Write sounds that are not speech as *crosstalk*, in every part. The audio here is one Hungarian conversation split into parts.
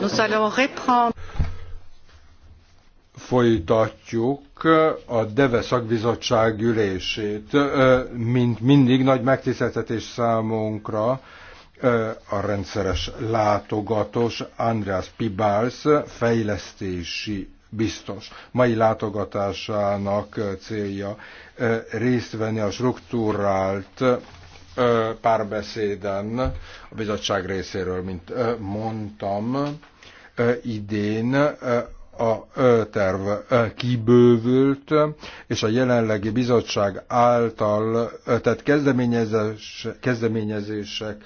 Nous allons reprendre. Folytatjuk a DEVE szakbizottság ülését. Mint mindig nagy megtiszteltetés számunkra a rendszeres látogatos András Pibals fejlesztési biztos. Mai látogatásának célja részt venni a struktúrált párbeszéden a bizottság részéről, mint mondtam, idén a terv kibővült, és a jelenlegi bizottság által, tehát kezdeményezés, kezdeményezések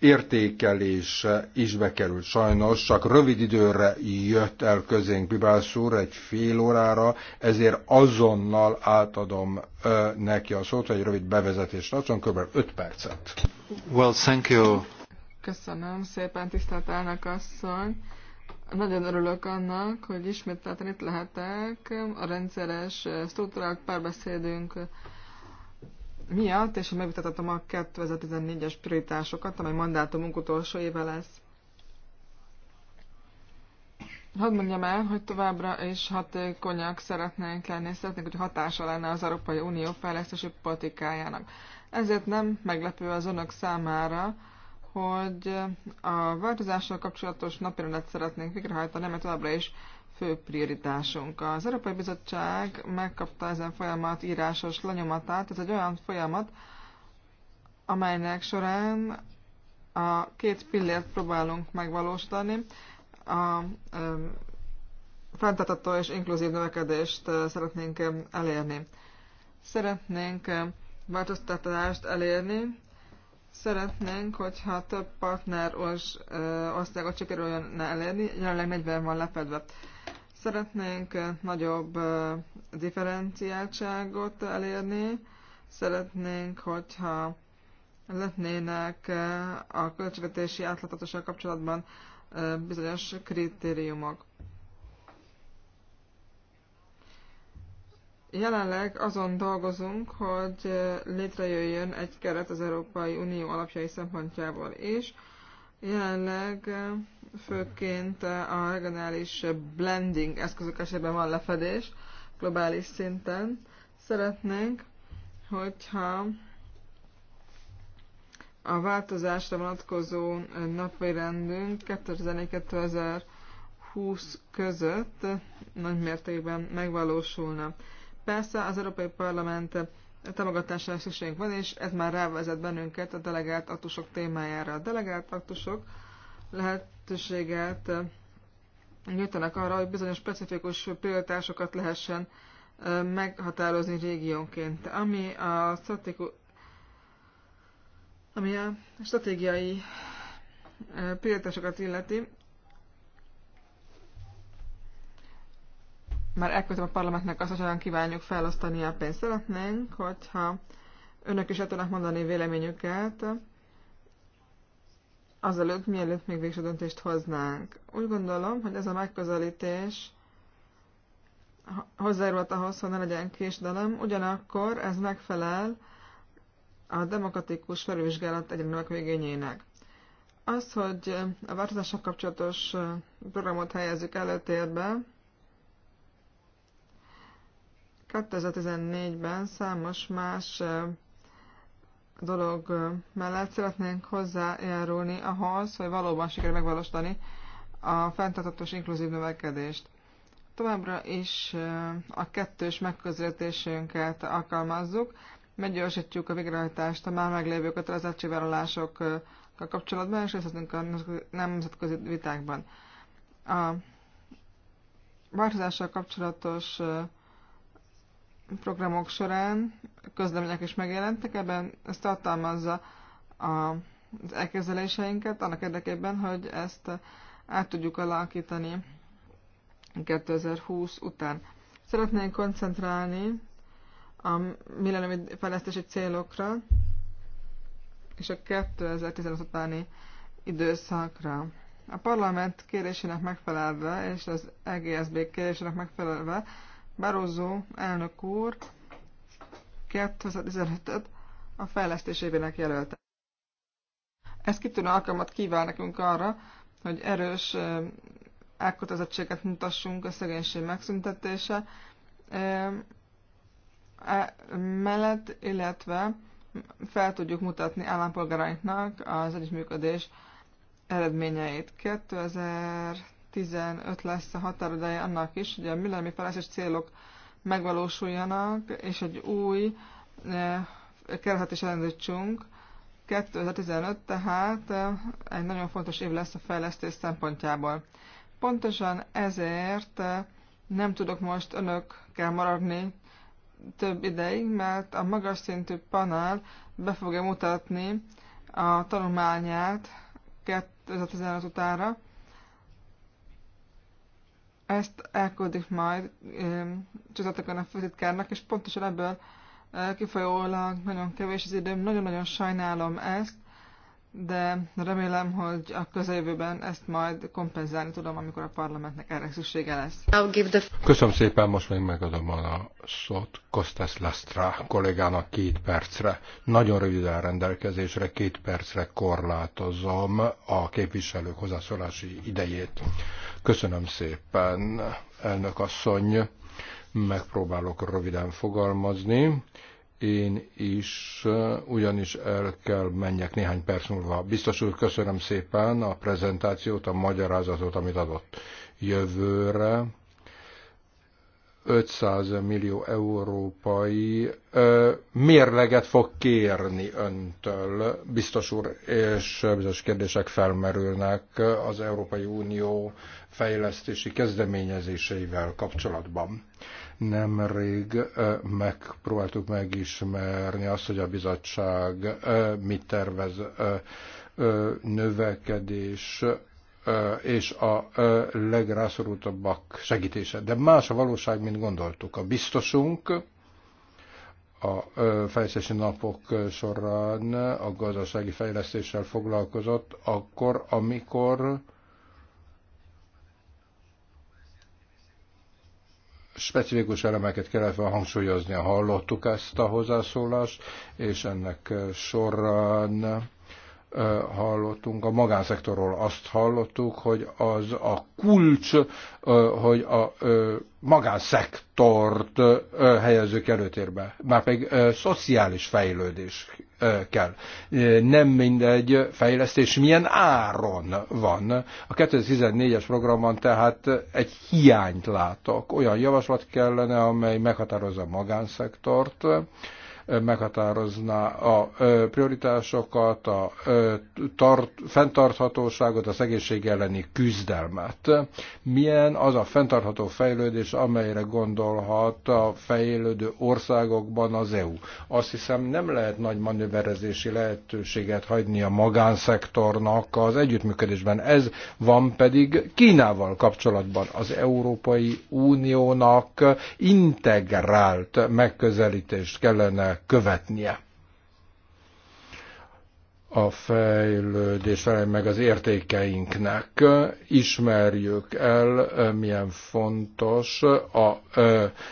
értékelése is bekerült. Sajnos csak rövid időre jött el közénk Bibász úr, egy fél órára, ezért azonnal átadom ö, neki a szót, egy rövid bevezetést tartson, kb. 5 percet. Well, thank you. Köszönöm szépen, tisztelt elnök asszony. Nagyon örülök annak, hogy ismételten itt lehetek a rendszeres struktúrák párbeszédünk miatt, és megvitatatom a 2014-es prioritásokat, amely mandátumunk utolsó éve lesz. Hadd mondjam el, hogy továbbra is hatékonyak szeretnénk lenni, szeretnénk, hogy hatása lenne az Európai Unió fejlesztési politikájának. Ezért nem meglepő az önök számára, hogy a változással kapcsolatos napirendet szeretnénk végrehajtani, mert továbbra is fő prioritásunk. Az Európai Bizottság megkapta ezen folyamat írásos lenyomatát. Ez egy olyan folyamat, amelynek során a két pillért próbálunk megvalósítani. A fenntartató és inkluzív növekedést szeretnénk elérni. Szeretnénk változtatást elérni, szeretnénk, hogyha több partner országot sikerüljön elérni, jelenleg 40 van lefedve. Szeretnénk eh, nagyobb eh, differenciáltságot elérni, szeretnénk, hogyha lennének eh, a költségvetési átláthatóság kapcsolatban bizonyos kritériumok. Jelenleg azon dolgozunk, hogy létrejöjjön egy keret az Európai Unió alapjai szempontjából is. Jelenleg főként a regionális blending eszközök esetében van lefedés globális szinten. Szeretnénk, hogyha a változásra vonatkozó napirendünk 2004-2020 között nagy mértékben megvalósulna. Persze az Európai Parlament támogatására szükségünk van, és ez már rávezet bennünket a delegált aktusok témájára. A delegált aktusok lehet lehetőséget nyújtanak arra, hogy bizonyos specifikus prioritásokat lehessen meghatározni régiónként. Ami a, stratégu- ami a stratégiai prioritásokat illeti, már elköltöm a parlamentnek azt, hogy kívánjuk felosztani a pénzt. Szeretnénk, hogyha önök is el tudnak mondani véleményüket azelőtt, mielőtt még végső döntést hoznánk. Úgy gondolom, hogy ez a megközelítés hozzájárult ahhoz, hogy ne legyen késdelem, ugyanakkor ez megfelel a demokratikus felvizsgálat egyre végényének. Az, hogy a változással kapcsolatos programot helyezzük előtérbe, 2014-ben számos más dolog mellett szeretnénk hozzájárulni ahhoz, hogy valóban sikerül megvalósítani a fenntartatós inkluzív növekedést. Továbbra is a kettős megközelítésünket alkalmazzuk, meggyorsítjuk a végrehajtást a már meglévő kötelezettségvállalásokkal kapcsolatban, és részletünk a nemzetközi vitákban. A változással kapcsolatos programok során közlemények is megjelentek, ebben ez tartalmazza a, az elképzeléseinket annak érdekében, hogy ezt át tudjuk alakítani 2020 után. Szeretnénk koncentrálni a millenniumi fejlesztési célokra és a 2015 utáni időszakra. A parlament kérésének megfelelve és az EGSB kérésének megfelelve Barozó elnök úr 2015 et a fejlesztés évének jelölte. Ez kitűnő alkalmat kíván nekünk arra, hogy erős elkötelezettséget mutassunk a szegénység megszüntetése e mellett, illetve fel tudjuk mutatni állampolgárainknak az együttműködés eredményeit. 2000 15 lesz a határideje annak is, hogy a milleniumi fejlesztés célok megvalósuljanak, és egy új e, kerülhet is elindítsunk. 2015 tehát e, egy nagyon fontos év lesz a fejlesztés szempontjából. Pontosan ezért e, nem tudok most önökkel maradni több ideig, mert a magas szintű panel be fogja mutatni a tanulmányát 2015 utára, ezt elküldik majd csodatokan a főtitkárnak, és pontosan ebből kifolyólag nagyon kevés az időm, nagyon-nagyon sajnálom ezt, de remélem, hogy a közeljövőben ezt majd kompenzálni tudom, amikor a parlamentnek erre szüksége lesz. Köszönöm szépen, most még megadom a szót Kostas Lastra kollégának két percre. Nagyon röviden rendelkezésre, két percre korlátozom a képviselők hozzászólási idejét. Köszönöm szépen, elnök asszony, megpróbálok röviden fogalmazni én is ugyanis el kell menjek néhány perc múlva. Biztos úr, köszönöm szépen a prezentációt, a magyarázatot, amit adott jövőre. 500 millió európai ö, mérleget fog kérni öntől, biztos úr, és bizonyos kérdések felmerülnek az Európai Unió fejlesztési kezdeményezéseivel kapcsolatban. Nemrég megpróbáltuk megismerni azt, hogy a bizottság mit tervez növekedés és a legrászorultabbak segítése. De más a valóság, mint gondoltuk. A biztosunk a fejlesztési napok során a gazdasági fejlesztéssel foglalkozott, akkor, amikor specifikus elemeket kellett volna hangsúlyozni. Hallottuk ezt a hozzászólást, és ennek során hallottunk a magánszektorról. Azt hallottuk, hogy az a kulcs, hogy a magánszektort helyezők előtérbe. Már pedig szociális fejlődés kell. Nem mindegy fejlesztés milyen áron van. A 2014-es programban tehát egy hiányt látok. Olyan javaslat kellene, amely meghatározza a magánszektort, meghatározná a prioritásokat, a tart, fenntarthatóságot, a szegénység elleni küzdelmet. Milyen az a fenntartható fejlődés, amelyre gondolhat a fejlődő országokban az EU? Azt hiszem nem lehet nagy manőverezési lehetőséget hagyni a magánszektornak az együttműködésben. Ez van pedig Kínával kapcsolatban az Európai Uniónak integrált megközelítést kellene követnie. A fejlődés meg az értékeinknek. Ismerjük el, milyen fontos a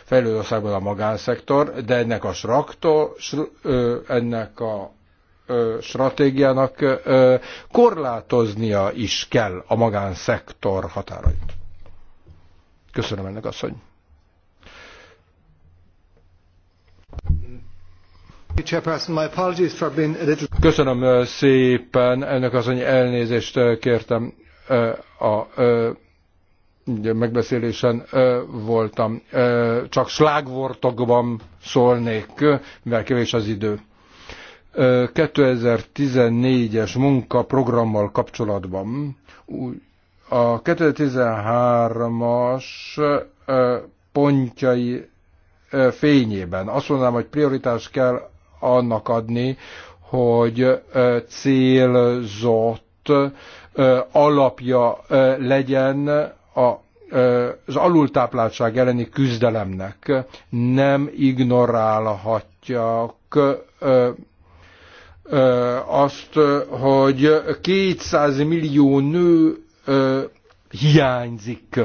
fejlődő országban a magánszektor, de ennek a, straktor, ennek a stratégiának korlátoznia is kell a magánszektor határait. Köszönöm ennek asszony. Köszönöm szépen, ennek azon elnézést kértem a megbeszélésen voltam. Csak slágvortokban szólnék, mivel kevés az idő. 2014-es munkaprogrammal kapcsolatban a 2013-as pontjai fényében azt mondanám, hogy prioritás kell annak adni, hogy célzott alapja legyen a az alultápláltság elleni küzdelemnek nem ignorálhatják azt, hogy 200 millió nő hiányzik,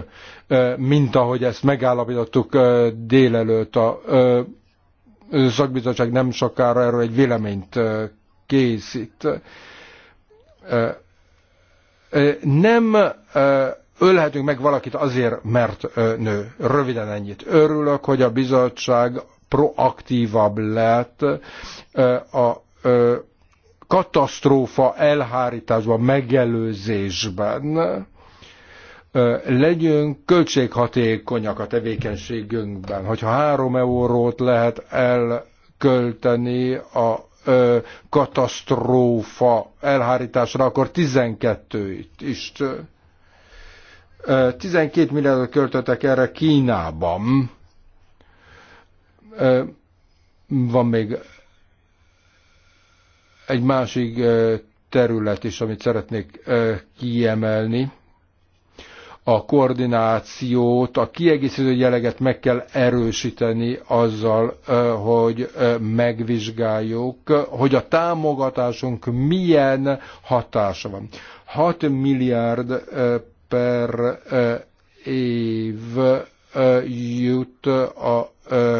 mint ahogy ezt megállapítottuk délelőtt a szakbizottság nem sokára erről egy véleményt készít. Nem ölhetünk meg valakit azért, mert nő. Röviden ennyit. Örülök, hogy a bizottság proaktívabb lett a katasztrófa elhárításban, megelőzésben legyünk költséghatékonyak a tevékenységünkben. Hogyha három eurót lehet elkölteni a ö, katasztrófa elhárításra, akkor 12-t is. 12 milliárdot költöttek erre Kínában. Van még egy másik terület is, amit szeretnék kiemelni a koordinációt, a kiegészítő jelleget meg kell erősíteni azzal, hogy megvizsgáljuk, hogy a támogatásunk milyen hatása van. 6 milliárd per év jut a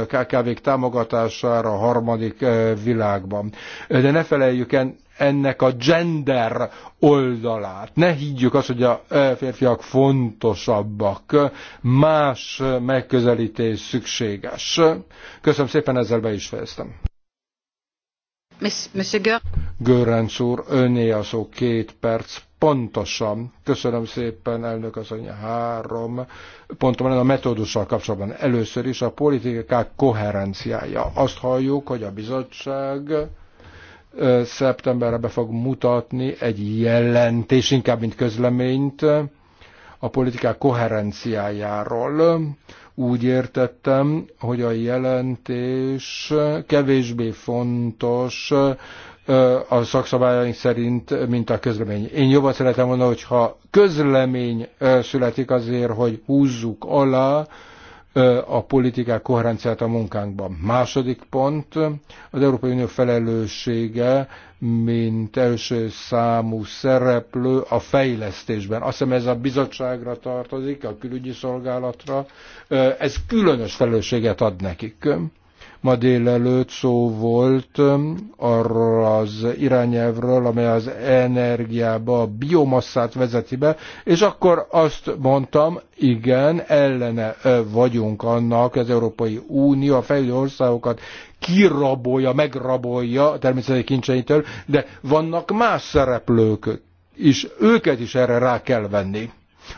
KKV-k támogatására a harmadik világban. De ne feleljük el, ennek a gender oldalát. Ne higgyük azt, hogy a e, férfiak fontosabbak, más megközelítés szükséges. Köszönöm szépen, ezzel be is fejeztem. Görrenc úr, öné a szó két perc, pontosan. Köszönöm szépen, elnök asszony, három pontom a metódussal kapcsolatban. Először is a politikák koherenciája. Azt halljuk, hogy a bizottság szeptemberre be fog mutatni egy jelentés, inkább mint közleményt a politikák koherenciájáról. Úgy értettem, hogy a jelentés kevésbé fontos a szakszabályaink szerint, mint a közlemény. Én jobban szeretem volna, hogyha közlemény születik azért, hogy húzzuk alá, a politikák koherenciát a munkánkban. Második pont, az Európai Unió felelőssége, mint első számú szereplő a fejlesztésben. Azt hiszem ez a bizottságra tartozik, a külügyi szolgálatra. Ez különös felelősséget ad nekik. Ma délelőtt szó volt um, arra az irányelvről, amely az energiába a biomasszát vezeti be, és akkor azt mondtam, igen, ellene vagyunk annak, az Európai Unió a fejlődő országokat kirabolja, megrabolja a természeti kincseitől, de vannak más szereplők is, őket is erre rá kell venni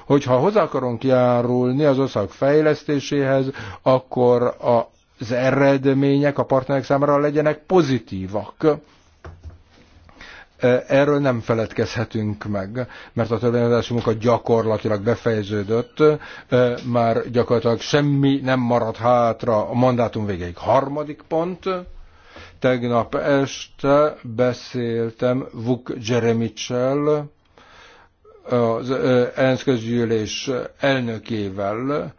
hogyha hozzá akarunk járulni az ország fejlesztéséhez, akkor a az eredmények a partnerek számára legyenek pozitívak. E, erről nem feledkezhetünk meg, mert a törvényhozási munka gyakorlatilag befejeződött, e, már gyakorlatilag semmi nem marad hátra a mandátum végéig. Harmadik pont, tegnap este beszéltem Vuk Jeremicsel, az e, ENSZ közgyűlés elnökével,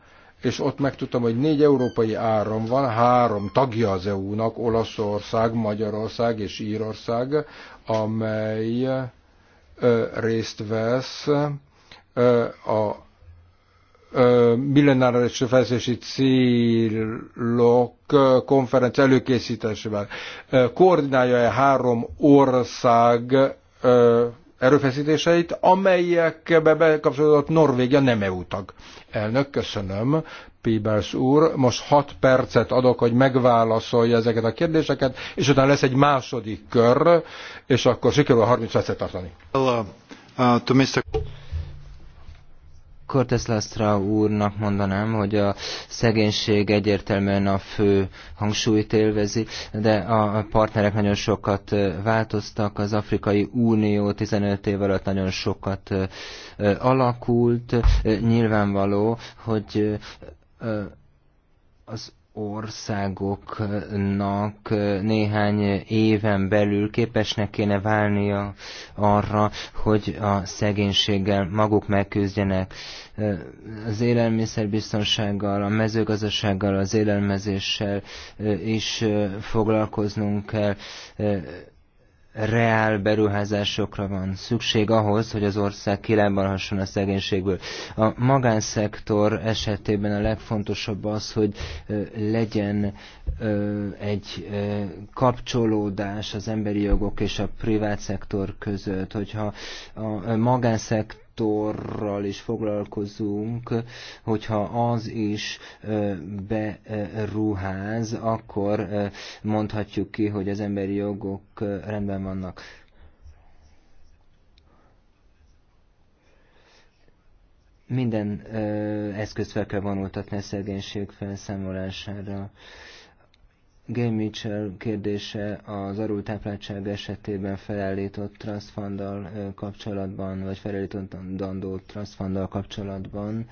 és ott megtudtam, hogy négy európai áram van, három tagja az EU-nak, Olaszország, Magyarország és Írország, amely ö, részt vesz ö, a millenáris fejlesztési célok konferencia előkészítésével. Koordinálja-e három ország erőfeszítéseit, amelyekbe bekapcsolódott Norvégia nem EU tag. Elnök, köszönöm, Pibers úr. Most hat percet adok, hogy megválaszolja ezeket a kérdéseket, és utána lesz egy második kör, és akkor sikerül a 30 percet tartani. Well, uh, uh, Cortes Lastra úrnak mondanám, hogy a szegénység egyértelműen a fő hangsúlyt élvezi, de a partnerek nagyon sokat változtak, az Afrikai Unió 15 év alatt nagyon sokat alakult, nyilvánvaló, hogy az országoknak néhány éven belül képesnek kéne válnia arra, hogy a szegénységgel maguk megküzdjenek. Az élelmiszerbiztonsággal, a mezőgazdasággal, az élelmezéssel is foglalkoznunk kell reál beruházásokra van szükség ahhoz, hogy az ország kilábalhasson a szegénységből. A magánszektor esetében a legfontosabb az, hogy legyen egy kapcsolódás az emberi jogok és a privát szektor között. Hogyha a magánszektor szektorral is foglalkozunk, hogyha az is beruház, akkor mondhatjuk ki, hogy az emberi jogok rendben vannak. Minden eszközt fel kell vonultatni a szegénység felszámolására. Gay Mitchell kérdése az arultápláltság esetében felállított transzfandal kapcsolatban, vagy felállított dandó transzfandal kapcsolatban.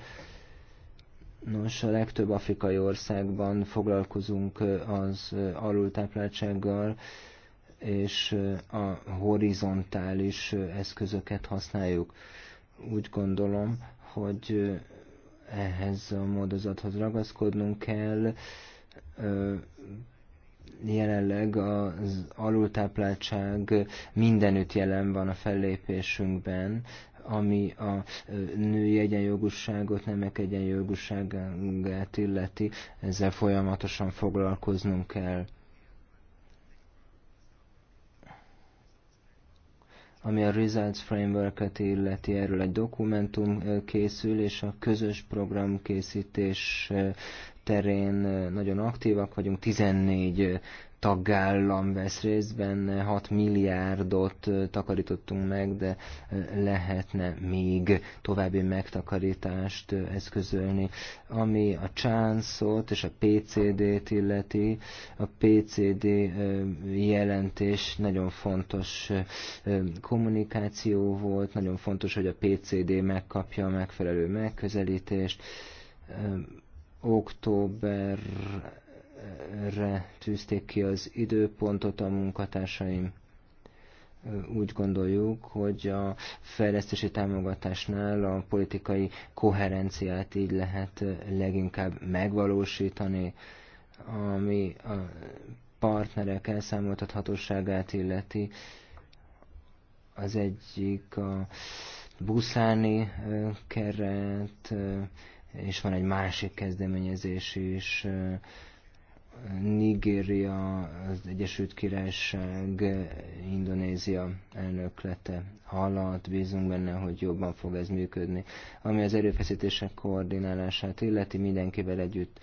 Nos, a legtöbb afrikai országban foglalkozunk az alultápláltsággal, és a horizontális eszközöket használjuk. Úgy gondolom, hogy ehhez a módozathoz ragaszkodnunk kell, jelenleg az alultápláltság mindenütt jelen van a fellépésünkben, ami a női egyenjogúságot, nemek egyenjogúságát illeti, ezzel folyamatosan foglalkoznunk kell. ami a Results Framework-et illeti, erről egy dokumentum készül, és a közös program készítés terén nagyon aktívak vagyunk, 14 tagállam vesz részt benne, 6 milliárdot takarítottunk meg, de lehetne még további megtakarítást eszközölni. Ami a csánszot és a PCD-t illeti, a PCD jelentés nagyon fontos kommunikáció volt, nagyon fontos, hogy a PCD megkapja a megfelelő megközelítést, októberre tűzték ki az időpontot a munkatársaim. Úgy gondoljuk, hogy a fejlesztési támogatásnál a politikai koherenciát így lehet leginkább megvalósítani, ami a partnerek elszámoltathatóságát illeti. Az egyik a buszáni keret, és van egy másik kezdeményezés is, Nigéria, az Egyesült Királyság, Indonézia elnöklete alatt. Bízunk benne, hogy jobban fog ez működni. Ami az erőfeszítések koordinálását illeti, mindenkivel együtt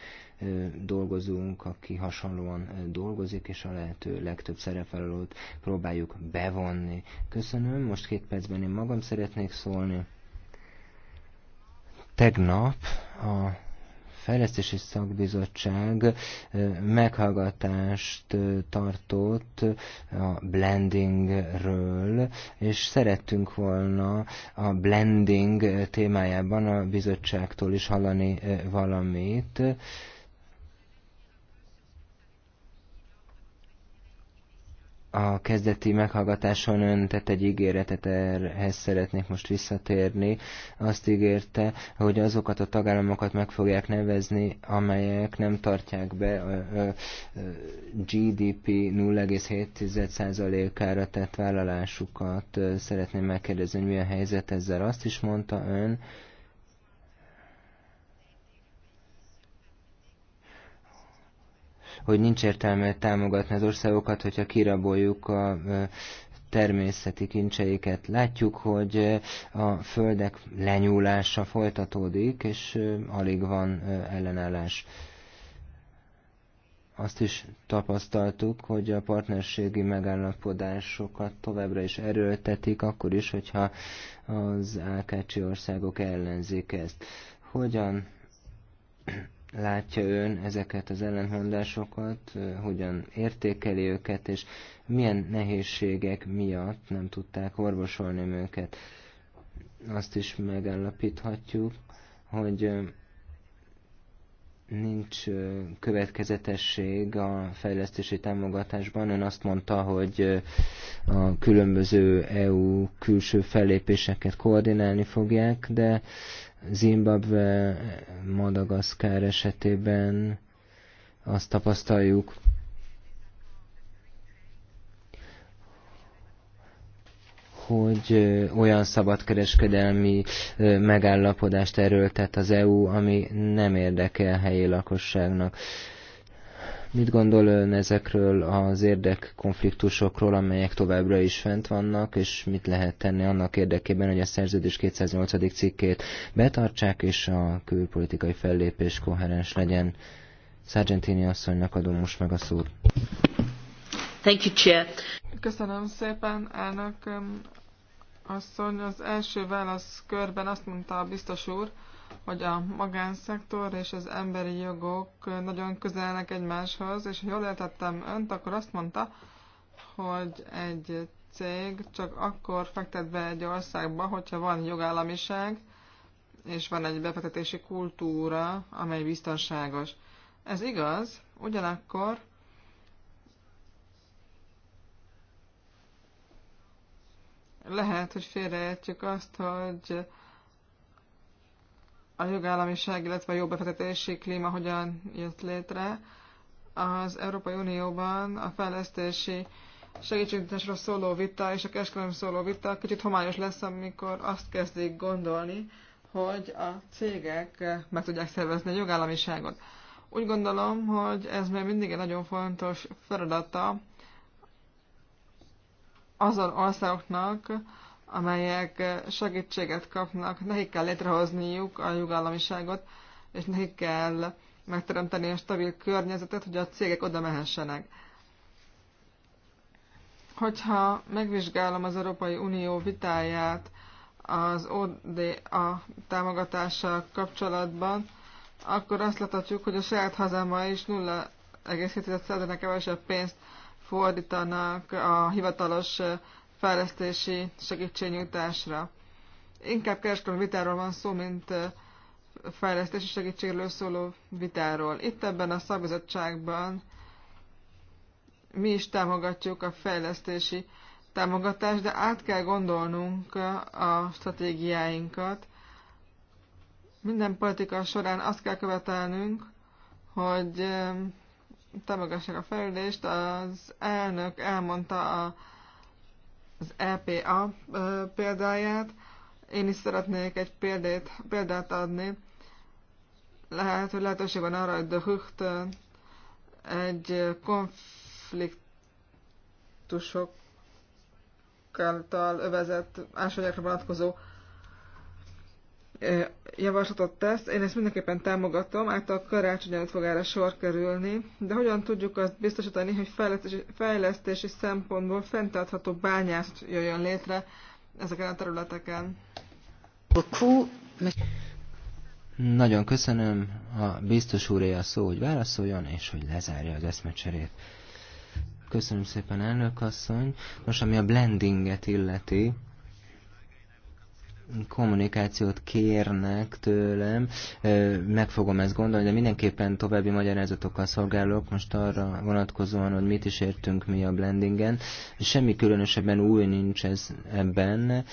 dolgozunk, aki hasonlóan dolgozik, és a lehető legtöbb szerepelőt próbáljuk bevonni. Köszönöm, most két percben én magam szeretnék szólni. Tegnap a Fejlesztési Szakbizottság meghallgatást tartott a blendingről, és szerettünk volna a blending témájában a bizottságtól is hallani valamit. a kezdeti meghallgatáson ön tett egy ígéretet, ehhez szeretnék most visszatérni. Azt ígérte, hogy azokat a tagállamokat meg fogják nevezni, amelyek nem tartják be a GDP 0,7%-ára tett vállalásukat. Szeretném megkérdezni, hogy mi a helyzet ezzel. Azt is mondta ön, hogy nincs értelme támogatni az országokat, hogyha kiraboljuk a természeti kincseiket. Látjuk, hogy a földek lenyúlása folytatódik, és alig van ellenállás. Azt is tapasztaltuk, hogy a partnerségi megállapodásokat továbbra is erőltetik, akkor is, hogyha az AKC országok ellenzik ezt. Hogyan látja ön ezeket az ellentmondásokat, hogyan értékeli őket, és milyen nehézségek miatt nem tudták orvosolni őket. Azt is megállapíthatjuk, hogy nincs következetesség a fejlesztési támogatásban. Ön azt mondta, hogy a különböző EU külső fellépéseket koordinálni fogják, de Zimbabwe, Madagaszkár esetében azt tapasztaljuk, hogy olyan szabadkereskedelmi megállapodást erőltet az EU, ami nem érdekel helyi lakosságnak. Mit gondol ön ezekről az érdekkonfliktusokról, amelyek továbbra is fent vannak, és mit lehet tenni annak érdekében, hogy a szerződés 208. cikkét betartsák, és a külpolitikai fellépés koherens legyen? Sargentini asszonynak adom most meg a szót. Thank you, Chair. Köszönöm szépen, elnök um, asszony. Az első válasz körben azt mondta a biztos úr, hogy a magánszektor és az emberi jogok nagyon közelnek egymáshoz, és ha jól értettem önt, akkor azt mondta, hogy egy cég csak akkor fektet be egy országba, hogyha van jogállamiság, és van egy befektetési kultúra, amely biztonságos. Ez igaz, ugyanakkor lehet, hogy félreértjük azt, hogy a jogállamiság, illetve a jó befektetési klíma hogyan jött létre. Az Európai Unióban a fejlesztési segítségnyújtásról szóló vita és a kereskedelem szóló vita kicsit homályos lesz, amikor azt kezdik gondolni, hogy a cégek meg tudják szervezni a jogállamiságot. Úgy gondolom, hogy ez még mindig egy nagyon fontos feladata azon országoknak, amelyek eh, segítséget kapnak, nekik kell létrehozniuk a jogállamiságot, és nekik kell megteremteni a stabil környezetet, hogy a cégek oda mehessenek. Hogyha megvizsgálom az Európai Unió vitáját az ODA támogatással kapcsolatban, akkor azt láthatjuk, hogy a saját hazámban is 0,7%-nál kevesebb pénzt fordítanak a hivatalos eh, fejlesztési segítségnyújtásra. Inkább kereskedelmi vitáról van szó, mint fejlesztési segítségről szóló vitáról. Itt ebben a szabizottságban mi is támogatjuk a fejlesztési támogatást, de át kell gondolnunk a stratégiáinkat. Minden politika során azt kell követelnünk, hogy támogassák a fejlődést. Az elnök elmondta a az EPA példáját. Én is szeretnék egy példát, példát adni. Lehet, hogy lehetőség van arra, hogy de Hucht egy konfliktusokkal övezett ásványokra vonatkozó javaslatot tesz. Én ezt mindenképpen támogatom, által karácsony előtt fog erre sor kerülni, de hogyan tudjuk azt biztosítani, hogy fejlesztési, fejlesztési szempontból fenntartható bányászt jöjjön létre ezeken a területeken? Nagyon köszönöm a biztos úré a szó, hogy válaszoljon, és hogy lezárja az eszmecserét. Köszönöm szépen, elnök asszony. Most, ami a blendinget illeti, kommunikációt kérnek tőlem, meg fogom ezt gondolni, de mindenképpen további magyarázatokkal szolgálok most arra vonatkozóan, hogy mit is értünk mi a blendingen. Semmi különösebben új nincs ez ebben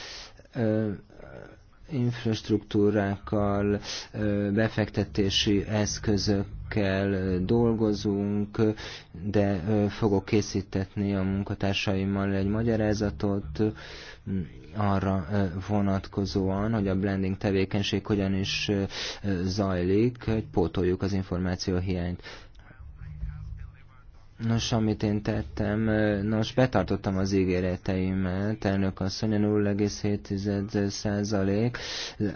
infrastruktúrákkal, befektetési eszközökkel dolgozunk, de fogok készítetni a munkatársaimmal egy magyarázatot arra vonatkozóan, hogy a blending tevékenység hogyan is zajlik, hogy pótoljuk az információhiányt. Nos, amit én tettem, nos, betartottam az ígéreteimet, elnök asszony, 0,7 százalék,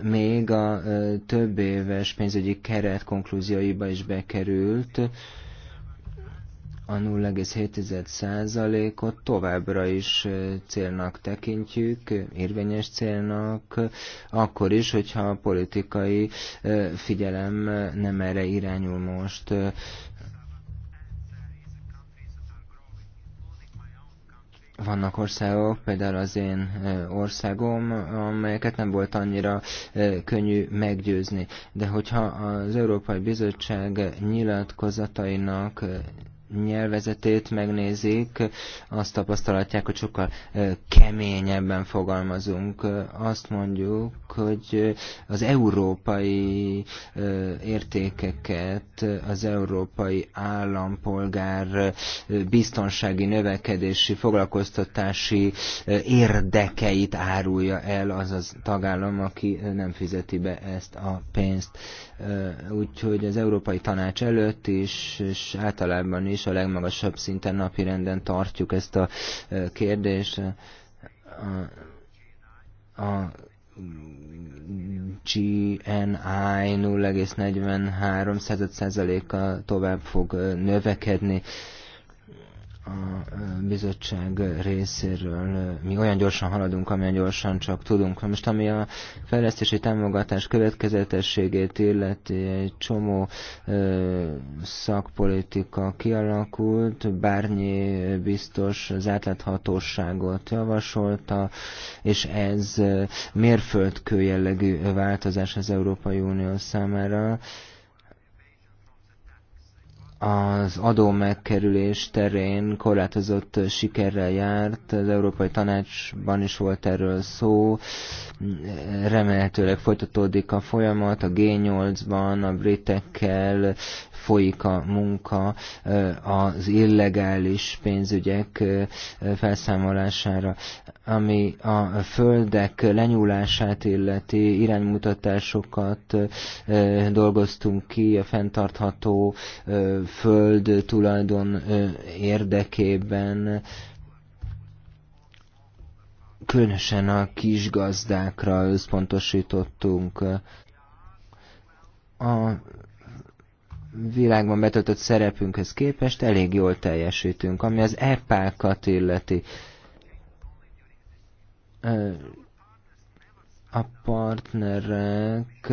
még a több éves pénzügyi keret konklúzióiba is bekerült, a 0,7%-ot továbbra is célnak tekintjük, érvényes célnak, akkor is, hogyha a politikai figyelem nem erre irányul most. vannak országok, például az én országom, amelyeket nem volt annyira könnyű meggyőzni. De hogyha az Európai Bizottság nyilatkozatainak nyelvezetét megnézik, azt tapasztalatják, hogy sokkal keményebben fogalmazunk. Azt mondjuk, hogy az európai értékeket, az európai állampolgár biztonsági, növekedési, foglalkoztatási érdekeit árulja el az az tagállam, aki nem fizeti be ezt a pénzt úgyhogy az Európai Tanács előtt is, és általában is a legmagasabb szinten napirenden tartjuk ezt a kérdést. A, a GNI 0,43 a tovább fog növekedni a bizottság részéről mi olyan gyorsan haladunk, amilyen gyorsan csak tudunk. Most ami a fejlesztési támogatás következetességét illeti, egy csomó ö, szakpolitika kialakult, Bárnyi biztos az átláthatóságot javasolta, és ez mérföldkő jellegű változás az Európai Unió számára. Ö, az adó megkerülés terén korlátozott sikerrel járt, az Európai Tanácsban is volt erről szó, remélhetőleg folytatódik a folyamat, a G8-ban a britekkel folyik a munka az illegális pénzügyek felszámolására, ami a földek lenyúlását illeti iránymutatásokat dolgoztunk ki a fenntartható föld tulajdon érdekében, különösen a kisgazdákra összpontosítottunk. A világban betöltött szerepünkhöz képest elég jól teljesítünk, ami az epákat illeti. A partnerek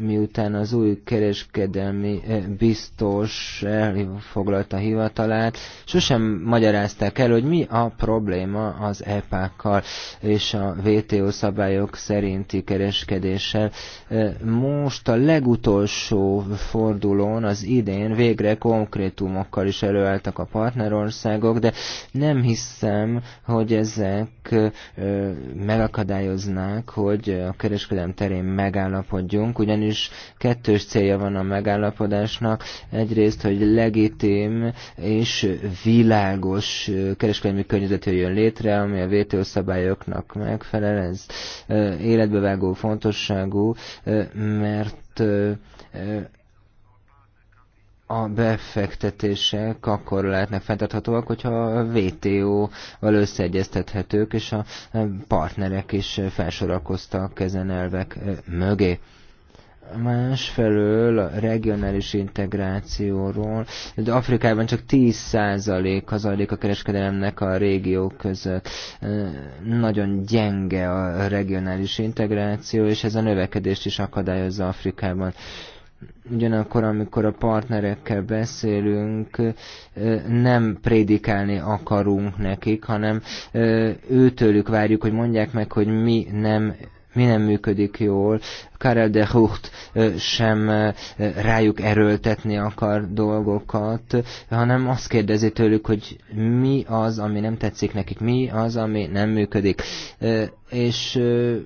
miután az új kereskedelmi eh, biztos elfoglalta hivatalát, sosem magyarázták el, hogy mi a probléma az EPA-kkal és a WTO szabályok szerinti kereskedéssel. Eh, most a legutolsó fordulón az idén végre konkrétumokkal is előálltak a partnerországok, de nem hiszem, hogy ezek eh, megakadályoznák, hogy a kereskedelem terén megállapodjunk, célunk, ugyanis kettős célja van a megállapodásnak. Egyrészt, hogy legitim és világos kereskedelmi környezet jön létre, ami a WTO szabályoknak megfelel, ez életbevágó fontosságú, mert a befektetések akkor lehetnek fenntarthatóak, hogyha a WTO-val összeegyeztethetők, és a partnerek is felsorakoztak ezen elvek mögé másfelől a regionális integrációról, de Afrikában csak 10% az adik a kereskedelemnek a régiók között. Nagyon gyenge a regionális integráció, és ez a növekedést is akadályozza Afrikában ugyanakkor, amikor a partnerekkel beszélünk, nem prédikálni akarunk nekik, hanem őtőlük várjuk, hogy mondják meg, hogy mi nem mi nem működik jól. Karel de Hucht sem rájuk erőltetni akar dolgokat, hanem azt kérdezi tőlük, hogy mi az, ami nem tetszik nekik, mi az, ami nem működik. És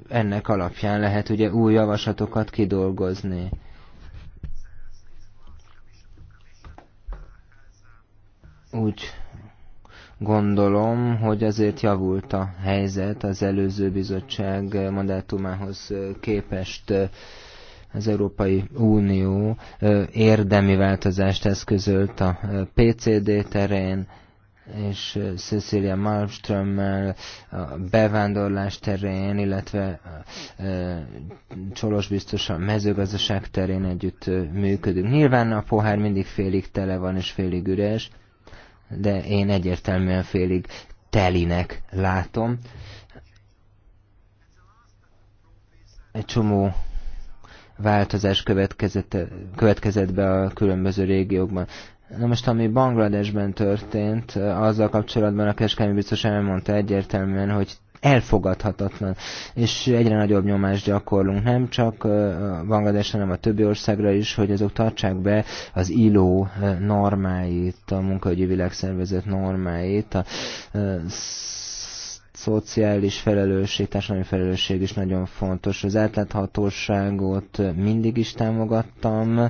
ennek alapján lehet ugye új javaslatokat kidolgozni. Úgy Gondolom, hogy azért javult a helyzet az előző bizottság mandátumához képest az Európai Unió érdemi változást eszközölt a PCD terén, és Cecilia malmström a bevándorlás terén, illetve Csolos biztos a mezőgazdaság terén együtt működünk. Nyilván a pohár mindig félig tele van és félig üres, de én egyértelműen félig telinek látom. Egy csomó változás következett, következett be a különböző régiókban. Na most, ami Bangladesben történt, azzal kapcsolatban a Keskemi biztos elmondta egyértelműen, hogy elfogadhatatlan. És egyre nagyobb nyomást gyakorlunk, nem csak Bangladesre, hanem a többi országra is, hogy azok tartsák be az ILO normáit, a munkahogyi világszervezet normáit, a szociális felelősség, társadalmi felelősség is nagyon fontos. Az átláthatóságot mindig is támogattam.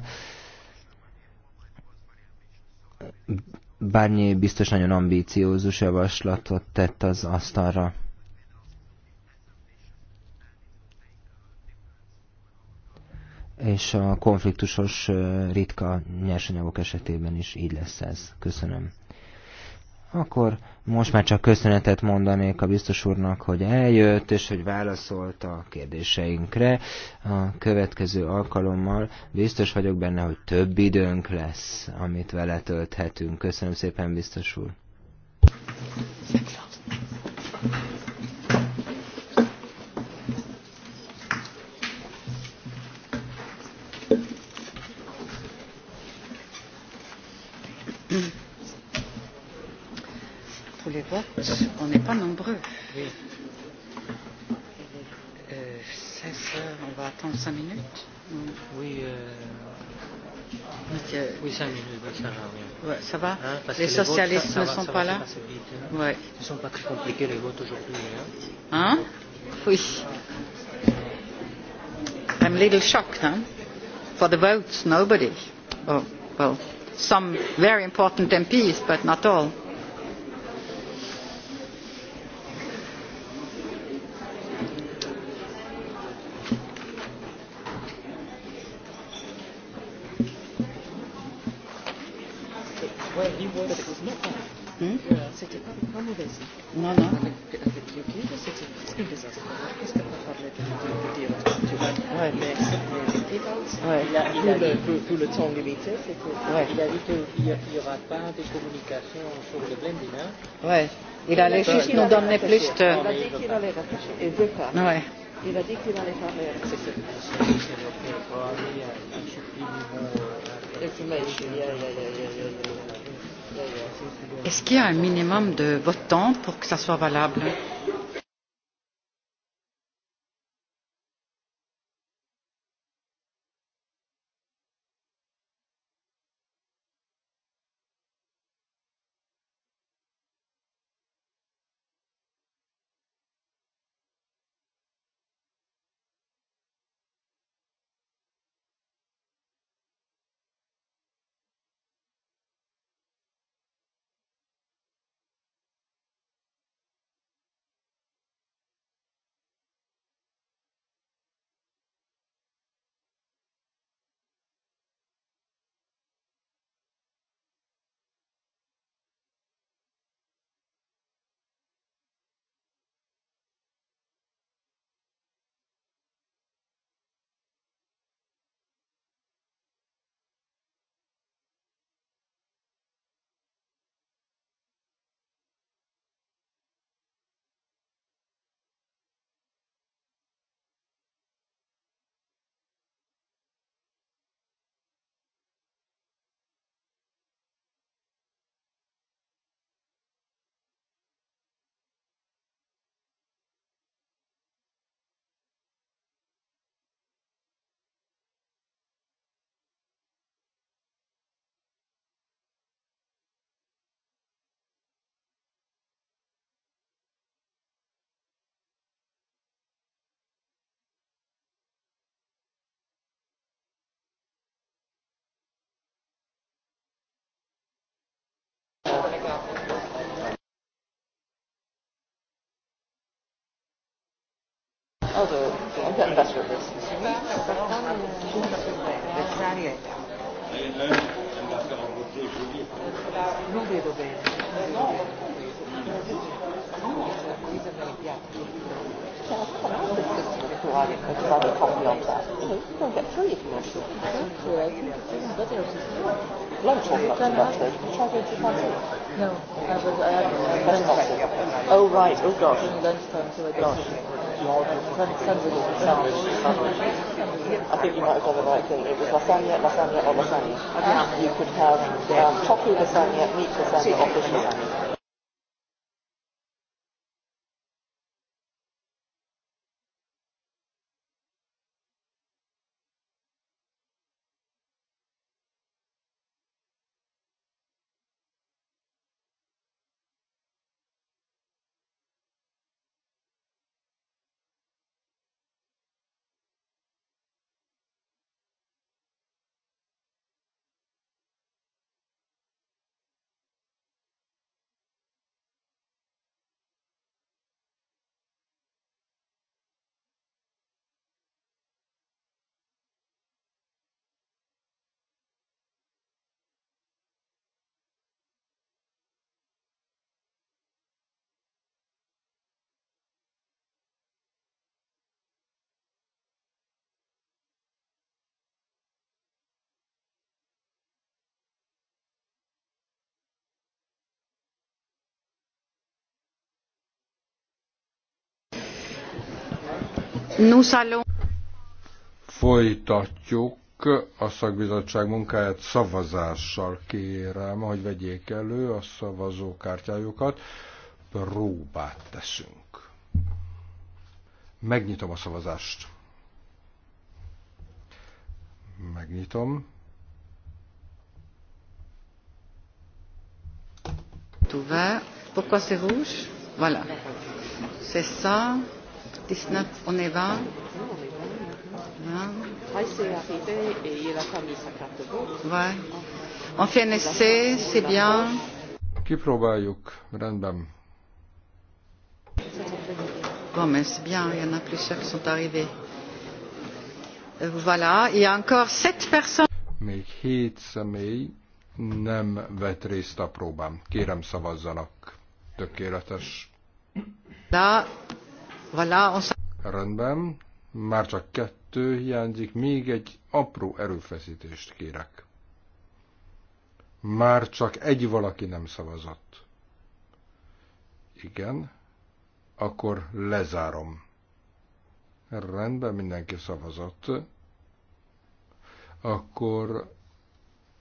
Bárnyi biztos nagyon ambíciózus javaslatot tett az asztalra. és a konfliktusos ritka nyersanyagok esetében is így lesz ez. Köszönöm. Akkor most már csak köszönetet mondanék a biztos úrnak, hogy eljött, és hogy válaszolt a kérdéseinkre. A következő alkalommal biztos vagyok benne, hogy több időnk lesz, amit vele tölthetünk. Köszönöm szépen, biztos úr. Köszönöm. vote. On n'est pas nombreux. Oui. Euh, 16 heures, on va attendre 5 minutes. Oui. Euh... euh oui, 5 minutes, ça va. Ouais, ça va hein, Les socialistes votes, ça, ça ne va, sont pas là vite, hein. ouais. Ils ne sont pas très compliqués les votes aujourd'hui. Hein, hein Oui. I'm a little shocked, huh? For the votes, nobody. Oh, well, some very important MPs, but not all. No, no. Ouais, mais... ouais. Il, a, il a dit, pour, pour le temps limité, ouais. il a dit qu'il n'y aura pas de communication sur le blending. Hein. Ouais. Il allait juste nous donner plus de... Il a dit qu'il allait réfléchir. Il veut pas. Ouais. Il a dit qu'il allait parler. C'est ça. Information. Yeah, yeah, yeah, yeah, yeah. Est-ce qu'il y a un minimum de votants pour que cela soit valable? Also, das wird es. No, I was, I had Oh, right, oh gosh. Lunchtime, so I got. I think you might have done the right thing. It was lasagna, lasagna, or lasagna. You could have um, chocolate lasagna, meat lasagna, or fish lasagna. Folytatjuk a szakbizottság munkáját szavazással kérem, hogy vegyék elő a szavazókártyájukat. Próbát teszünk. Megnyitom a szavazást. Megnyitom. Pourquoi c'est rouge Voilà. C'est ça. 19, on est 20. Ouais. On fait un essai, c'est bien. Kipróbáljuk, rendben. Bon, mais c'est bien, il y en a plusieurs qui sont arrivés. Voilà, il y a encore sept personnes. Még hét személy nem vett részt a próbán. Kérem szavazzanak. Tökéletes. Da, Voilà, on Rendben, már csak kettő hiányzik, még egy apró erőfeszítést kérek. Már csak egy valaki nem szavazott. Igen, akkor lezárom. Rendben, mindenki szavazott. Akkor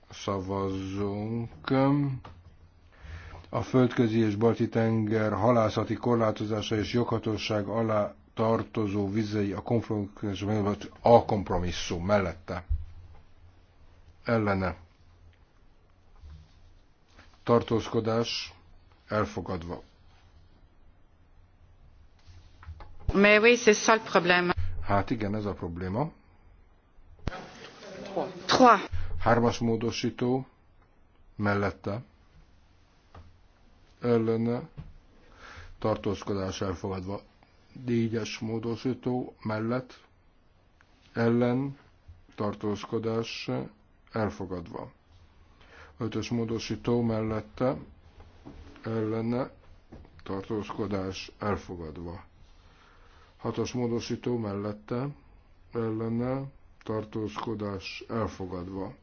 szavazzunk a földközi és balti tenger halászati korlátozása és joghatóság alá tartozó vizei a a kompromisszum mellette ellene tartózkodás elfogadva. Mais oui, c'est ça le problème. Hát igen, ez a probléma. Trois. Hármas módosító mellette ellene tartózkodás elfogadva. Négyes módosító mellett ellen tartózkodás elfogadva. Ötös módosító mellette ellene tartózkodás elfogadva. Hatos módosító mellette ellene tartózkodás elfogadva.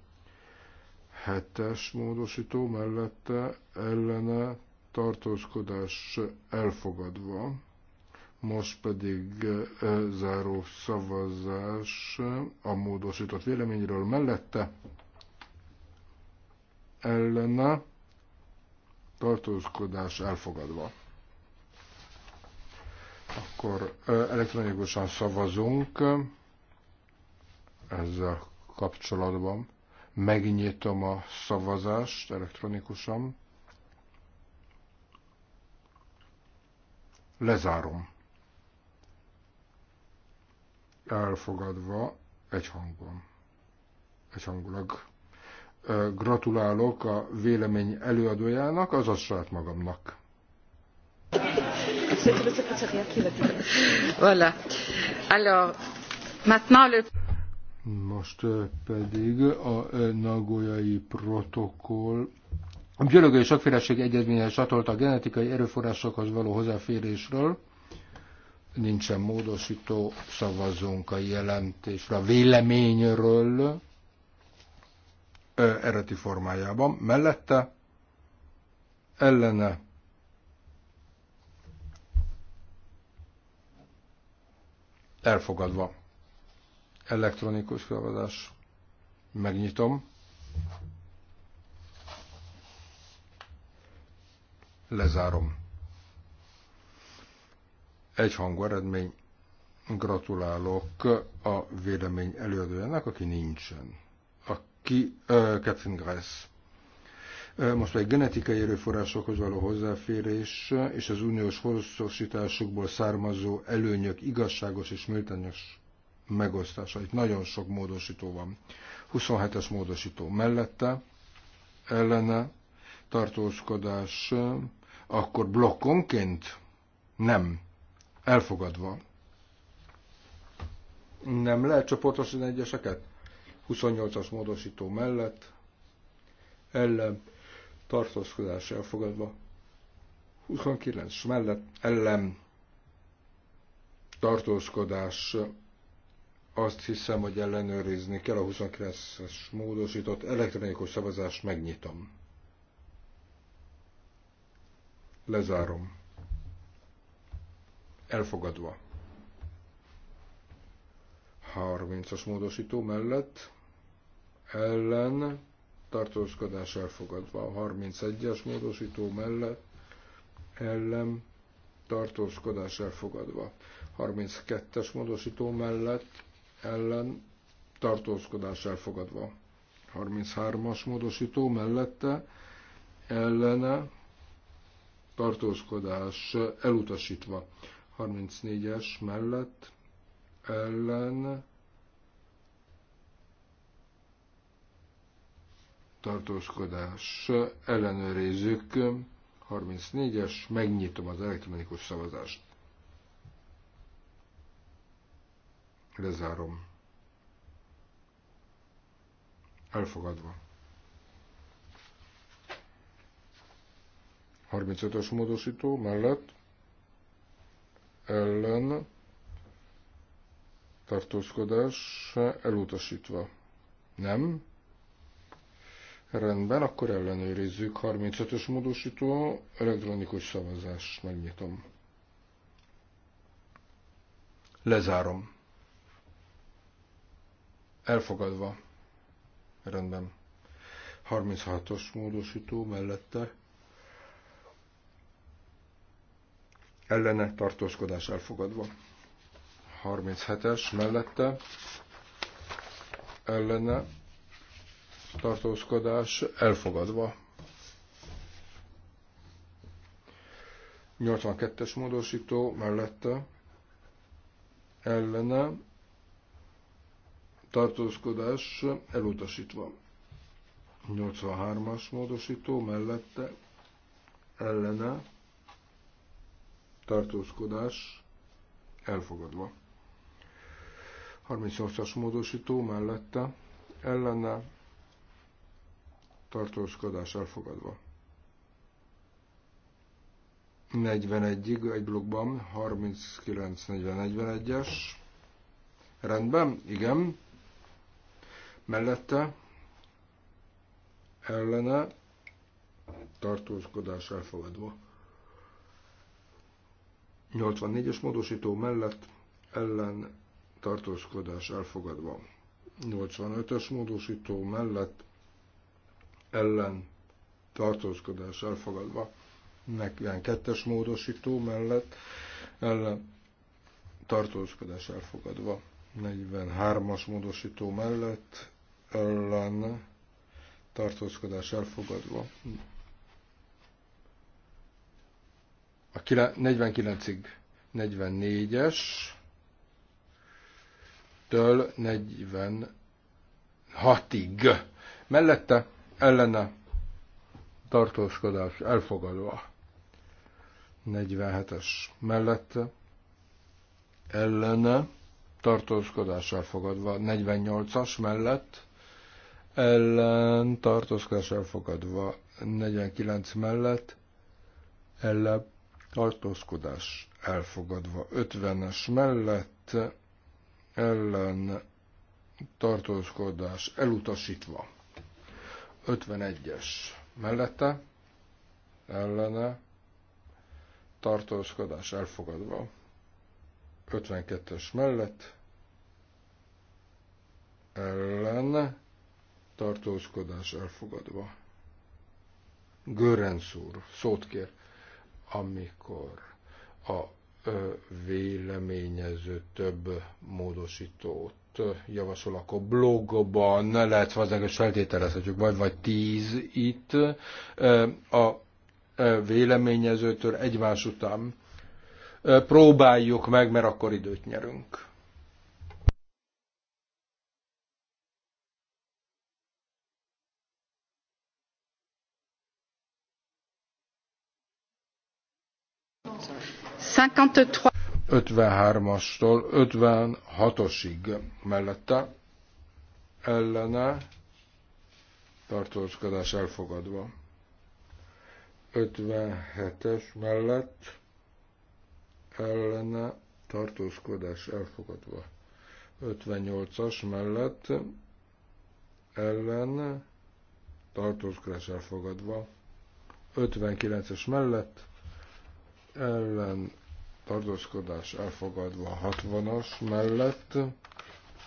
Hetes módosító mellette ellene tartózkodás elfogadva, most pedig eh, záró szavazás a módosított véleményről mellette, ellene, tartózkodás elfogadva. Akkor eh, elektronikusan szavazunk ezzel kapcsolatban. Megnyitom a szavazást elektronikusan. Lezárom. Elfogadva egy hangon. Egy hangulag. Gratulálok a vélemény előadójának, azaz saját magamnak. Voilà. Alors, maintenant le... Most pedig a nagoyai protokoll a biológiai sokféleség egyezménye csatolt a genetikai erőforrásokhoz való hozzáférésről. Nincsen módosító, szavazunk a jelentésre, a véleményről ö, eredeti formájában. Mellette ellene elfogadva elektronikus szavazás. Megnyitom. Lezárom. Egyhangú eredmény. Gratulálok a vélemény előadójának, aki nincsen. Aki uh, Catherine Grace. Most egy genetikai erőforrásokhoz való hozzáférés és az uniós hosszosításukból származó előnyök igazságos és méltányos megosztása. Itt nagyon sok módosító van. 27-es módosító mellette, ellene, tartózkodás akkor blokkonként? Nem. Elfogadva. Nem lehet csoportosítani egyeseket? 28-as módosító mellett. Ellen. Tartózkodás elfogadva. 29 mellett. Ellen. Tartózkodás azt hiszem, hogy ellenőrizni kell a 29-es módosított elektronikus szavazást megnyitom. Lezárom. Elfogadva. 30-as módosító mellett ellen tartózkodás elfogadva. 31-es módosító mellett ellen tartózkodás elfogadva. 32-es módosító mellett ellen tartózkodás elfogadva. 33-as módosító mellette ellene tartózkodás elutasítva. 34-es mellett ellen tartózkodás ellenőrizzük. 34-es, megnyitom az elektronikus szavazást. Lezárom. Elfogadva. 35-ös módosító mellett ellen tartózkodás elutasítva. Nem? Rendben, akkor ellenőrizzük. 35-ös módosító, elektronikus szavazás. Megnyitom. Lezárom. Elfogadva. Rendben. 36-os módosító mellette ellene tartózkodás elfogadva. 37-es mellette ellene tartózkodás elfogadva. 82-es módosító mellette ellene tartózkodás elutasítva. 83-as módosító mellette ellene tartózkodás elfogadva. 38-as módosító mellette ellene tartózkodás elfogadva. 41-ig egy blokkban, 39-40-41-es. Rendben, igen. Mellette ellene tartózkodás elfogadva. 84-es módosító mellett ellen tartózkodás elfogadva. 85-ös módosító mellett ellen tartózkodás elfogadva. 42-es módosító mellett ellen tartózkodás elfogadva. 43-as módosító mellett ellen tartózkodás elfogadva. A 49-ig 44-es től 46-ig. Mellette ellene tartózkodás elfogadva. 47-es mellette ellene tartózkodás elfogadva. 48-as mellett ellen tartózkodás elfogadva. 49 mellett ellen tartózkodás elfogadva 50-es mellett ellen tartózkodás elutasítva 51-es mellette ellene tartózkodás elfogadva 52-es mellett ellen tartózkodás elfogadva. Görenc úr, szót kér amikor a véleményező több módosítót javasol, akkor blogban lehet valószínűleg feltételezhetjük, vagy, vagy tíz itt a véleményezőtől egymás után próbáljuk meg, mert akkor időt nyerünk. 53. astól 56-osig mellette ellene tartózkodás elfogadva. 57-es mellett ellene tartózkodás elfogadva. 58-as mellett ellen tartózkodás elfogadva. 59-es mellett ellen tartózkodás elfogadva 60-as mellett,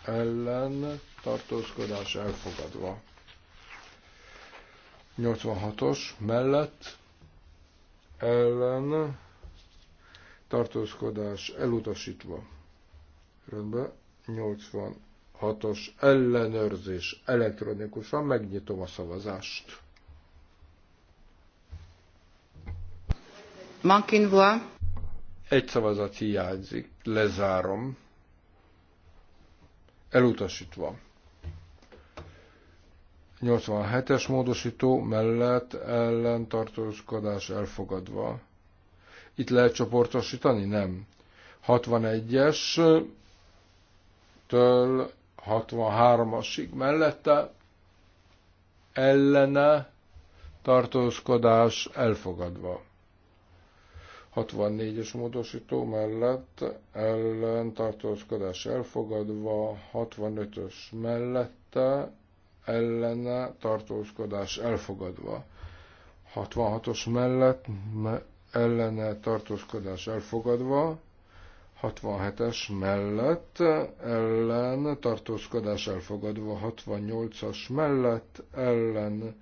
ellen tartózkodás elfogadva 86-os mellett, ellen tartózkodás elutasítva. Rendben, 86-os ellenőrzés elektronikusan megnyitom a szavazást. Mankin voix. Egy szavazat hiányzik, lezárom. Elutasítva. 87-es módosító mellett ellentartózkodás elfogadva. Itt lehet csoportosítani? Nem. 61-es től 63-asig mellette ellene tartózkodás elfogadva. 64-es módosító mellett ellen tartózkodás elfogadva, 65-ös mellette ellene tartózkodás elfogadva, 66-os mellett me ellene tartózkodás elfogadva, 67-es mellett ellen tartózkodás elfogadva, 68-as mellett ellen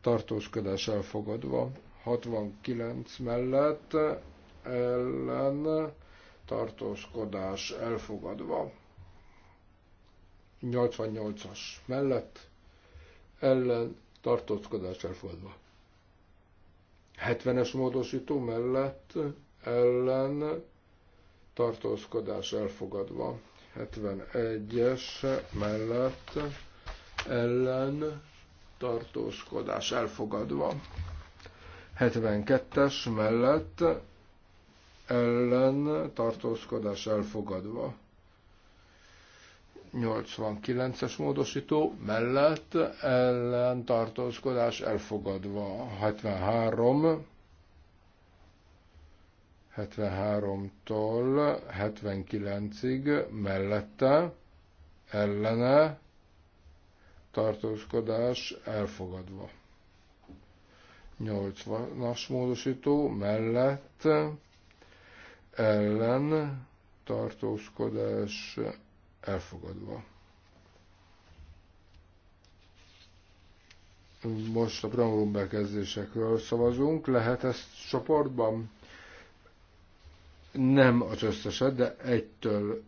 tartózkodás elfogadva, 69 mellett ellen tartózkodás elfogadva. 88-as mellett ellen tartózkodás elfogadva. 70-es módosító mellett ellen tartózkodás elfogadva. 71-es mellett ellen tartózkodás elfogadva. 72-es mellett ellen tartózkodás elfogadva. 89-es módosító mellett ellen tartózkodás elfogadva. 73 73-tól 79-ig mellette ellene tartózkodás elfogadva. 80-as módosító mellett ellen tartózkodás elfogadva. Most a programok bekezdésekről szavazunk. Lehet ezt csoportban? Nem az összeset, de 1-től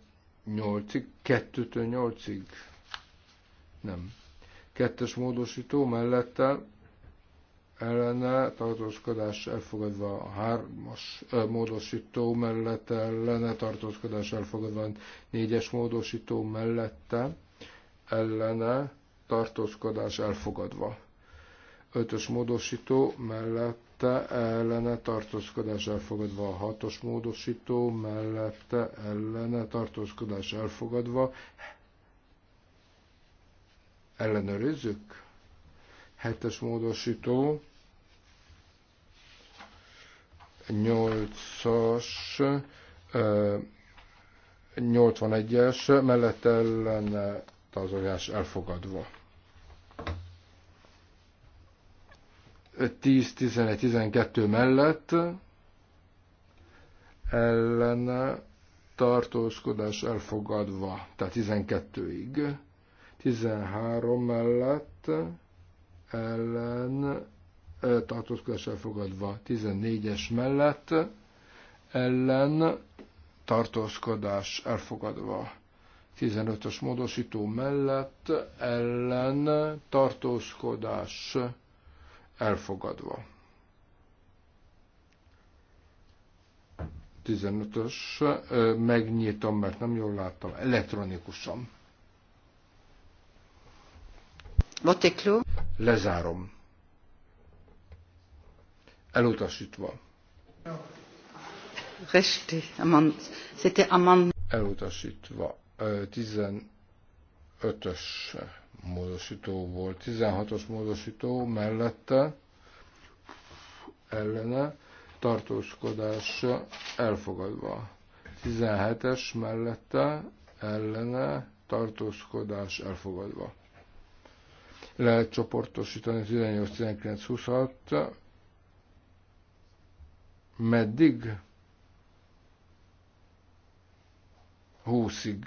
8-ig, 2-től 8-ig. Nem. Kettes módosító mellette ellene, tartózkodás elfogadva a hármas módosító mellett ellene, tartózkodás elfogadva a négyes módosító mellette ellene, tartózkodás elfogadva. Ötös módosító mellette ellene, tartózkodás elfogadva a hatos módosító mellette ellene, tartózkodás elfogadva. Ellenőrizzük? hetes módosító, 8-as, 81-es, mellette ellene tartozás elfogadva. 10, 11, 12 mellett ellene tartózkodás elfogadva, tehát 12-ig. 13 mellett ellen tartózkodással elfogadva 14-es mellett, ellen tartózkodás elfogadva 15-ös módosító mellett, ellen tartózkodás elfogadva. 15-ös, megnyitom, mert nem jól láttam, elektronikusan. Lezárom. Elutasítva. Elutasítva. 15-ös módosító volt. 16-os módosító mellette ellene tartózkodás elfogadva. 17-es mellette ellene tartózkodás elfogadva. Lehet csoportosítani 18, 19, 26 meddig 20-ig,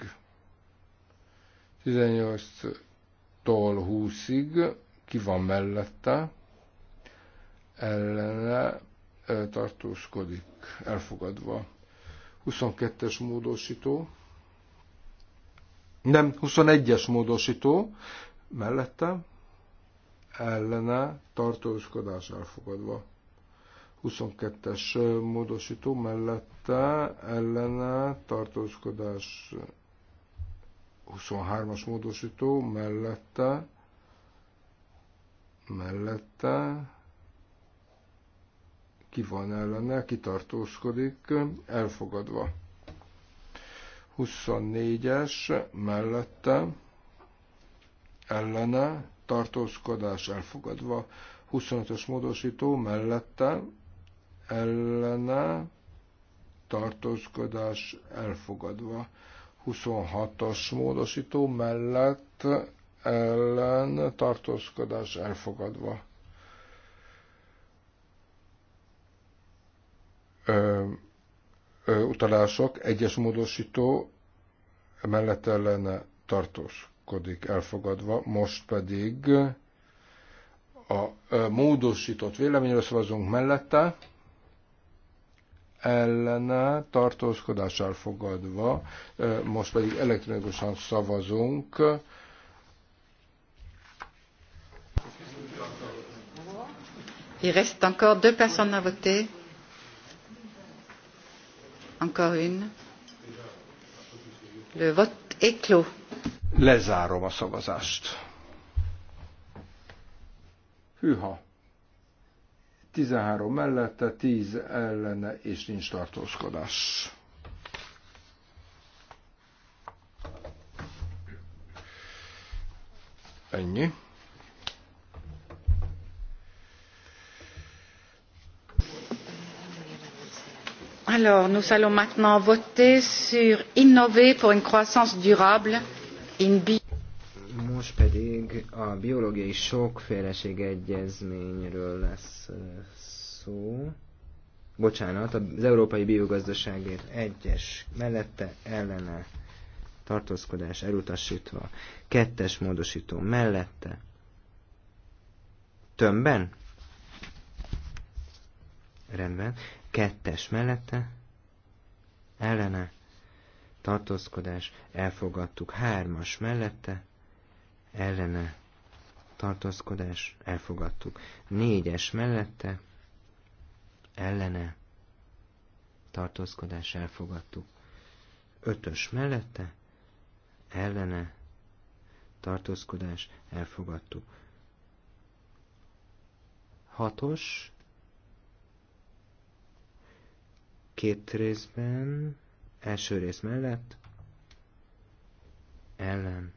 18-tól 20-ig, ki van mellette, ellene tartózkodik, elfogadva. 22-es módosító, nem, 21-es módosító, mellette, ellene tartózkodás elfogadva. 22-es módosító mellette ellene tartózkodás 23-as módosító mellette mellette ki van ellene, kitartózkodik, elfogadva. 24-es mellette ellene tartózkodás elfogadva. 25-ös módosító mellette ellene tartózkodás elfogadva. 26 as módosító mellett ellen tartózkodás elfogadva. Ö, ö, utalások, egyes módosító mellett ellene tartózkodik elfogadva, most pedig a módosított véleményről szavazunk mellette, ellene tartózkodással fogadva, most pedig elektronikusan szavazunk. Il reste encore deux personnes à voter. Encore une. Le vote est clos. Lezárom a szavazást. Hűha. 13 mellette, 10 ellene, és nincs tartózkodás. Ennyi. Alors, nous allons maintenant voter sur Innover pour une croissance durable in most pedig a biológiai sokféleség egyezményről lesz szó. Bocsánat, az Európai Biogazdaságért egyes mellette ellene tartózkodás elutasítva, kettes módosító mellette, tömbben, rendben, kettes mellette, ellene, tartózkodás, elfogadtuk hármas mellette, ellene tartózkodás, elfogadtuk. Négyes mellette, ellene tartózkodás, elfogadtuk. Ötös mellette, ellene tartózkodás, elfogadtuk. Hatos, két részben, első rész mellett, ellen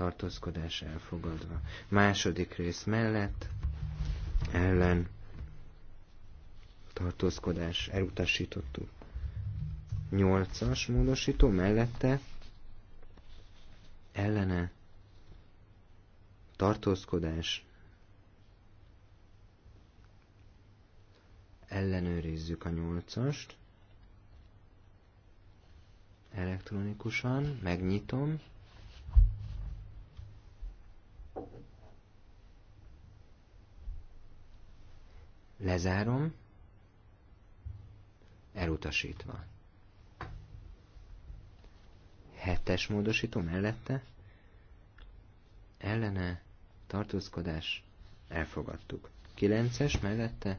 tartózkodás elfogadva. Második rész mellett, ellen, tartózkodás elutasítottuk. Nyolcas módosító mellette, ellene, tartózkodás, ellenőrizzük a nyolcast, elektronikusan, megnyitom, Lezárom. Elutasítva. Hetes módosító mellette. Ellene. Tartózkodás. Elfogadtuk. Kilences mellette.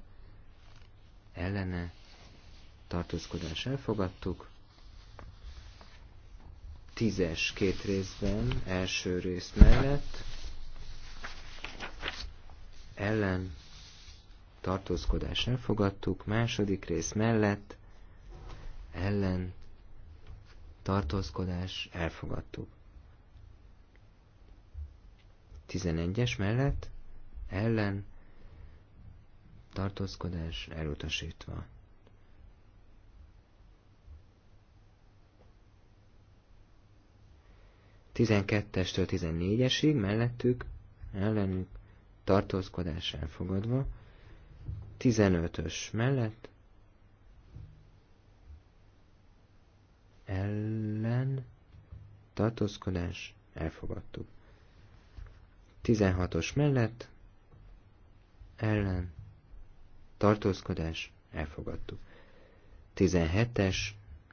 Ellene. Tartózkodás. Elfogadtuk. Tízes két részben. Első rész mellett. Ellen tartózkodás elfogadtuk, második rész mellett, ellen, tartózkodás elfogadtuk. 11-es mellett, ellen, tartózkodás elutasítva. Tizenkettestől tizennégyesig mellettük, ellenük tartózkodás elfogadva, 15-ös mellett ellen tartózkodás elfogadtuk. 16-os mellett ellen tartózkodás elfogadtuk. 17-es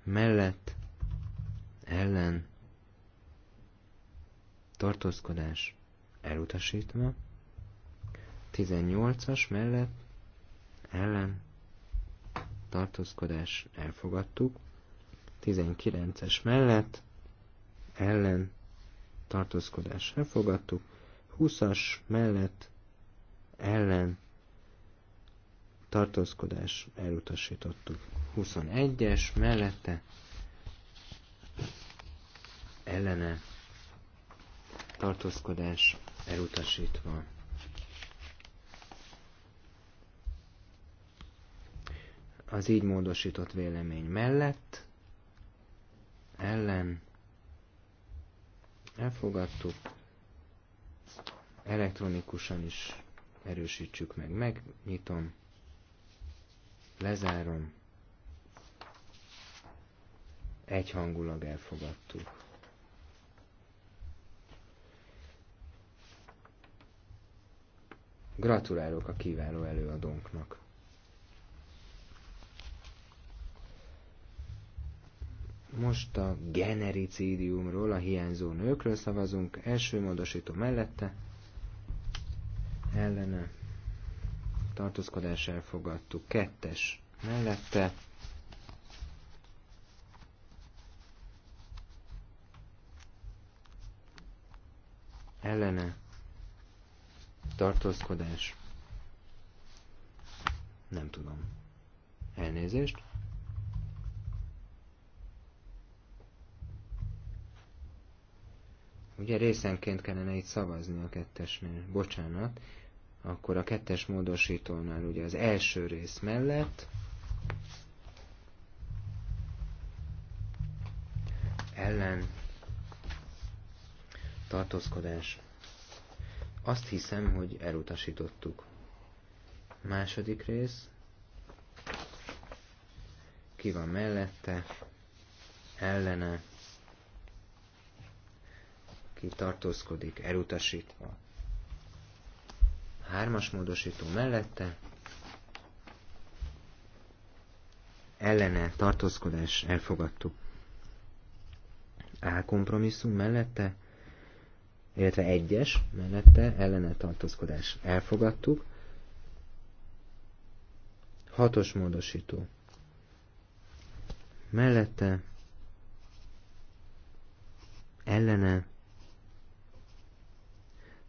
mellett ellen tartózkodás elutasítva. 18-as mellett ellen tartózkodás elfogadtuk. 19-es mellett ellen tartózkodás elfogadtuk. 20-as mellett ellen tartózkodás elutasítottuk. 21-es mellette ellene tartózkodás elutasítva. az így módosított vélemény mellett, ellen, elfogadtuk, elektronikusan is erősítsük meg, megnyitom, lezárom, egyhangulag elfogadtuk. Gratulálok a kiváló előadónknak! Most a genericidiumról, a hiányzó nőkről szavazunk. Első módosító mellette. Ellene. Tartózkodás elfogadtuk. Kettes mellette. Ellene. Tartózkodás. Nem tudom. Elnézést. Ugye részenként kellene itt szavazni a kettesnél. Bocsánat. Akkor a kettes módosítónál ugye az első rész mellett ellen tartózkodás. Azt hiszem, hogy elutasítottuk. Második rész. Ki van mellette? Ellene ki tartózkodik, elutasítva. Hármas módosító mellette, ellene tartózkodás elfogadtuk. A kompromisszum mellette, illetve egyes mellette ellene tartózkodás elfogadtuk. Hatos módosító. Mellette ellene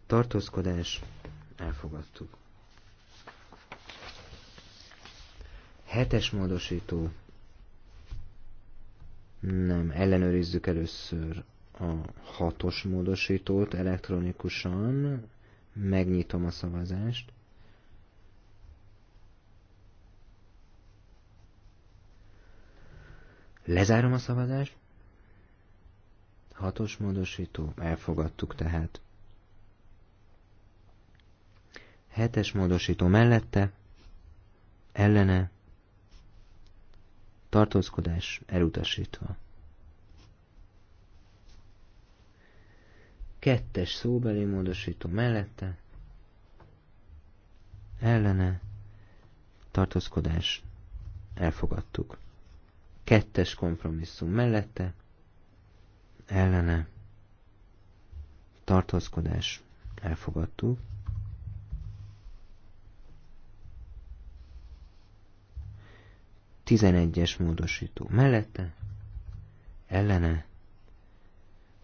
tartózkodás, elfogadtuk. Hetes módosító, nem, ellenőrizzük először a hatos módosítót elektronikusan, megnyitom a szavazást. Lezárom a szavazást. Hatos módosító, elfogadtuk tehát. Hetes módosító mellette, ellene, tartózkodás elutasítva. Kettes szóbeli módosító mellette, ellene, tartózkodás elfogadtuk. Kettes kompromisszum mellette, ellene, tartózkodás elfogadtuk. 11-es módosító mellette, ellene,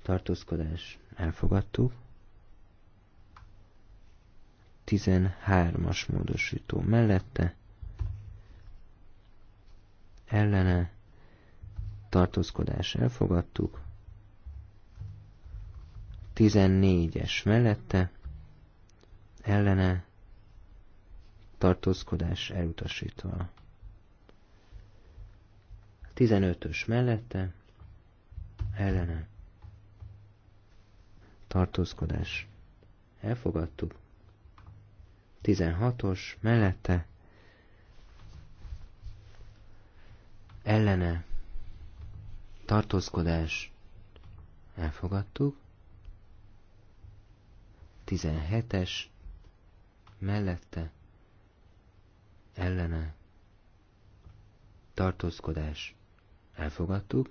tartózkodás elfogadtuk, 13-as módosító mellette, ellene, tartózkodás elfogadtuk, 14-es mellette, ellene, tartózkodás elutasítva. 15-ös mellette, ellene, tartózkodás, elfogadtuk. 16-os mellette, ellene, tartózkodás, elfogadtuk. 17-es mellette, ellene, tartózkodás, elfogadtuk.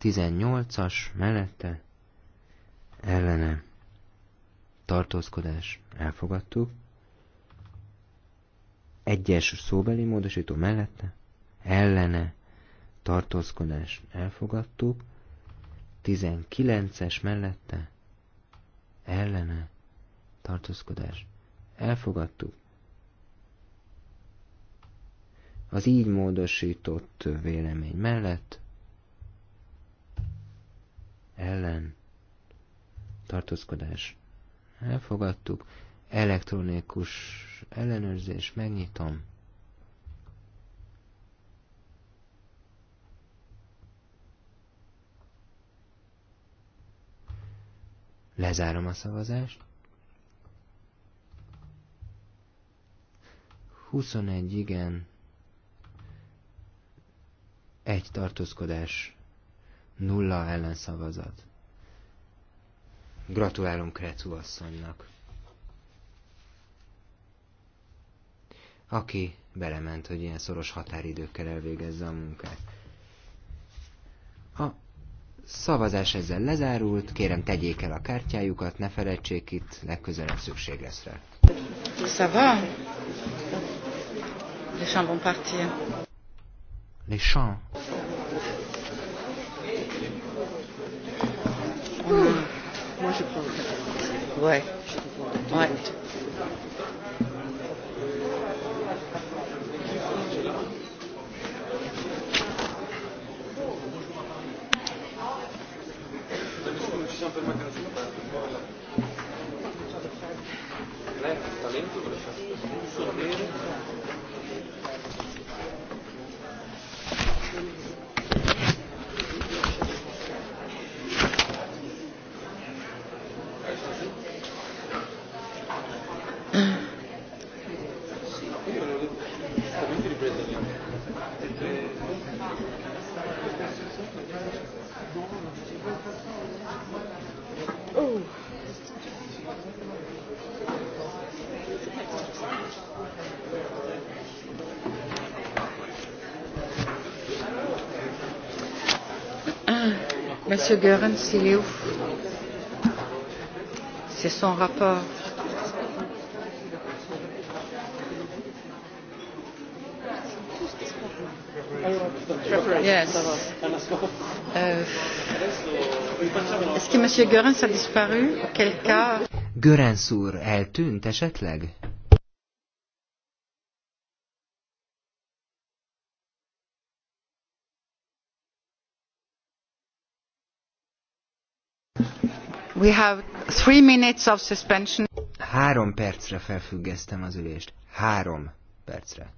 18-as mellette ellene tartózkodás elfogadtuk. Egyes szóbeli módosító mellette ellene tartózkodás elfogadtuk. 19-es mellette ellene tartózkodás elfogadtuk. az így módosított vélemény mellett ellen tartózkodás elfogadtuk, elektronikus ellenőrzés, megnyitom. Lezárom a szavazást. 21 igen, egy tartózkodás, nulla ellenszavazat. Gratulálunk Krecu asszonynak. Aki belement, hogy ilyen szoros határidőkkel elvégezze a munkát. A szavazás ezzel lezárult, kérem tegyék el a kártyájukat, ne felejtsék itt, legközelebb szükség lesz rá. Ça va? Les gens vont partir les chants. Moi, je prends Ouais. Ouais. Monsieur Goerens, il est où C'est son rapport. Yes. Euh, Est-ce que M. Goerens a disparu? cas... Goerens úr eltűnt esetleg? We have three minutes of suspension. Három percre felfüggesztem az ülést. Három percre.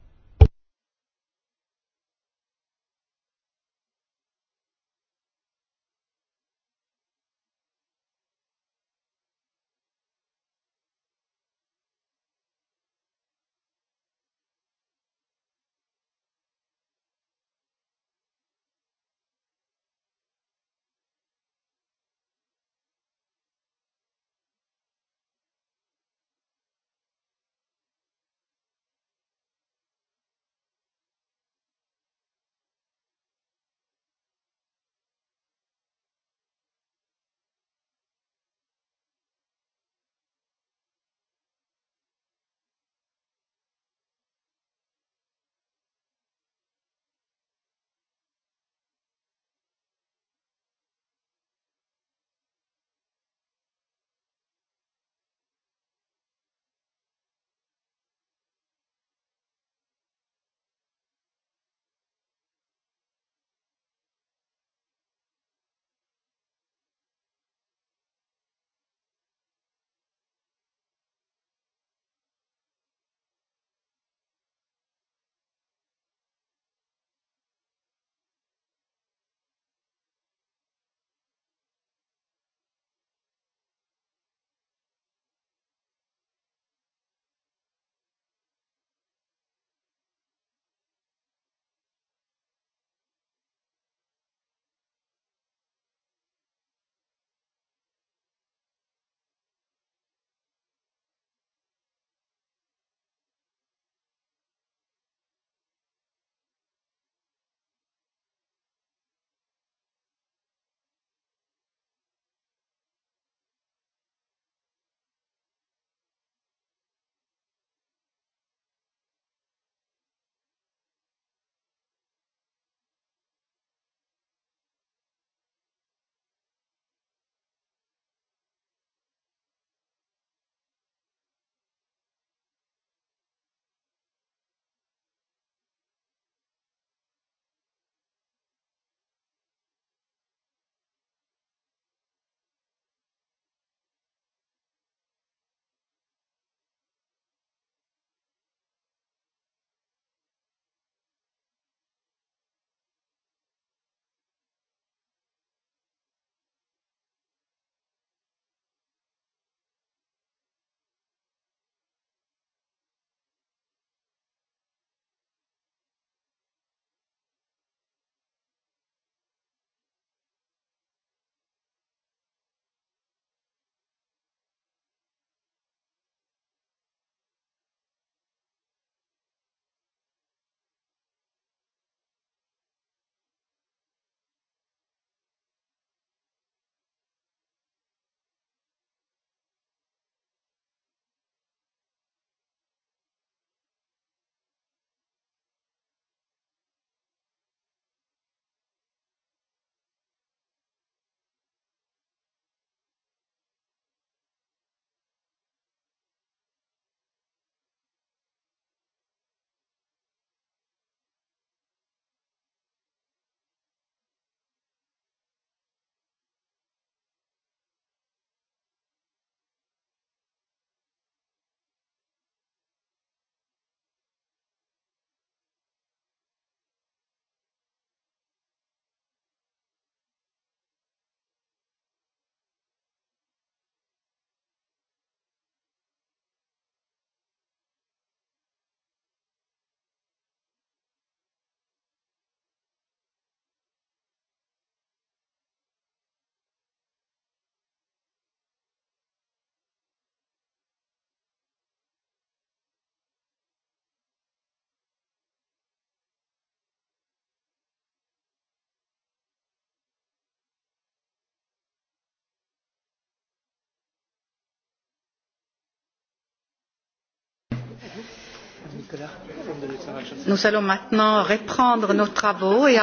Nous allons maintenant reprendre nos travaux et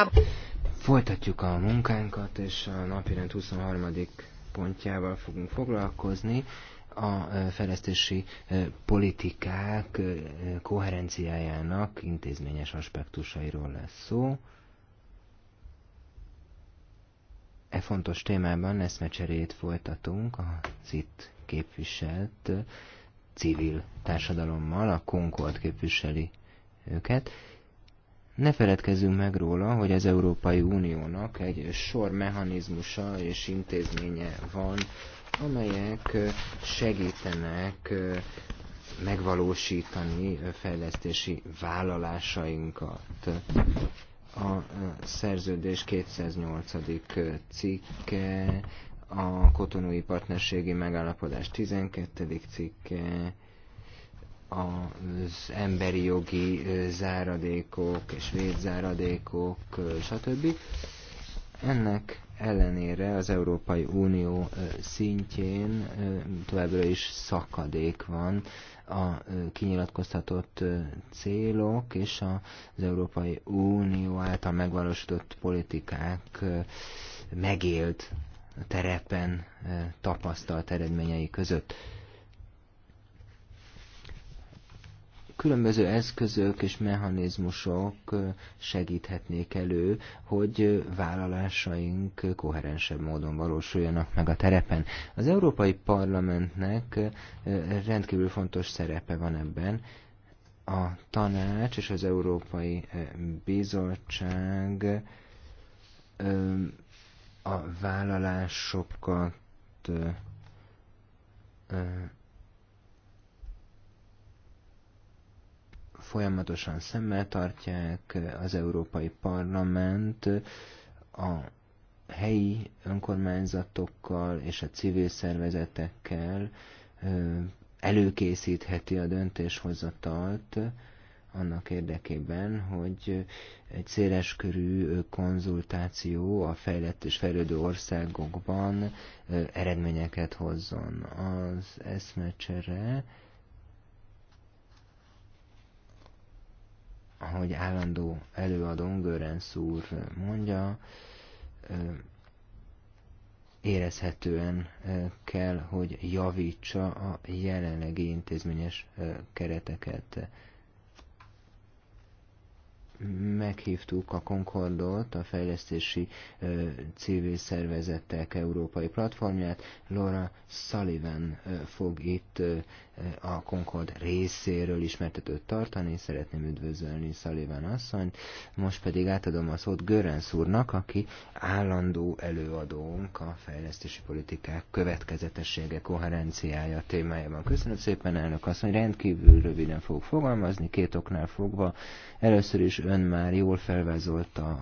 Folytatjuk a munkánkat, és a napirend 23. pontjával fogunk foglalkozni a fejlesztési politikák koherenciájának intézményes aspektusairól lesz szó. E fontos témában eszmecserét folytatunk az itt képviselt civil társadalommal, a Concord képviseli őket. Ne feledkezzünk meg róla, hogy az Európai Uniónak egy sor mechanizmusa és intézménye van, amelyek segítenek megvalósítani fejlesztési vállalásainkat. A szerződés 208. cikke a kotonói partnerségi megállapodás 12. cikke, az emberi jogi záradékok és védzáradékok, stb. Ennek ellenére az Európai Unió szintjén továbbra is szakadék van a kinyilatkoztatott célok és az Európai Unió által megvalósított politikák megélt terepen eh, tapasztalt eredményei között. Különböző eszközök és mechanizmusok eh, segíthetnék elő, hogy eh, vállalásaink koherensebb módon valósuljanak meg a terepen. Az Európai Parlamentnek rendkívül fontos szerepe van ebben, a tanács és az Európai Bizottság a vállalásokat folyamatosan szemmel tartják az Európai Parlament a helyi önkormányzatokkal és a civil szervezetekkel előkészítheti a döntéshozatalt, annak érdekében, hogy egy széleskörű konzultáció a fejlett és fejlődő országokban eredményeket hozzon. Az eszmecsere ahogy állandó előadón Görenc úr mondja, érezhetően kell, hogy javítsa a jelenlegi intézményes kereteket meghívtuk a Concordot, a fejlesztési ö, civil szervezetek európai platformját. Laura Sullivan ö, fog itt ö, a Concord részéről ismertetőt tartani. Szeretném üdvözölni Szaléván asszonyt. Most pedig átadom a szót Görensz úrnak, aki állandó előadónk a fejlesztési politikák következetessége, koherenciája témájában. Köszönöm szépen, elnök asszony. Rendkívül röviden fog fogalmazni, két oknál fogva. Először is ön már jól felvázolta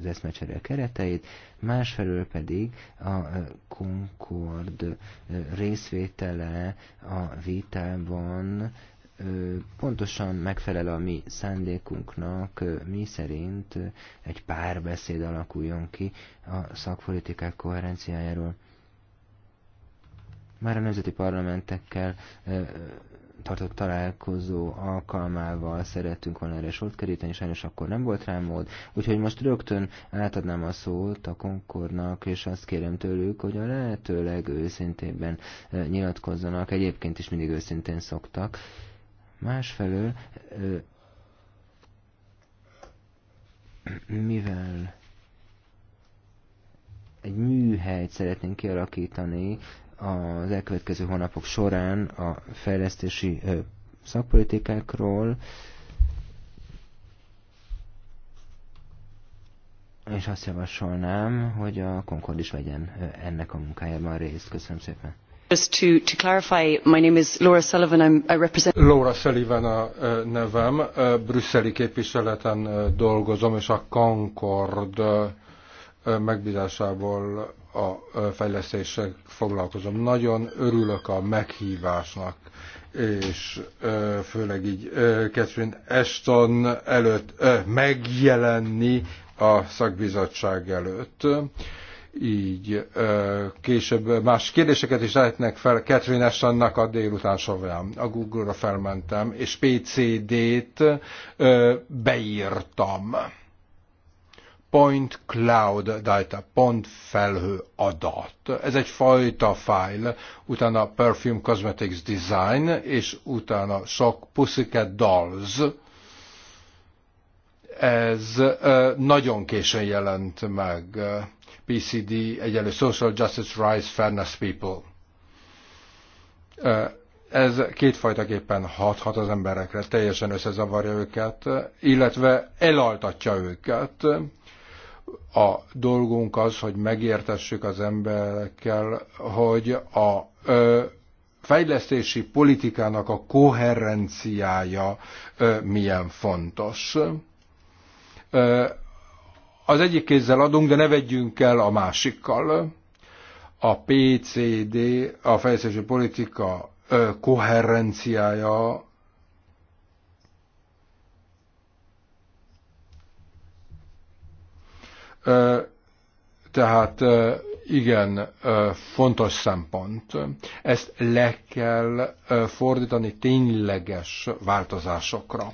az eszmecsere kereteit másfelől pedig a eh, Concord eh, részvétele a vitában eh, pontosan megfelel a mi szándékunknak, mi szerint egy párbeszéd alakuljon ki a szakpolitikák koherenciájáról. Már a nemzeti parlamentekkel tartott találkozó alkalmával szerettünk volna erre sort keríteni, sajnos akkor nem volt rá mód. Úgyhogy most rögtön átadnám a szót a Concordnak, és azt kérem tőlük, hogy a lehető legőszintébben eh, nyilatkozzanak. Egyébként is mindig őszintén szoktak. Másfelől, eh, mivel egy műhelyt szeretnénk kialakítani az elkövetkező hónapok során a fejlesztési szakpolitikákról, és azt javasolnám, hogy a Concord is vegyen ennek a munkájában részt. Köszönöm szépen. Just to, to clarify, my name is Laura Sullivan. I'm, I represent... Laura Sullivan a nevem, brüsszeli képviseleten dolgozom, és a Concord megbízásából a fejlesztéssel foglalkozom. Nagyon örülök a meghívásnak, és főleg így Catherine Ashton előtt megjelenni a szakbizottság előtt így később más kérdéseket is lehetnek fel Catherine Ashtonnak a délután során. A Google-ra felmentem, és PCD-t beírtam point cloud data, pont felhő adat. Ez egy fajta fájl, utána Perfume Cosmetics Design, és utána sok Pussycat Dolls. Ez nagyon későn jelent meg. PCD egyelő Social Justice Rise Fairness People. Ez kétfajtaképpen hathat az emberekre, teljesen összezavarja őket, illetve elaltatja őket a dolgunk az, hogy megértessük az emberekkel, hogy a ö, fejlesztési politikának a koherenciája ö, milyen fontos. Ö, az egyik kézzel adunk, de ne vegyünk el a másikkal. A PCD, a fejlesztési politika ö, koherenciája Tehát igen, fontos szempont. Ezt le kell fordítani tényleges változásokra.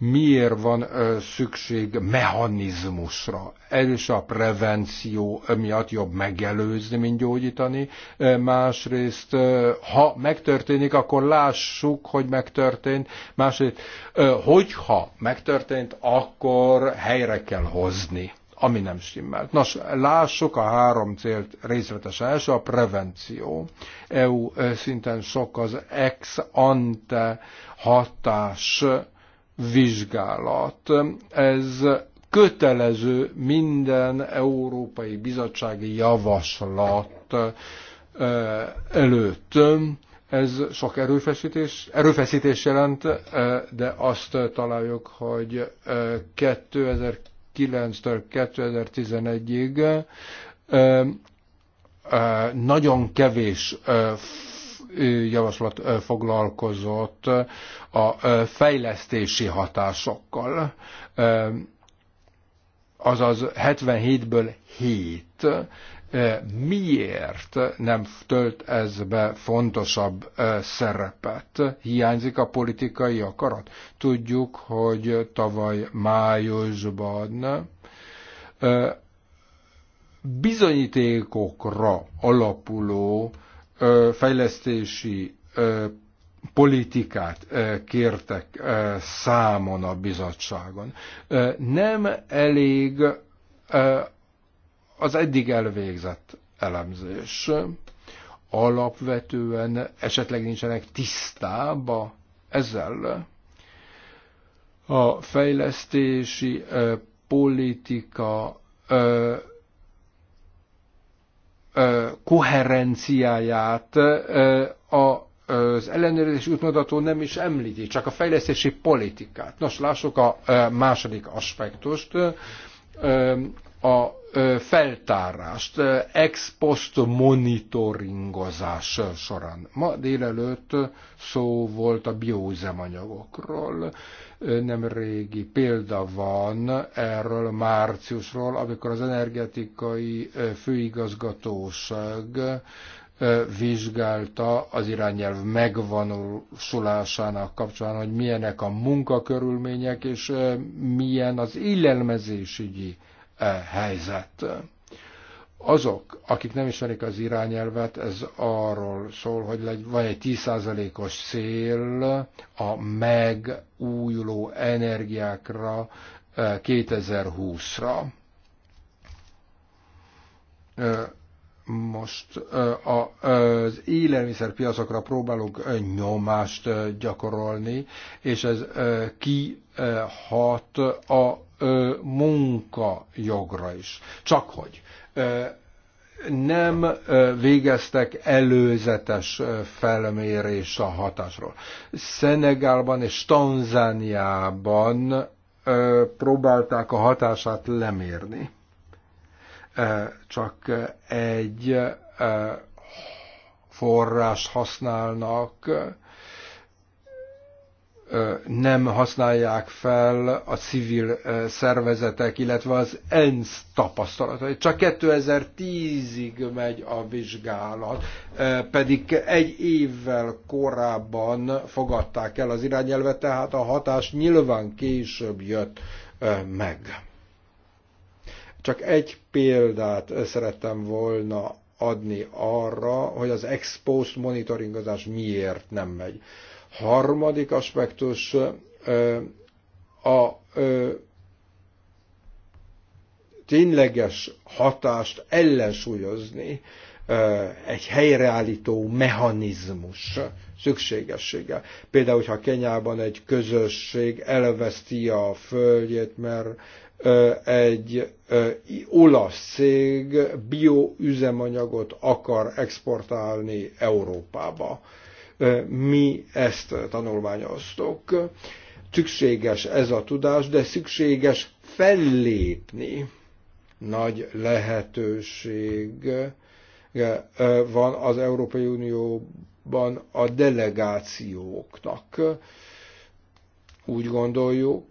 Miért van szükség mechanizmusra? Először a prevenció miatt jobb megelőzni, mint gyógyítani. Másrészt, ha megtörténik, akkor lássuk, hogy megtörtént. Másrészt, hogyha megtörtént, akkor helyre kell hozni ami nem stimmelt. Nos, lássuk a három célt részletesen. Első a prevenció. EU e, szinten sok az ex ante hatás vizsgálat. Ez kötelező minden Európai Bizottsági Javaslat e, előtt. Ez sok erőfeszítés, erőfeszítés jelent, e, de azt találjuk, hogy 2000 2009-től 2011-ig nagyon kevés javaslat foglalkozott a fejlesztési hatásokkal. Azaz 77-ből 7 miért nem tölt ez be fontosabb szerepet? Hiányzik a politikai akarat? Tudjuk, hogy tavaly májusban bizonyítékokra alapuló fejlesztési politikát kértek számon a bizottságon. Nem elég az eddig elvégzett elemzés. Alapvetően esetleg nincsenek tisztába ezzel. A fejlesztési ö, politika ö, ö, koherenciáját ö, a az ellenőrzés útmutató nem is említi, csak a fejlesztési politikát. Nos, lássuk a második aspektust, a feltárást, ex post monitoringozás során. Ma délelőtt szó volt a bióüzemanyagokról. Nem régi példa van erről márciusról, amikor az energetikai főigazgatóság vizsgálta az irányelv megvanulásának kapcsán, hogy milyenek a munkakörülmények, és milyen az illelmezésügyi E helyzet. Azok, akik nem ismerik az irányelvet, ez arról szól, hogy van egy 10%-os szél a megújuló energiákra 2020-ra e, most az élelmiszerpiacokra próbálunk nyomást gyakorolni, és ez kihat a munkajogra is. Csak hogy nem végeztek előzetes felmérés a hatásról. Szenegálban és Tanzániában próbálták a hatását lemérni csak egy forrás használnak, nem használják fel a civil szervezetek, illetve az ENSZ tapasztalatai. Csak 2010-ig megy a vizsgálat, pedig egy évvel korábban fogadták el az irányelvet, tehát a hatás nyilván később jött meg. Csak egy példát szerettem volna adni arra, hogy az ex post monitoringozás miért nem megy. Harmadik aspektus a tényleges hatást ellensúlyozni egy helyreállító mechanizmus szükségessége. Például, hogyha Kenyában egy közösség elveszti a földjét, mert egy olasz cég bioüzemanyagot akar exportálni Európába. Mi ezt tanulmányoztuk. Szükséges ez a tudás, de szükséges fellépni. Nagy lehetőség van az Európai Unióban a delegációknak úgy gondoljuk,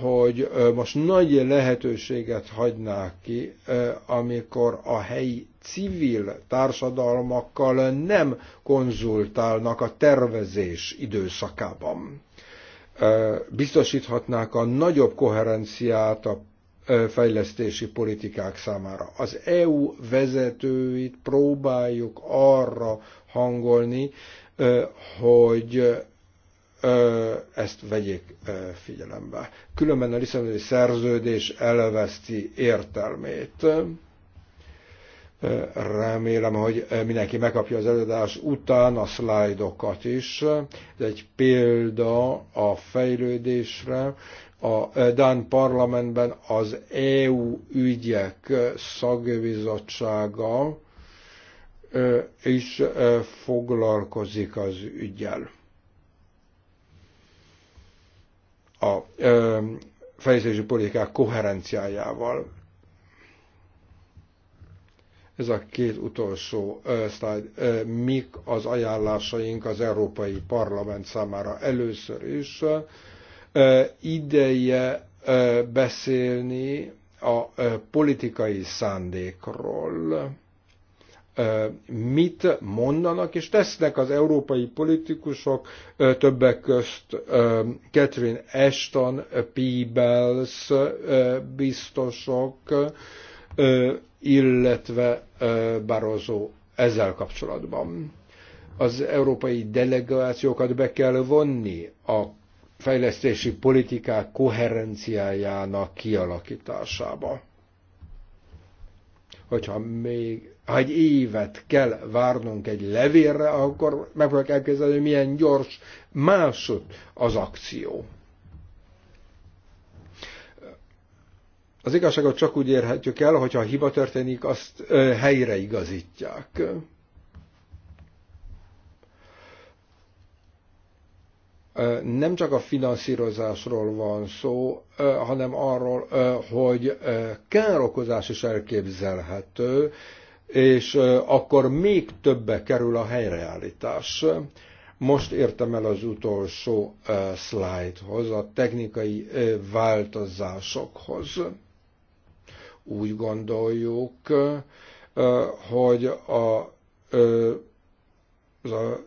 hogy most nagy lehetőséget hagynák ki, amikor a helyi civil társadalmakkal nem konzultálnak a tervezés időszakában. Biztosíthatnák a nagyobb koherenciát a fejlesztési politikák számára. Az EU vezetőit próbáljuk arra hangolni, hogy ezt vegyék figyelembe. Különben a Lisszaboni szerződés elveszti értelmét. Remélem, hogy mindenki megkapja az előadás után a szlájdokat is. Ez egy példa a fejlődésre. A Dán parlamentben az EU ügyek szakbizottsága is foglalkozik az ügyel a fejlesztési politikák koherenciájával. Ez a két utolsó uh, szlájd. mik az ajánlásaink az Európai Parlament számára először is? ideje beszélni a politikai szándékról mit mondanak és tesznek az európai politikusok, többek közt Catherine Ashton, Peebles biztosok, illetve Barroso ezzel kapcsolatban. Az európai delegációkat be kell vonni a fejlesztési politikák koherenciájának kialakításába. Hogyha még ha egy évet kell várnunk egy levélre, akkor meg fogok elképzelni, hogy milyen gyors másod az akció. Az igazságot csak úgy érhetjük el, hogyha a hiba történik, azt helyre igazítják. nem csak a finanszírozásról van szó, hanem arról, hogy károkozás is elképzelhető, és akkor még többe kerül a helyreállítás. Most értem el az utolsó szlájdhoz, a technikai változásokhoz. Úgy gondoljuk, hogy a az a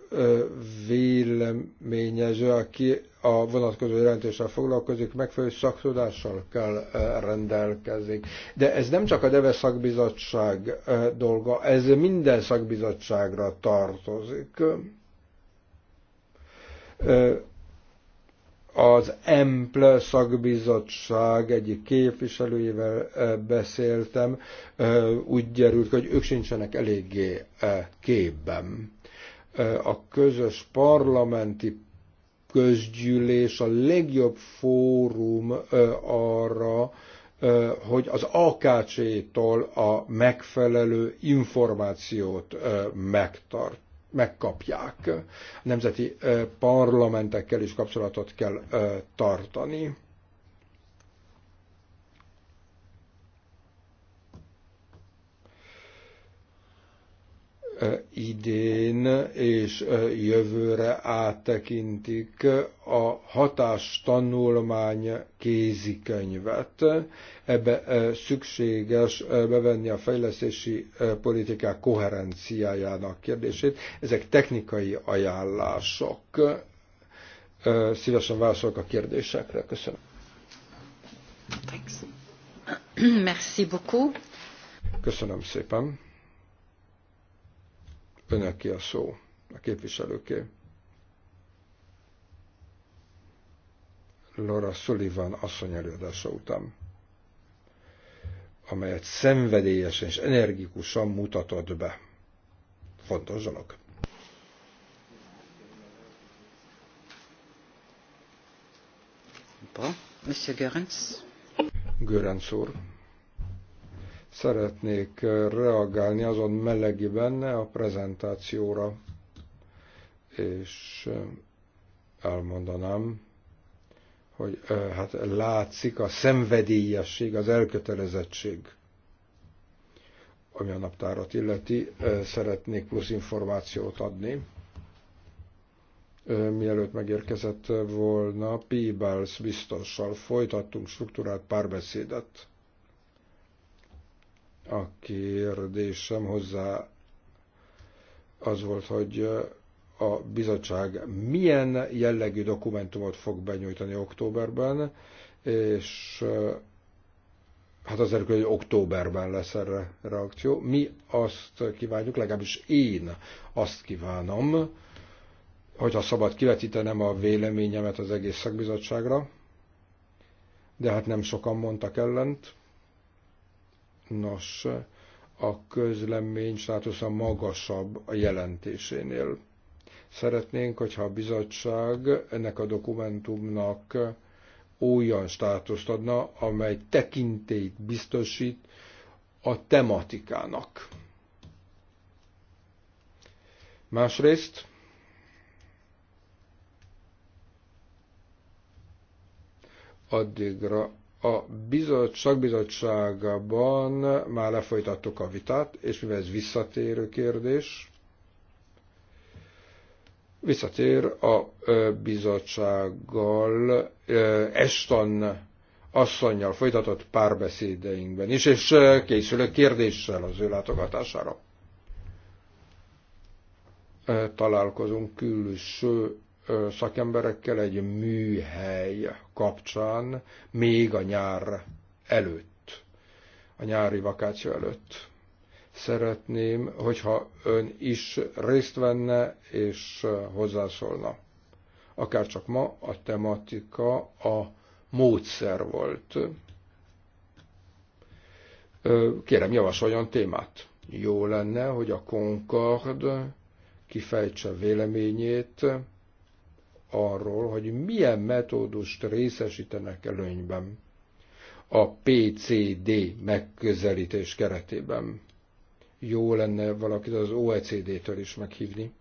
véleményező, aki a vonatkozó jelentéssel foglalkozik, megfelelő szaktudással kell rendelkezik. De ez nem csak a Deve szakbizottság dolga, ez minden szakbizottságra tartozik. Az EMPL szakbizottság egyik képviselőjével beszéltem, úgy gyerült, hogy ők sincsenek eléggé képben a közös parlamenti közgyűlés a legjobb fórum arra, hogy az AKC-tól a megfelelő információt megtart megkapják. A nemzeti parlamentekkel is kapcsolatot kell tartani. idén és jövőre áttekintik a hatástanulmány kézikönyvet. Ebbe szükséges bevenni a fejlesztési politikák koherenciájának kérdését. Ezek technikai ajánlások. Szívesen válaszolok a kérdésekre. Köszönöm. Thanks. *clears throat* Merci beaucoup. Köszönöm szépen ki a szó, a képviselőké. Laura Sullivan asszony előadása után, amelyet szenvedélyesen és energikusan mutatott be. Fontos dolog. Bon, Monsieur Görens. Görens úr. Szeretnék reagálni azon melegi benne a prezentációra, és elmondanám, hogy hát látszik a szenvedélyesség, az elkötelezettség, ami a naptárat illeti. Szeretnék plusz információt adni. Mielőtt megérkezett volna, Peebles biztossal folytattunk struktúrált párbeszédet a kérdésem hozzá az volt, hogy a bizottság milyen jellegű dokumentumot fog benyújtani októberben, és hát azért, hogy októberben lesz erre reakció. Mi azt kívánjuk, legalábbis én azt kívánom, hogyha szabad kivetítenem a véleményemet az egész szakbizottságra, de hát nem sokan mondtak ellent, Nos, a közlemény státusza magasabb a jelentésénél. Szeretnénk, hogyha a bizottság ennek a dokumentumnak olyan státuszt adna, amely tekintélyt biztosít a tematikának. Másrészt addigra a szakbizottságban már lefolytattuk a vitát, és mivel ez visszatérő kérdés, visszatér a bizottsággal, Eston asszonynal folytatott párbeszédeinkben is, és készülök kérdéssel az ő látogatására. Találkozunk külső szakemberekkel egy műhely kapcsán még a nyár előtt, a nyári vakáció előtt. Szeretném, hogyha ön is részt venne és hozzászólna. Akár csak ma a tematika a módszer volt. Kérem, javasoljon témát. Jó lenne, hogy a Concord kifejtse véleményét, arról, hogy milyen metódust részesítenek előnyben a PCD megközelítés keretében. Jó lenne valakit az OECD-től is meghívni.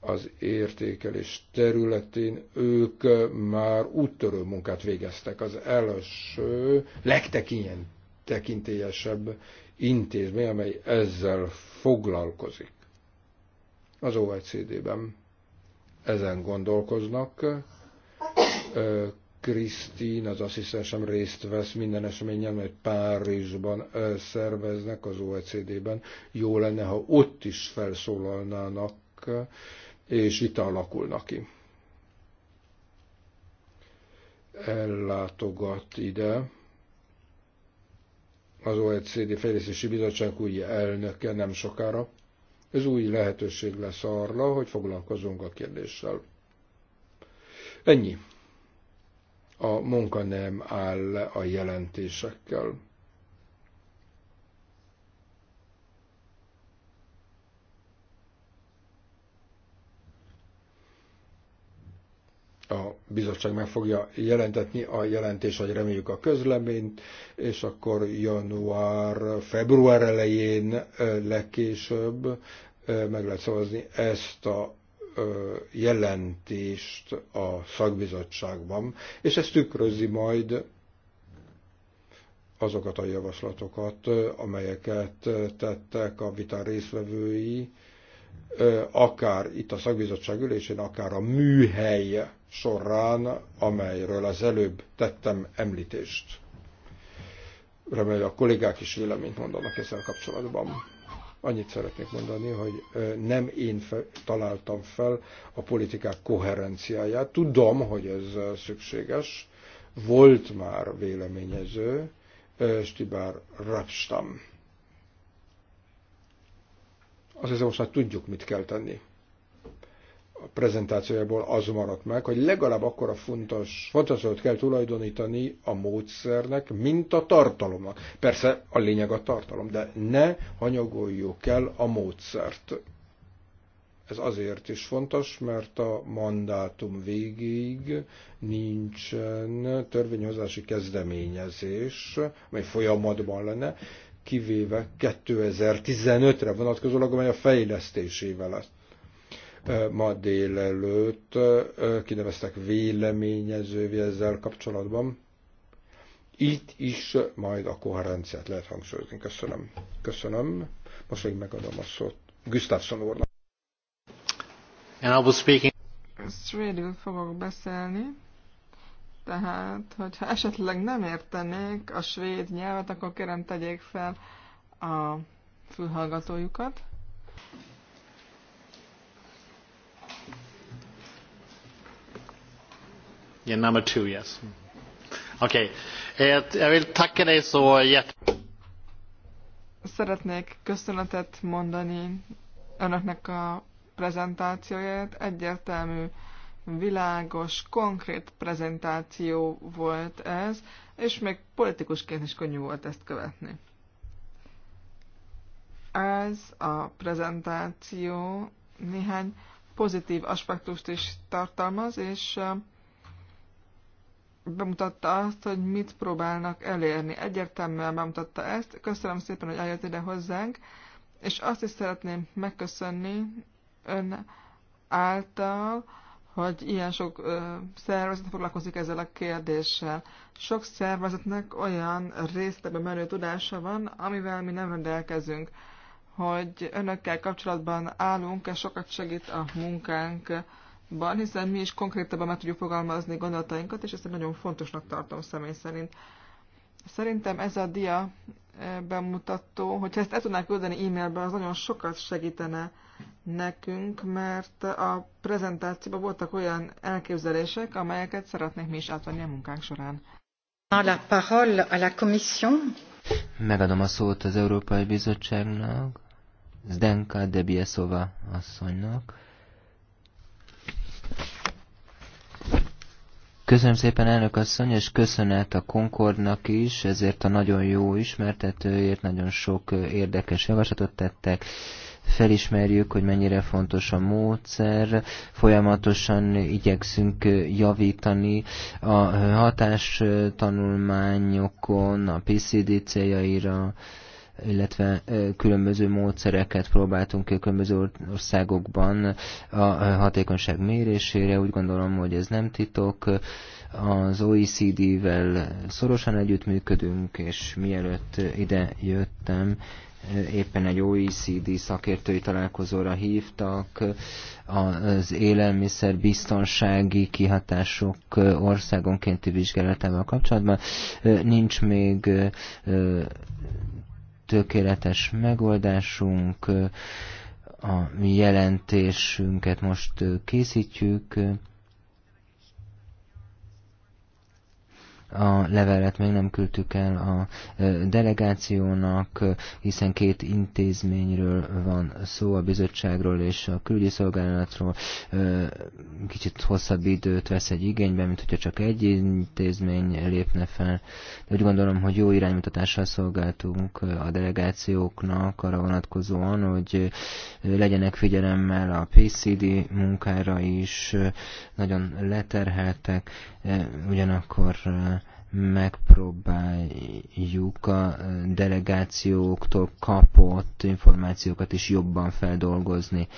Az értékelés területén ők már úttörő munkát végeztek. Az első legtekintélyesebb intézmény, amely ezzel foglalkozik az OECD-ben. Ezen gondolkoznak. Krisztin, az asszisztensem részt vesz minden eseményen, mert Párizsban szerveznek az OECD-ben. Jó lenne, ha ott is felszólalnának, és vita alakulna ki. Ellátogat ide az OECD Fejlesztési Bizottság új elnöke nem sokára, ez új lehetőség lesz arra, hogy foglalkozunk a kérdéssel. Ennyi. A munka nem áll a jelentésekkel. a bizottság meg fogja jelentetni a jelentés, hogy reméljük a közleményt, és akkor január, február elején legkésőbb meg lehet szavazni ezt a jelentést a szakbizottságban, és ez tükrözi majd azokat a javaslatokat, amelyeket tettek a vita részvevői, akár itt a szakbizottság ülésén, akár a műhelye során, amelyről az előbb tettem említést. Remélem, a kollégák is véleményt mondanak ezzel kapcsolatban. Annyit szeretnék mondani, hogy nem én fe, találtam fel a politikák koherenciáját. Tudom, hogy ez szükséges. Volt már véleményező, Stibár Rapstam. Azt hiszem, most már tudjuk, mit kell tenni prezentációjából az maradt meg, hogy legalább akkora fontos, fontosságot kell tulajdonítani a módszernek, mint a tartalomnak. Persze a lényeg a tartalom, de ne hanyagoljuk el a módszert. Ez azért is fontos, mert a mandátum végéig nincsen törvényhozási kezdeményezés, amely folyamatban lenne, kivéve 2015-re vonatkozólag, amely a fejlesztésével lesz Ma délelőtt kineveztek véleményezővé ezzel kapcsolatban. Itt is majd a koherenciát lehet hangsúlyozni. Köszönöm. Köszönöm. Most még megadom a szót Gustafsson úrnak. And I was speaking... Svédül fogok beszélni. Tehát, hogyha esetleg nem értenék a svéd nyelvet, akkor kérem tegyék fel a fülhallgatójukat. Yeah, number two, yes. Okay. Eh, jag vill tacka dig så jättemycket. Szeretnék köszönetet mondani önöknek a prezentációját. Egyértelmű, világos, konkrét prezentáció volt ez, és még politikusként is könnyű volt ezt követni. Ez a prezentáció néhány pozitív aspektust is tartalmaz, és eh, bemutatta azt, hogy mit próbálnak elérni. Egyértelműen bemutatta ezt. Köszönöm szépen, hogy eljött ide hozzánk, és azt is szeretném megköszönni ön által, hogy ilyen sok ö, szervezet foglalkozik ezzel a kérdéssel. Sok szervezetnek olyan résztebe menő tudása van, amivel mi nem rendelkezünk. Hogy önökkel kapcsolatban állunk, és sokat segít a munkánk ban, hiszen mi is konkrétabban meg tudjuk fogalmazni gondolatainkat, és ezt nagyon fontosnak tartom személy szerint. Szerintem ez a dia eh, bemutató, hogyha ezt el tudnánk küldeni e-mailben, az nagyon sokat segítene nekünk, mert a prezentációban voltak olyan elképzelések, amelyeket szeretnék mi is átvenni a munkánk során. La parole à la commission. Megadom a szót az Európai Bizottságnak, Zdenka Debiesova asszonynak. Köszönöm szépen, elnök asszony, és köszönet a Concordnak is, ezért a nagyon jó ismertetőért, nagyon sok érdekes javaslatot tettek. Felismerjük, hogy mennyire fontos a módszer, folyamatosan igyekszünk javítani a hatástanulmányokon, a PCD céljaira, illetve különböző módszereket próbáltunk ki a különböző országokban a hatékonyság mérésére. Úgy gondolom, hogy ez nem titok. Az OECD-vel szorosan együttműködünk, és mielőtt ide jöttem, éppen egy OECD szakértői találkozóra hívtak, az élelmiszer biztonsági kihatások országonkénti vizsgálatával kapcsolatban. Nincs még tökéletes megoldásunk, a jelentésünket most készítjük, A levelet még nem küldtük el a delegációnak, hiszen két intézményről van szó, a bizottságról és a külügyi szolgálatról. Kicsit hosszabb időt vesz egy igénybe, mint hogyha csak egy intézmény lépne fel. De úgy gondolom, hogy jó iránymutatással szolgáltunk a delegációknak arra vonatkozóan, hogy legyenek figyelemmel a PCD munkára is, nagyon leterheltek, E, ugyanakkor e, megpróbáljuk a e, delegációktól kapott információkat is jobban feldolgozni.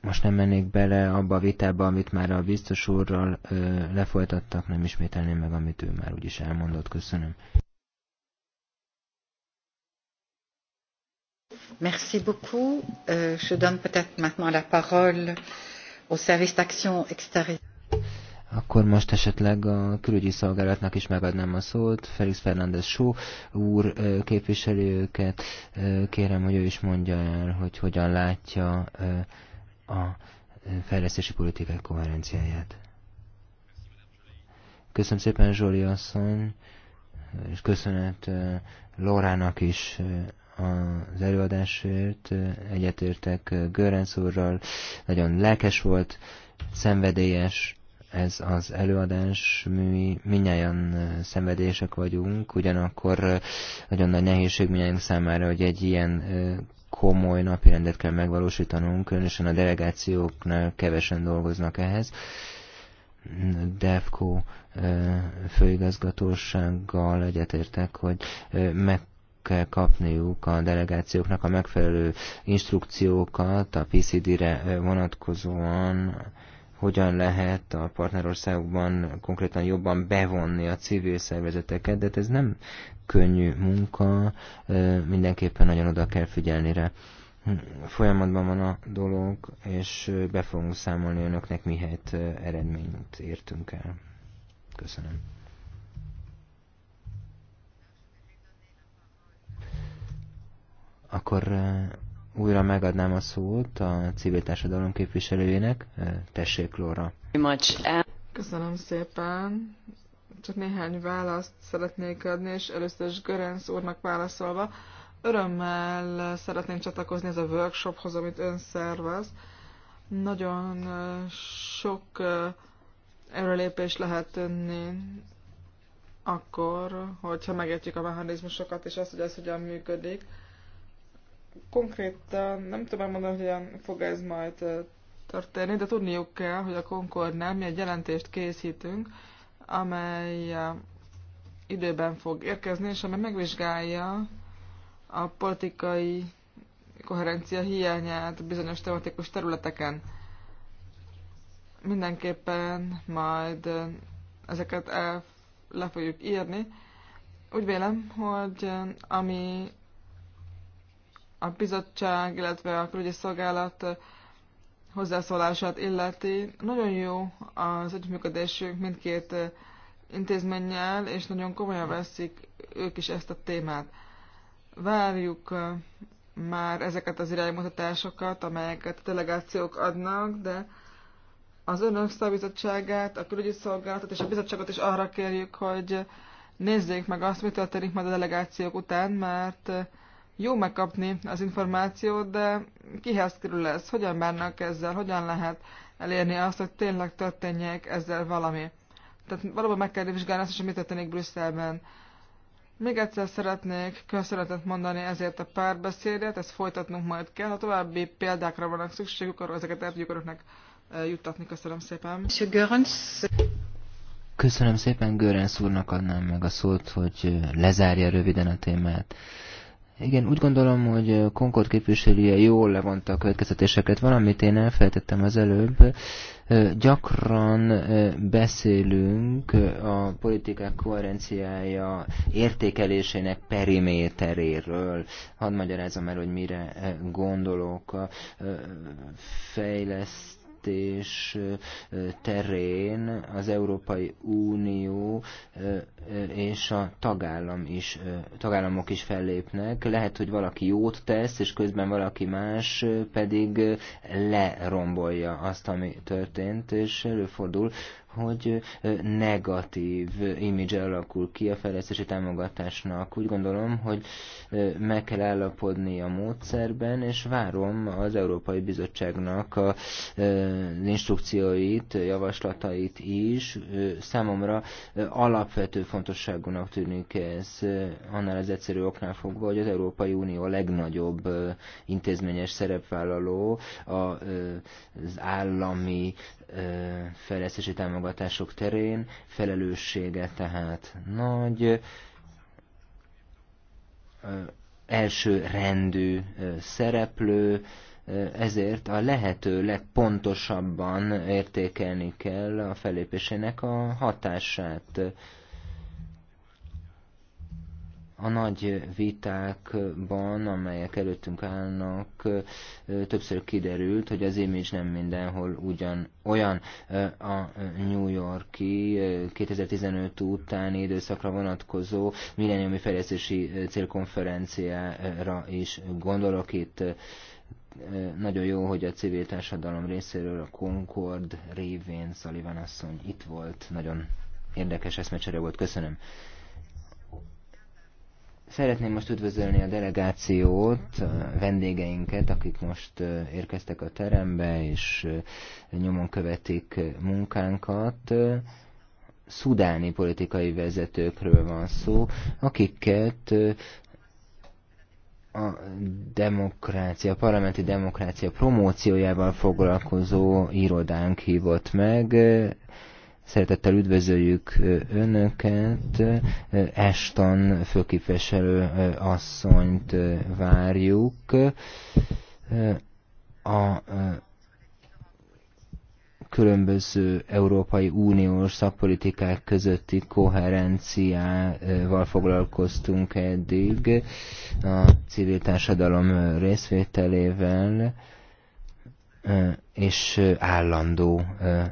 Most nem mennék bele abba a vitába, amit már a biztos úrral lefolytattak, nem ismételném meg, amit ő már úgyis elmondott. Köszönöm. Merci beaucoup. Uh, je donne peut-être maintenant la parole au service d'action extérieure. Akkor most esetleg a külügyi szolgálatnak is megadnám a szót. Felix Fernández Só úr képviseli őket. Kérem, hogy ő is mondja el, hogy hogyan látja a fejlesztési politikák koherenciáját. Köszönöm szépen Zsoli asszony, és köszönet Lórának is az előadásért, egyetértek Görenc úrral, nagyon lelkes volt, szenvedélyes ez az előadás, mi minnyáján szenvedélyesek vagyunk, ugyanakkor nagyon nagy nehézség minnyájunk számára, hogy egy ilyen komoly napirendet kell megvalósítanunk, különösen a delegációknál kevesen dolgoznak ehhez. DEFCO főigazgatósággal egyetértek, hogy meg kell kapniuk a delegációknak a megfelelő instrukciókat a PCD-re eh, vonatkozóan, hogyan lehet a partnerországokban konkrétan jobban bevonni a civil szervezeteket, de hát ez nem könnyű munka, eh, mindenképpen nagyon oda kell figyelni rá. Folyamatban van a dolog, és eh, be fogunk számolni önöknek, mihelyt eredményt értünk el. Köszönöm. Akkor újra megadnám a szót a civil társadalom képviselőjének. Tessék, Lóra. Köszönöm szépen. Csak néhány választ szeretnék adni, és először is Görenc úrnak válaszolva. Örömmel szeretném csatlakozni ez a workshophoz, amit ön szervez. Nagyon sok előlépés lehet tenni akkor, hogyha megértjük a mechanizmusokat, és azt, hogy ez hogyan működik konkrétan nem tudom elmondani, hogy hogyan fog ez majd történni, de tudniuk kell, hogy a Concordnál mi egy jelentést készítünk, amely időben fog érkezni, és amely megvizsgálja a politikai koherencia hiányát bizonyos tematikus területeken. Mindenképpen majd ezeket el, le fogjuk írni. Úgy vélem, hogy ami a bizottság, illetve a külügyi szolgálat hozzászólását illeti. Nagyon jó az együttműködésünk mindkét intézménnyel, és nagyon komolyan veszik ők is ezt a témát. Várjuk már ezeket az iránymutatásokat, amelyeket a delegációk adnak, de az önök szabizottságát, a külügyi szolgálatot és a bizottságot is arra kérjük, hogy nézzék meg azt, mi történik majd a delegációk után, mert jó megkapni az információt, de kihez kerül ez? Hogyan bánnak ezzel? Hogyan lehet elérni azt, hogy tényleg történjék ezzel valami? Tehát valóban meg kell vizsgálni azt, hogy mit történik Brüsszelben. Még egyszer szeretnék köszönetet mondani ezért a párbeszédet, ezt folytatnunk majd kell. Ha további példákra vannak szükségük, akkor ezeket el tudjuk önöknek eh, juttatni. Köszönöm szépen. Köszönöm szépen, Görens úrnak adnám meg a szót, hogy eh, lezárja röviden a témát. Igen, úgy gondolom, hogy Concord képviselője jól levonta a következtetéseket. Valamit én elfelejtettem az előbb. Gyakran beszélünk a politikák koherenciája értékelésének periméteréről. Hadd magyarázom el, hogy mire gondolok a fejleszt fejlesztés terén az Európai Unió és a tagállam is, tagállamok is fellépnek. Lehet, hogy valaki jót tesz, és közben valaki más pedig lerombolja azt, ami történt, és előfordul, hogy negatív image alakul ki a fejlesztési támogatásnak. Úgy gondolom, hogy meg kell állapodni a módszerben, és várom az Európai Bizottságnak a instrukcióit, javaslatait is. Számomra alapvető fontosságúnak tűnik ez annál az egyszerű oknál fogva, hogy az Európai Unió a legnagyobb intézményes szerepvállaló, az állami fejlesztési támogatások terén felelőssége tehát nagy, első rendű szereplő, ezért a lehető legpontosabban értékelni kell a felépésének a hatását a nagy vitákban, amelyek előttünk állnak, többször kiderült, hogy az image nem mindenhol ugyan olyan. A New Yorki 2015 utáni időszakra vonatkozó milleniumi fejlesztési célkonferenciára is gondolok itt. Nagyon jó, hogy a civil társadalom részéről a Concord révén Sullivan asszony itt volt. Nagyon érdekes eszmecsere volt. Köszönöm. Szeretném most üdvözölni a delegációt, a vendégeinket, akik most érkeztek a terembe, és nyomon követik munkánkat. Szudáni politikai vezetőkről van szó, akiket a demokrácia, a parlamenti demokrácia promóciójával foglalkozó irodánk hívott meg. Szeretettel üdvözöljük Önöket, Eston főképviselő asszonyt várjuk. A különböző Európai Uniós szakpolitikák közötti koherenciával foglalkoztunk eddig, a civil társadalom részvételével, és állandó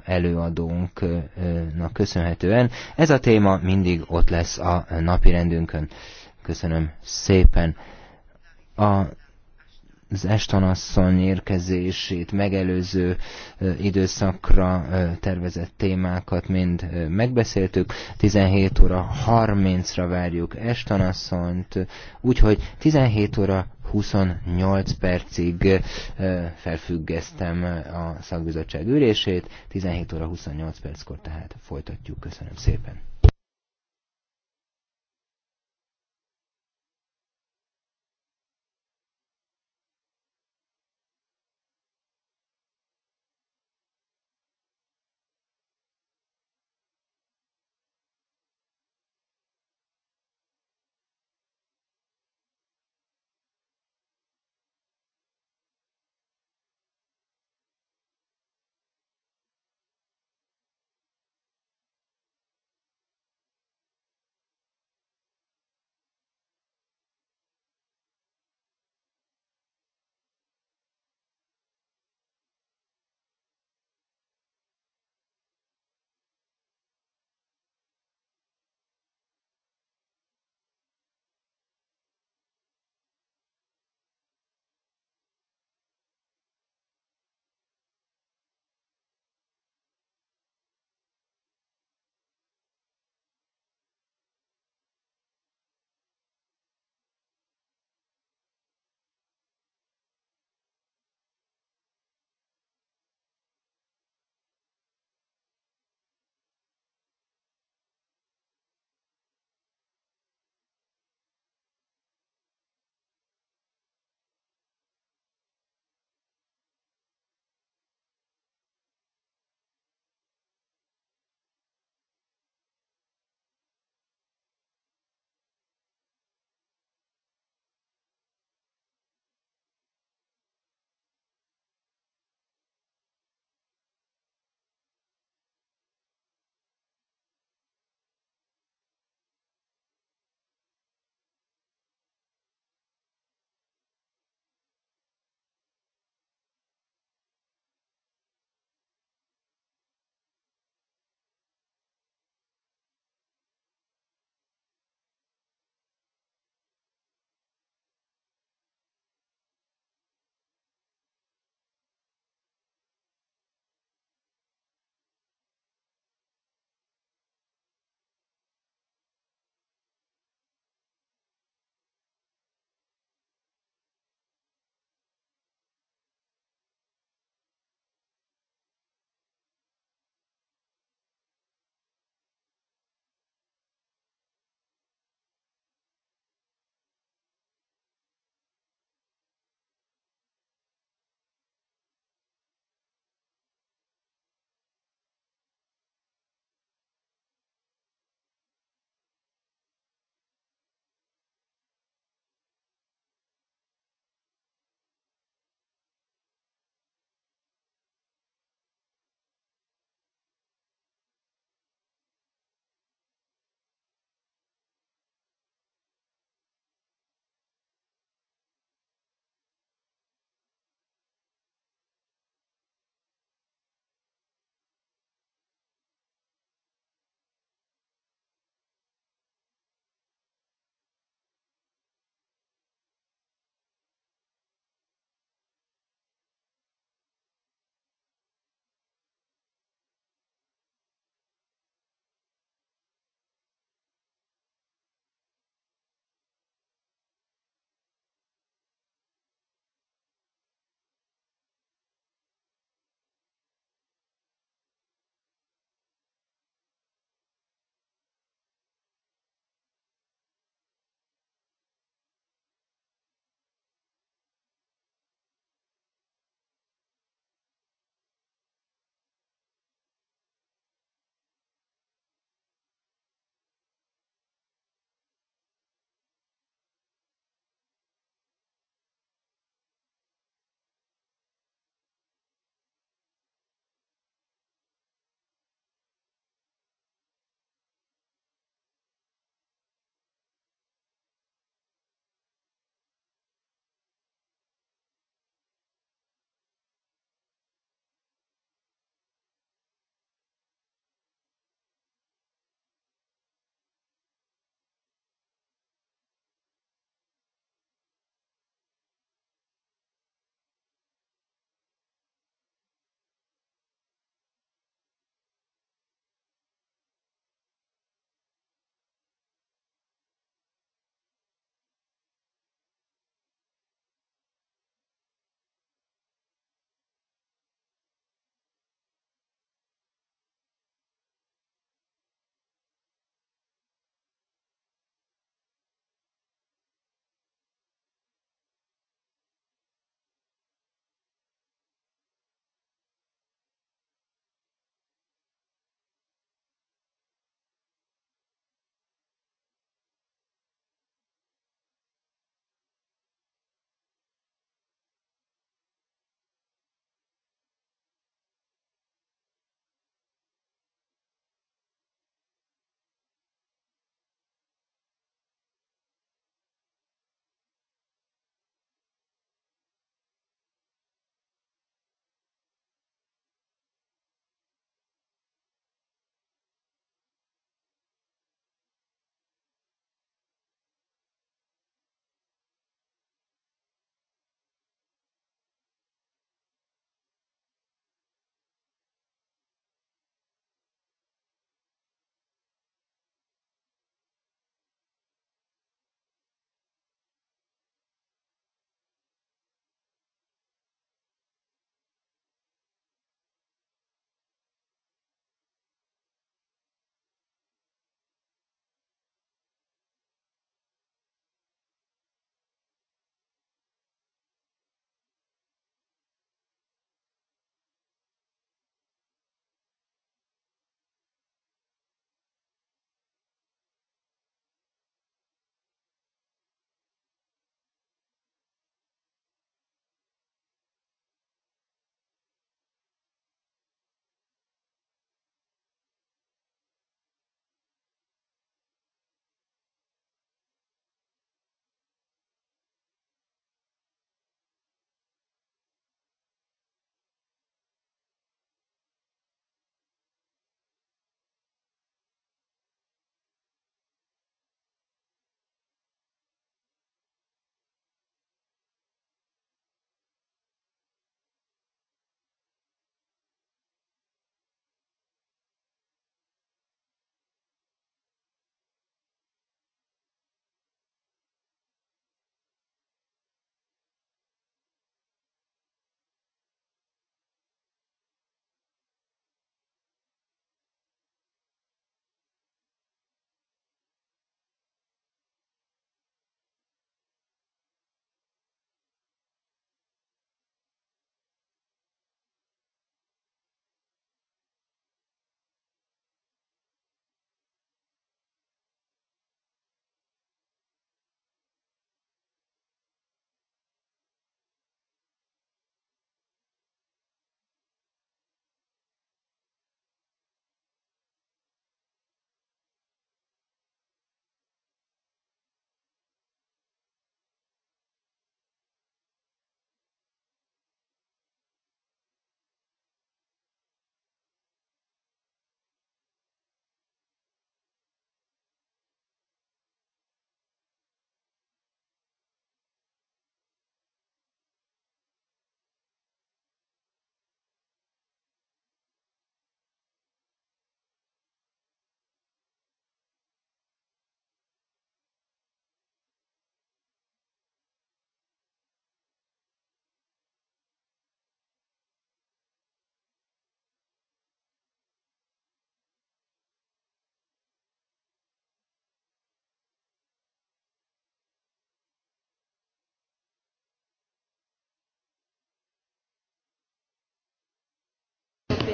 előadónknak köszönhetően. Ez a téma mindig ott lesz a napi rendünkön. Köszönöm szépen. A az Estonasszony érkezését megelőző időszakra tervezett témákat mind megbeszéltük. 17 óra 30-ra várjuk Estonasszonyt, úgyhogy 17 óra 28 percig felfüggesztem a szakbizottság ülését, 17 óra 28 perckor tehát folytatjuk. Köszönöm szépen!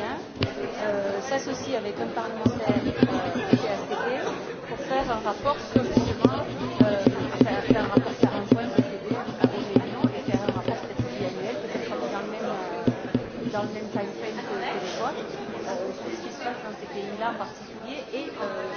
européen euh, s'associe avec un parlementaire euh, CACD pour faire un rapport sur le justement euh, faire, faire un rapport 40 points CCD avec l'Union et faire un rapport peut-être pluriannuel, peut-être dans le même euh, dans le même time frame que, que les votes, euh, sur ce qui se passe dans ces pays-là en particulier et euh,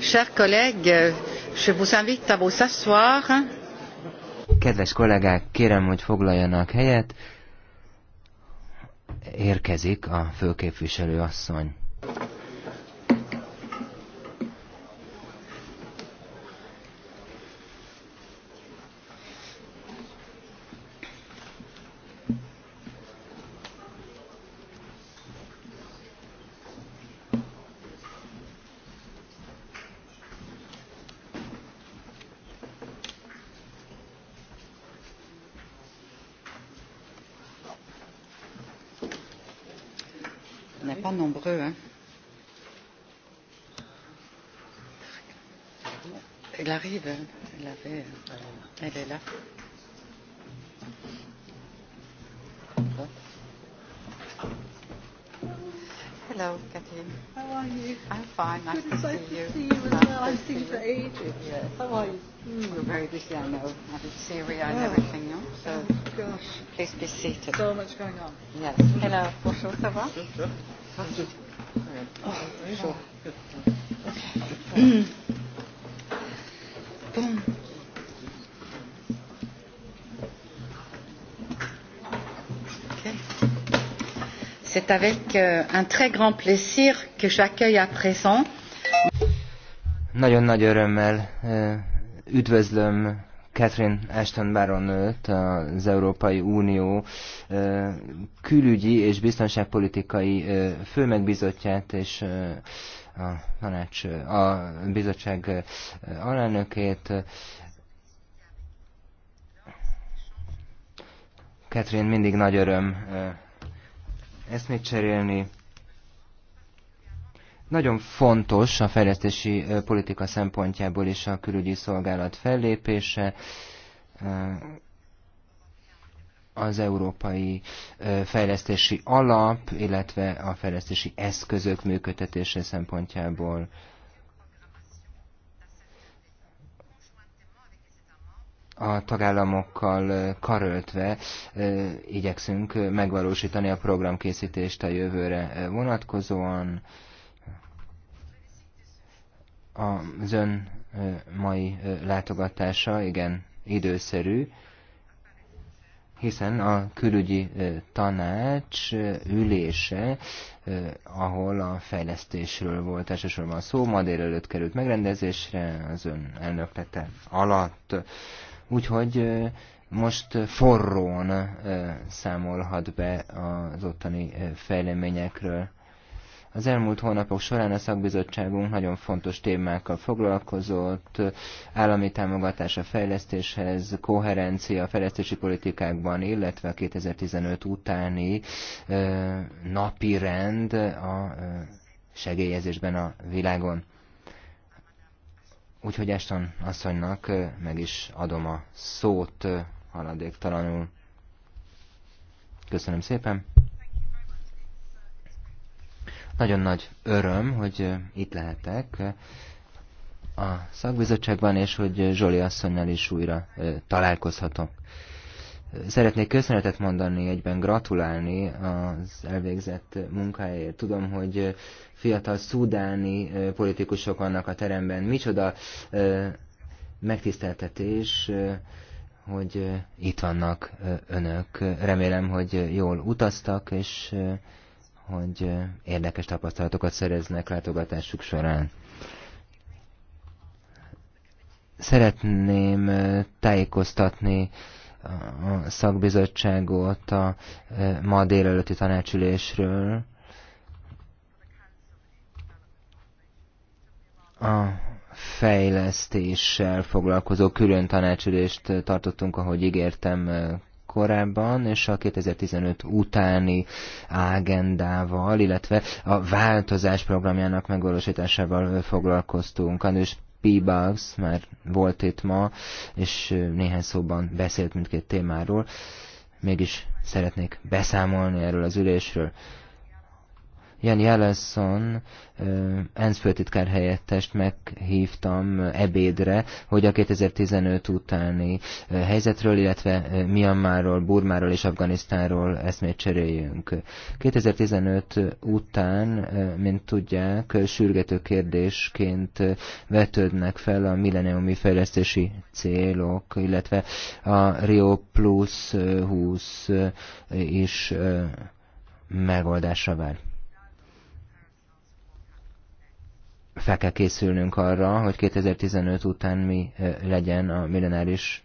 Chers collègues, je vous invite à vous asseoir. Kedves kollégák, kérem, hogy foglaljanak helyet. Érkezik a főképviselő asszony. Euh, un très grand plaisir que j'accueille à présent. Nagyon nagy örömmel euh, üdvözlöm Catherine Ashton Baronőt, az Európai Unió euh, külügyi és biztonságpolitikai főmegbizotját és a tanács, a bizottság alelnökét. Catherine, mindig nagy öröm eszmét cserélni. Nagyon fontos a fejlesztési politika szempontjából is a külügyi szolgálat fellépése az európai fejlesztési alap, illetve a fejlesztési eszközök működtetése szempontjából. a tagállamokkal karöltve igyekszünk megvalósítani a programkészítést a jövőre vonatkozóan. Az ön mai látogatása igen időszerű, hiszen a külügyi tanács ülése, ahol a fejlesztésről volt elsősorban szó, ma délelőtt került megrendezésre, az ön elnöklete alatt úgyhogy most forrón számolhat be az ottani fejleményekről. Az elmúlt hónapok során a szakbizottságunk nagyon fontos témákkal foglalkozott, állami támogatás a fejlesztéshez, koherencia a fejlesztési politikákban, illetve a 2015 utáni napi rend a segélyezésben a világon. Úgyhogy Eston asszonynak meg is adom a szót haladéktalanul. Köszönöm szépen. Nagyon nagy öröm, hogy itt lehetek a szakbizottságban, és hogy Zsoli asszonynal is újra találkozhatok. Szeretnék köszönetet mondani, egyben gratulálni az elvégzett munkáért. Tudom, hogy fiatal szudáni politikusok vannak a teremben. Micsoda megtiszteltetés, hogy itt vannak önök. Remélem, hogy jól utaztak, és hogy érdekes tapasztalatokat szereznek látogatásuk során. Szeretném tájékoztatni a szakbizottságot a e, ma délelőtti tanácsülésről. A fejlesztéssel foglalkozó külön tanácsülést tartottunk, ahogy ígértem e, korábban, és a 2015 utáni ágendával, illetve a változás programjának megvalósításával foglalkoztunk. A P-Bugs már volt itt ma, és néhány szóban beszélt mindkét témáról. Mégis szeretnék beszámolni erről az ülésről. Jan Jeleson, ENSZ főtitkár helyettest meghívtam ebédre, hogy a 2015 utáni helyzetről, illetve Myanmarról, Burmáról és Afganisztánról eszmét cseréljünk. 2015 után, mint tudják, sürgető kérdésként vetődnek fel a milleniumi fejlesztési célok, illetve a Rio Plus 20 is megoldásra vár. fel kell készülnünk arra, hogy 2015 után mi legyen a millenáris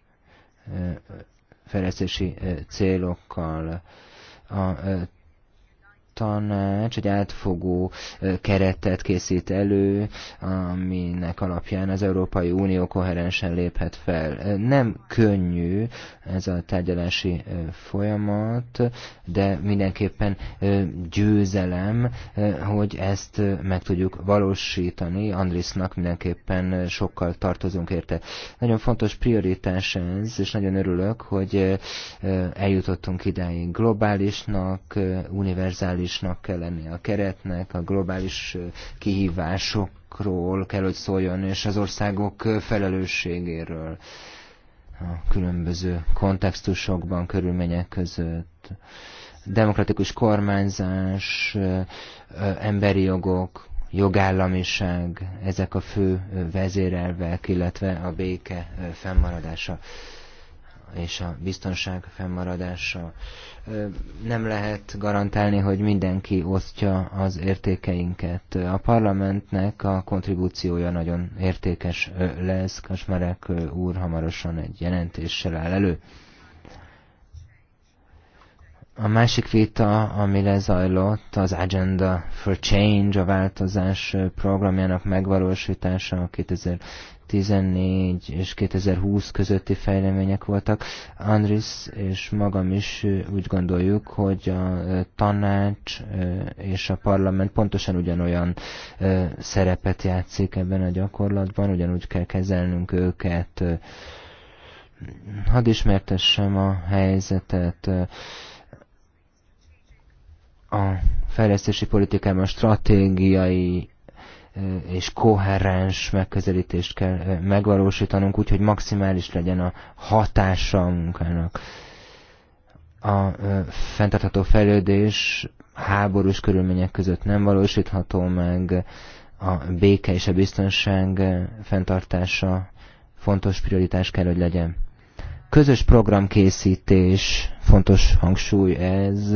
fejlesztési célokkal. A tanács egy átfogó keretet készít elő, aminek alapján az Európai Unió koherensen léphet fel. Nem könnyű ez a tárgyalási folyamat, de mindenképpen győzelem, hogy ezt meg tudjuk valósítani. Andrisnak mindenképpen sokkal tartozunk érte. Nagyon fontos prioritás ez, és nagyon örülök, hogy eljutottunk idáig globálisnak, univerzális globálisnak kell lenni a keretnek, a globális kihívásokról kell, hogy szóljon, és az országok felelősségéről a különböző kontextusokban, körülmények között. Demokratikus kormányzás, emberi jogok, jogállamiság, ezek a fő vezérelvek, illetve a béke fennmaradása és a biztonság fennmaradása. Nem lehet garantálni, hogy mindenki osztja az értékeinket. A parlamentnek a kontribúciója nagyon értékes lesz. Kasmerek úr hamarosan egy jelentéssel áll elő. A másik vita, ami lezajlott, az Agenda for Change, a változás programjának megvalósítása a 2000 2014 és 2020 közötti fejlemények voltak. Andris és magam is úgy gondoljuk, hogy a tanács és a parlament pontosan ugyanolyan szerepet játszik ebben a gyakorlatban, ugyanúgy kell kezelnünk őket. Hadd ismertessem a helyzetet a fejlesztési politikában stratégiai és koherens megközelítést kell megvalósítanunk, úgyhogy maximális legyen a hatása a munkának. A fenntartható fejlődés háborús körülmények között nem valósítható meg, a béke és a biztonság fenntartása fontos prioritás kell, hogy legyen. Közös programkészítés, fontos hangsúly ez,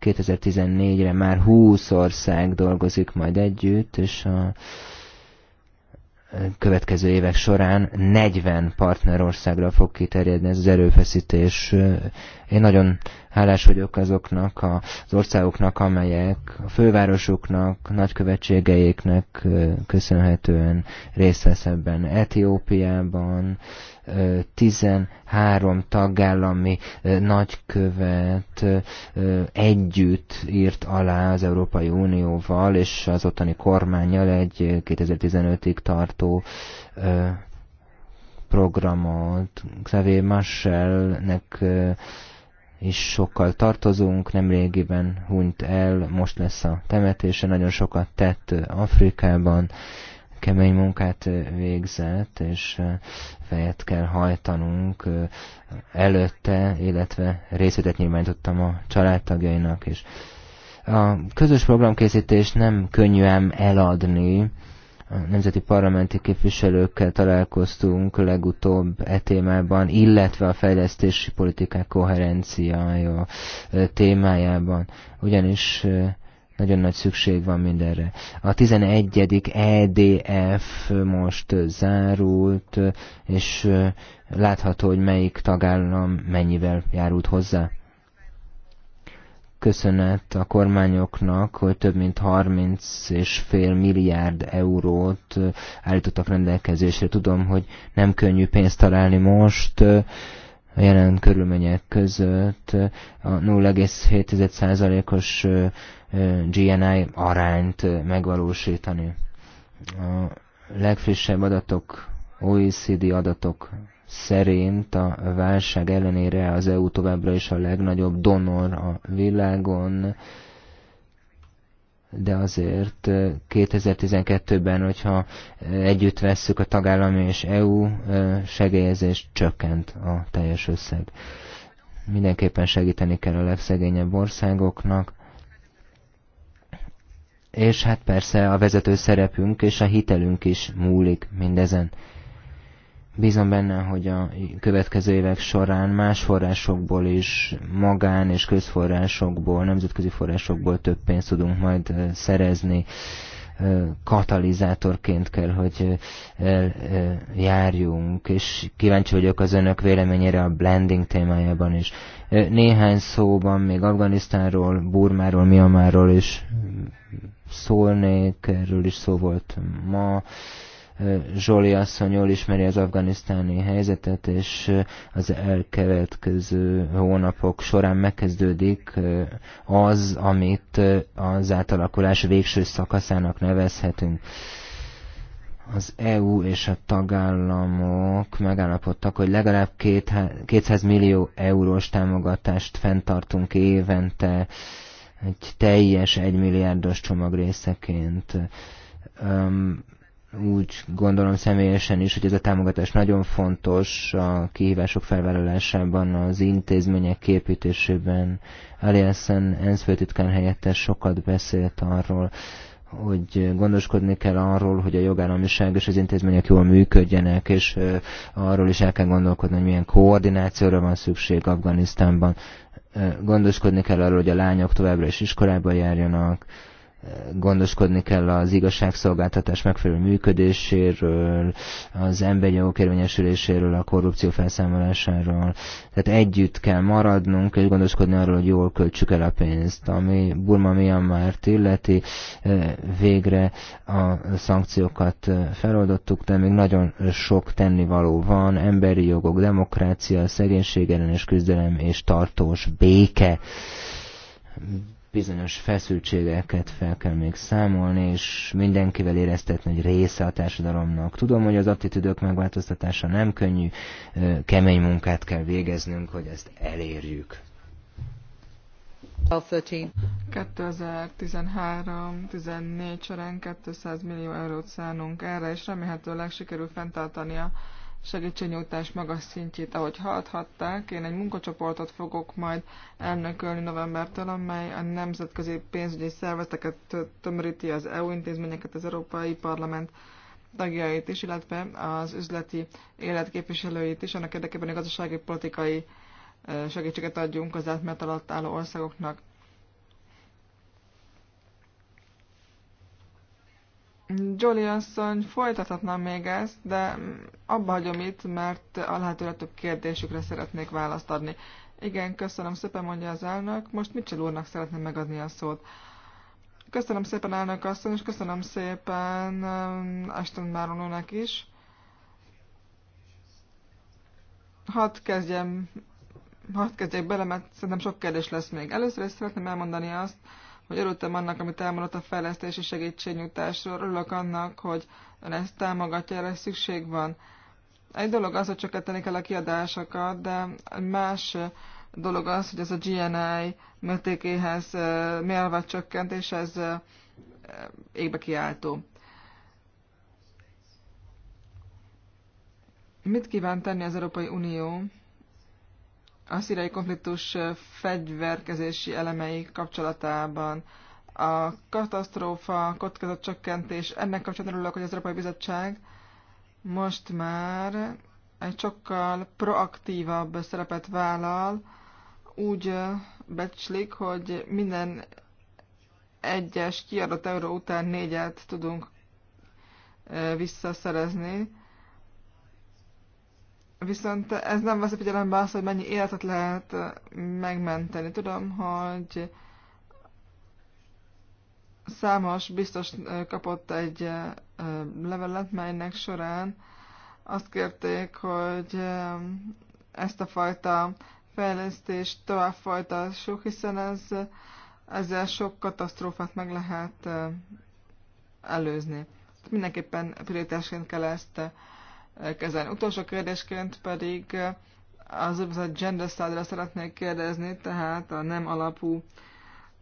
2014-re már 20 ország dolgozik majd együtt, és a következő évek során 40 partnerországra fog kiterjedni ez az erőfeszítés. Én nagyon hálás vagyok azoknak az országoknak, amelyek a fővárosoknak, nagykövetségeiknek köszönhetően részt vesz ebben Etiópiában, 13 tagállami nagykövet együtt írt alá az Európai Unióval és az ottani kormányjal egy 2015-ig tartó programot. Xavier Marshallnek is sokkal tartozunk, nem régiben hunyt el, most lesz a temetése, nagyon sokat tett Afrikában, kemény munkát végzett, és fejet kell hajtanunk előtte, illetve részvételt nyilvánítottam a családtagjainak, és a közös programkészítés nem könnyű ám eladni, a nemzeti parlamenti képviselőkkel találkoztunk legutóbb e témában, illetve a fejlesztési politikák koherenciája témájában. Ugyanis nagyon nagy szükség van mindenre. A 11. EDF most zárult, és látható, hogy melyik tagállam mennyivel járult hozzá. Köszönet a kormányoknak, hogy több mint 30 és fél milliárd eurót állítottak rendelkezésre. Tudom, hogy nem könnyű pénzt találni most, a jelen körülmények között a 0,7%-os GNI arányt megvalósítani. A legfrissebb adatok, OECD adatok szerint a válság ellenére az EU továbbra is a legnagyobb donor a világon, de azért 2012-ben, hogyha együtt vesszük a tagállami és EU segélyezés csökkent a teljes összeg. Mindenképpen segíteni kell a legszegényebb országoknak, és hát persze a vezető szerepünk és a hitelünk is múlik mindezen. Bízom benne, hogy a következő évek során más forrásokból is, magán és közforrásokból, nemzetközi forrásokból több pénzt tudunk majd szerezni. Katalizátorként kell, hogy járjunk, és kíváncsi vagyok az önök véleményére a blending témájában is. Néhány szóban még Afganisztánról, Burmáról, Miamáról is szólnék, erről is szó volt ma. Zsoli asszony jól ismeri az afganisztáni helyzetet, és az elkövetkező hónapok során megkezdődik az, amit az átalakulás végső szakaszának nevezhetünk az EU és a tagállamok megállapodtak, hogy legalább 200 millió eurós támogatást fenntartunk évente egy teljes egymilliárdos csomag részeként. Um, úgy gondolom személyesen is, hogy ez a támogatás nagyon fontos a kihívások felvállalásában, az intézmények képítésében. Aliasen ENSZ főtitkán helyettes sokat beszélt arról, hogy gondoskodni kell arról, hogy a jogállamiság és az intézmények jól működjenek, és arról is el kell gondolkodni, hogy milyen koordinációra van szükség Afganisztánban gondoskodni kell arról, hogy a lányok továbbra is iskolába járjanak, gondoskodni kell az igazságszolgáltatás megfelelő működéséről, az emberi jogok érvényesüléséről, a korrupció felszámolásáról. Tehát együtt kell maradnunk, és gondoskodni arról, hogy jól költsük el a pénzt. Ami Burma Myanmart illeti, végre a szankciókat feloldottuk, de még nagyon sok tennivaló van, emberi jogok, demokrácia, szegénység ellenes küzdelem és tartós béke bizonyos feszültségeket fel kell még számolni, és mindenkivel éreztetni, hogy része a társadalomnak. Tudom, hogy az attitűdök megváltoztatása nem könnyű, kemény munkát kell végeznünk, hogy ezt elérjük. 2013-14 során 200 millió eurót szánunk erre, és remélhetőleg sikerül fenntartani a segítségnyújtás magas szintjét, ahogy hallhatták. Én egy munkacsoportot fogok majd elnökölni novembertől, amely a nemzetközi pénzügyi szervezeteket tömöríti az EU intézményeket, az Európai Parlament tagjait is, illetve az üzleti életképviselőit is, annak érdekében a gazdasági politikai eh, segítséget adjunk az átmert alatt álló országoknak. Jolly asszony folytathatnám még ezt, de abba hagyom itt, mert a lehető legtöbb kérdésükre szeretnék választ adni. Igen, köszönöm szépen, mondja az elnök. Most Mitchell úrnak szeretném megadni a szót. Köszönöm szépen elnök asszony, és köszönöm szépen um, Aston Máronónak is. Hadd kezdjem, hadd kezdjek bele, mert szerintem sok kérdés lesz még. Először is szeretném elmondani azt, hogy örültem annak, amit elmondott a fejlesztési segítségnyújtásról. Örülök annak, hogy ön ezt támogatja, erre szükség van. Egy dolog az, hogy csökkenteni kell a kiadásokat, de más dolog az, hogy ez a GNI mértékéhez eh, mérve csökkentés, ez eh, égbe kiáltó. Mit kíván tenni az Európai Unió a szíriai konfliktus fegyverkezési elemei kapcsolatában. A katasztrófa, kockázatcsökkentés, ennek kapcsolatban örülök, hogy az Európai Bizottság most már egy sokkal proaktívabb szerepet vállal, úgy becslik, hogy minden egyes kiadott euró után négyet tudunk visszaszerezni. Viszont ez nem a figyelembe azt, hogy mennyi életet lehet megmenteni. Tudom, hogy számos biztos kapott egy levelet, melynek során azt kérték, hogy ezt a fajta fejlesztést tovább folytassuk, hiszen ez, ezzel sok katasztrófát meg lehet előzni. Mindenképpen prioritásként kell ezt kezelni. Utolsó kérdésként pedig eh, az a gender style szeretnék kérdezni, tehát a nem alapú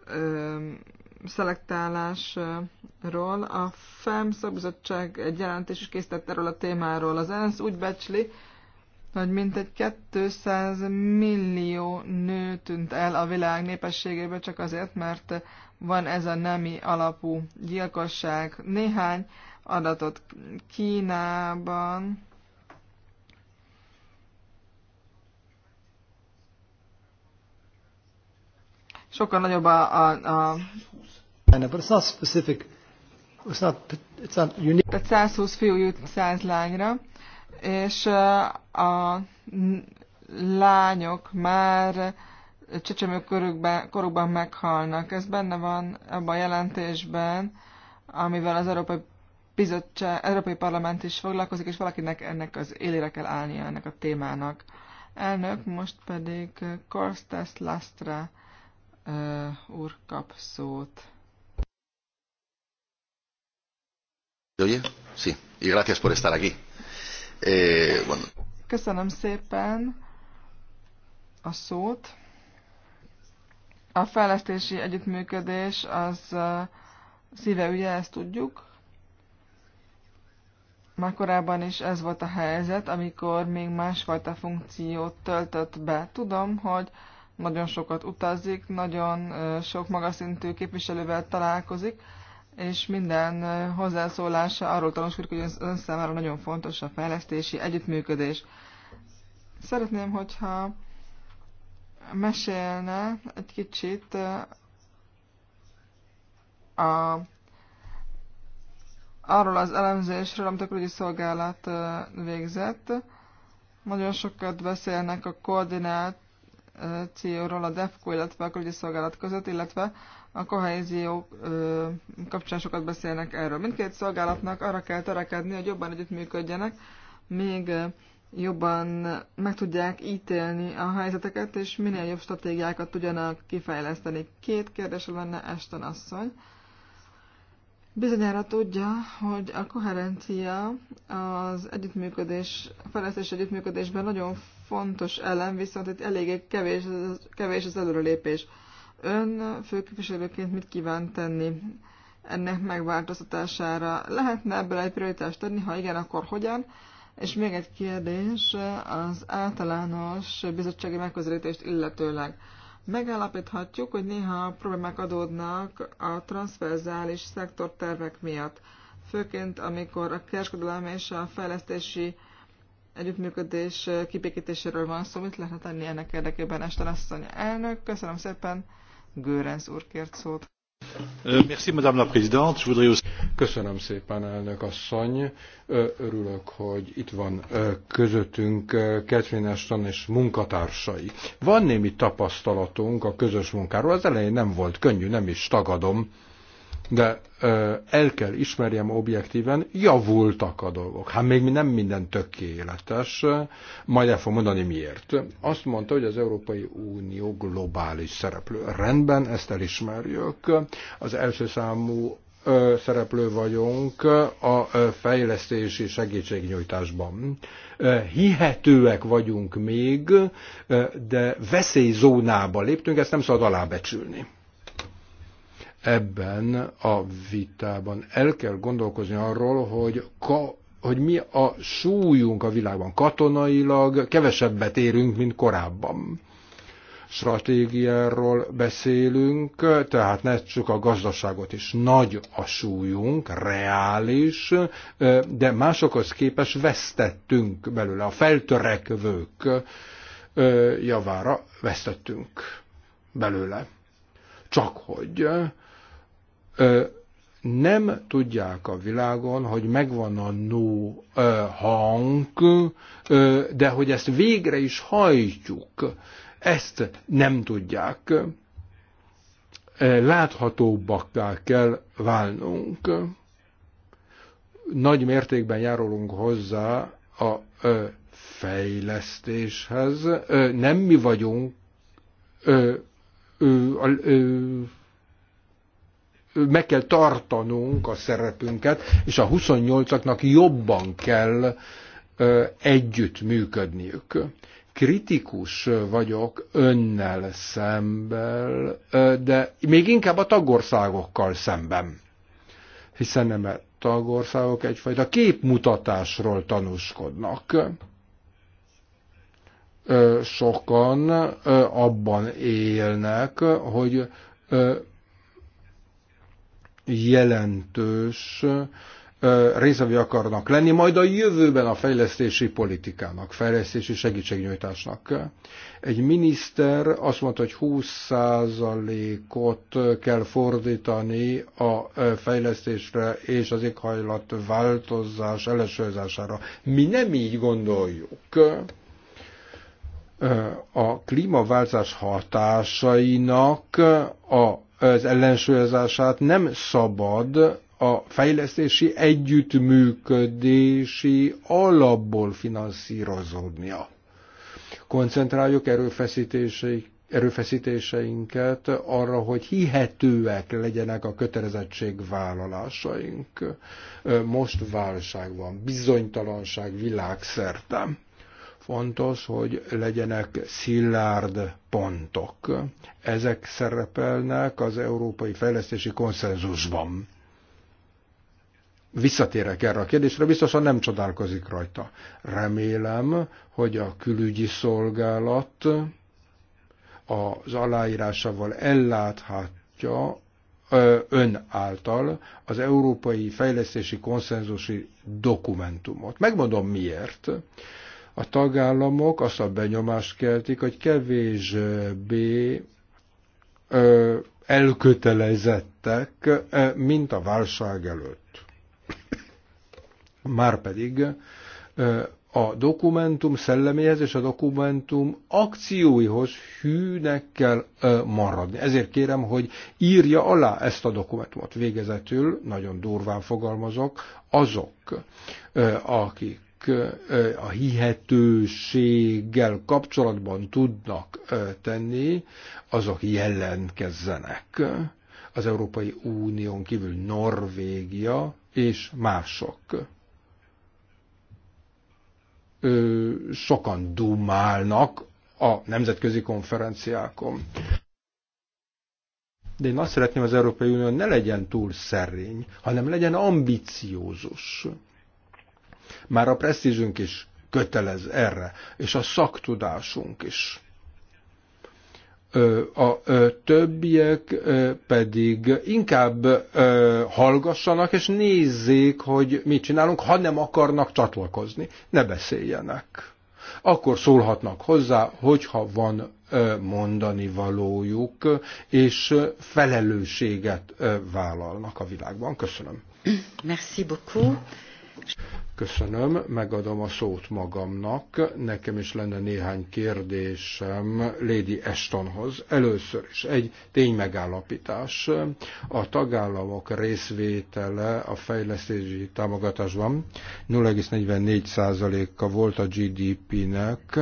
ö, eh, szelektálásról. A FEM szakbizottság egy jelentés is készített erről a témáról. Az ENSZ úgy becsli, hogy mintegy 200 millió nő tűnt el a világ népességéből csak azért, mert van ez a nemi alapú gyilkosság. Néhány adatot Kínában sokkal nagyobb a... a, a but it's not specific. It's not, it's not unique. Tehát 120 fiú jut 100 lányra, és a lányok már csecsemő korukban meghalnak. Ez benne van abban a jelentésben, amivel az Európai Bizottság, Európai Parlament is foglalkozik, és valakinek ennek az élére kell állnia ennek a témának. Elnök, most pedig Korstes Lastra úr kap szót. Oye? Sí. Y gracias por estar aquí. Eh, bueno. Köszönöm szépen a szót. A fejlesztési együttműködés az szíve ugye ezt tudjuk. Már korábban is ez volt a helyzet, amikor még másfajta funkciót töltött be. Tudom, hogy nagyon sokat utazik, nagyon sok magaszintű képviselővel találkozik, és minden hozzászólása arról tanúskodik, hogy ön számára nagyon fontos a fejlesztési együttműködés. Szeretném, hogyha mesélne egy kicsit a, arról az elemzésről, amit a külügyi szolgálat végzett. Nagyon sokat beszélnek a koordinált koordinációról a DEFCO, illetve a külügyi szolgálat között, illetve a kohézió kapcsán sokat beszélnek erről. Mindkét szolgálatnak arra kell törekedni, hogy jobban együttműködjenek, még jobban meg tudják ítélni a helyzeteket, és minél jobb stratégiákat tudjanak kifejleszteni. Két kérdés lenne Eston asszony. Bizonyára tudja, hogy a koherencia az együttműködés, a fejlesztés együttműködésben nagyon fontos elem, viszont itt eléggé kevés, kevés az előrelépés. Ön főképviselőként mit kíván tenni ennek megváltoztatására? Lehetne ebből egy prioritást tenni, ha igen, akkor hogyan? És még egy kérdés az általános bizottsági megközelítést illetőleg. Megállapíthatjuk, hogy néha problémák adódnak a transzverzális szektortervek miatt, főként amikor a kereskedelem és a fejlesztési együttműködés kibékítéséről van szó, mit lehet tenni ennek érdekében este a elnök. Köszönöm szépen, Gőrenc úr kért szót. Köszönöm szépen, elnök asszony. Örülök, hogy itt van közöttünk Catherine Ashton és munkatársai. Van némi tapasztalatunk a közös munkáról. Az elején nem volt könnyű, nem is tagadom de el kell ismerjem objektíven, javultak a dolgok. Hát még nem minden tökéletes, majd el fog mondani miért. Azt mondta, hogy az Európai Unió globális szereplő. Rendben, ezt elismerjük. Az első számú szereplő vagyunk a fejlesztési segítségnyújtásban. Hihetőek vagyunk még, de veszélyzónába léptünk, ezt nem szabad alábecsülni ebben a vitában. El kell gondolkozni arról, hogy, ka, hogy mi a súlyunk a világban. Katonailag kevesebbet érünk, mint korábban. Stratégiáról beszélünk, tehát ne csak a gazdaságot is. Nagy a súlyunk, reális, de másokhoz képes vesztettünk belőle. A feltörekvők javára vesztettünk belőle. Csak hogy nem tudják a világon, hogy megvan a no hang, de hogy ezt végre is hajtjuk, ezt nem tudják. Láthatóbbakká kell válnunk. Nagy mértékben járulunk hozzá a fejlesztéshez. Nem mi vagyunk meg kell tartanunk a szerepünket, és a 28-aknak jobban kell együtt működniük. Kritikus vagyok önnel szemben, de még inkább a tagországokkal szemben. Hiszen nem a tagországok egyfajta képmutatásról tanúskodnak. Sokan abban élnek, hogy jelentős részevő akarnak lenni, majd a jövőben a fejlesztési politikának, fejlesztési segítségnyújtásnak. Egy miniszter azt mondta, hogy 20%-ot kell fordítani a fejlesztésre és az éghajlat változás ellensúlyozására. Mi nem így gondoljuk. A klímaváltozás hatásainak a az ellensúlyozását nem szabad a fejlesztési együttműködési alapból finanszírozódnia. Koncentráljuk erőfeszítéseik erőfeszítéseinket arra, hogy hihetőek legyenek a kötelezettségvállalásaink. Most válság van, bizonytalanság világszerte. Fontos, hogy legyenek szilárd pontok. Ezek szerepelnek az Európai Fejlesztési Konszenzusban. Visszatérek erre a kérdésre, biztosan nem csodálkozik rajta. Remélem, hogy a külügyi szolgálat az aláírásával elláthatja ön által az Európai Fejlesztési Konszenzusi Dokumentumot. Megmondom miért. A tagállamok azt a benyomást keltik, hogy kevésbé ö, elkötelezettek, mint a válság előtt. Márpedig a dokumentum szelleméhez és a dokumentum akcióihoz hűnek kell maradni. Ezért kérem, hogy írja alá ezt a dokumentumot. Végezetül, nagyon durván fogalmazok, azok, akik a hihetőséggel kapcsolatban tudnak tenni, azok jelentkezzenek. Az Európai Unión kívül Norvégia és mások. Sokan dumálnak a nemzetközi konferenciákon. De én azt szeretném, az Európai Unió ne legyen túl szerény, hanem legyen ambiciózus. Már a presztízünk is kötelez erre, és a szaktudásunk is. A többiek pedig inkább hallgassanak és nézzék, hogy mit csinálunk, ha nem akarnak csatlakozni, ne beszéljenek. Akkor szólhatnak hozzá, hogyha van mondani valójuk, és felelősséget vállalnak a világban. Köszönöm. Merci beaucoup. Köszönöm, megadom a szót magamnak. Nekem is lenne néhány kérdésem Lady Ashtonhoz. Először is egy ténymegállapítás. A tagállamok részvétele a fejlesztési támogatásban 0,44%-a volt a GDP-nek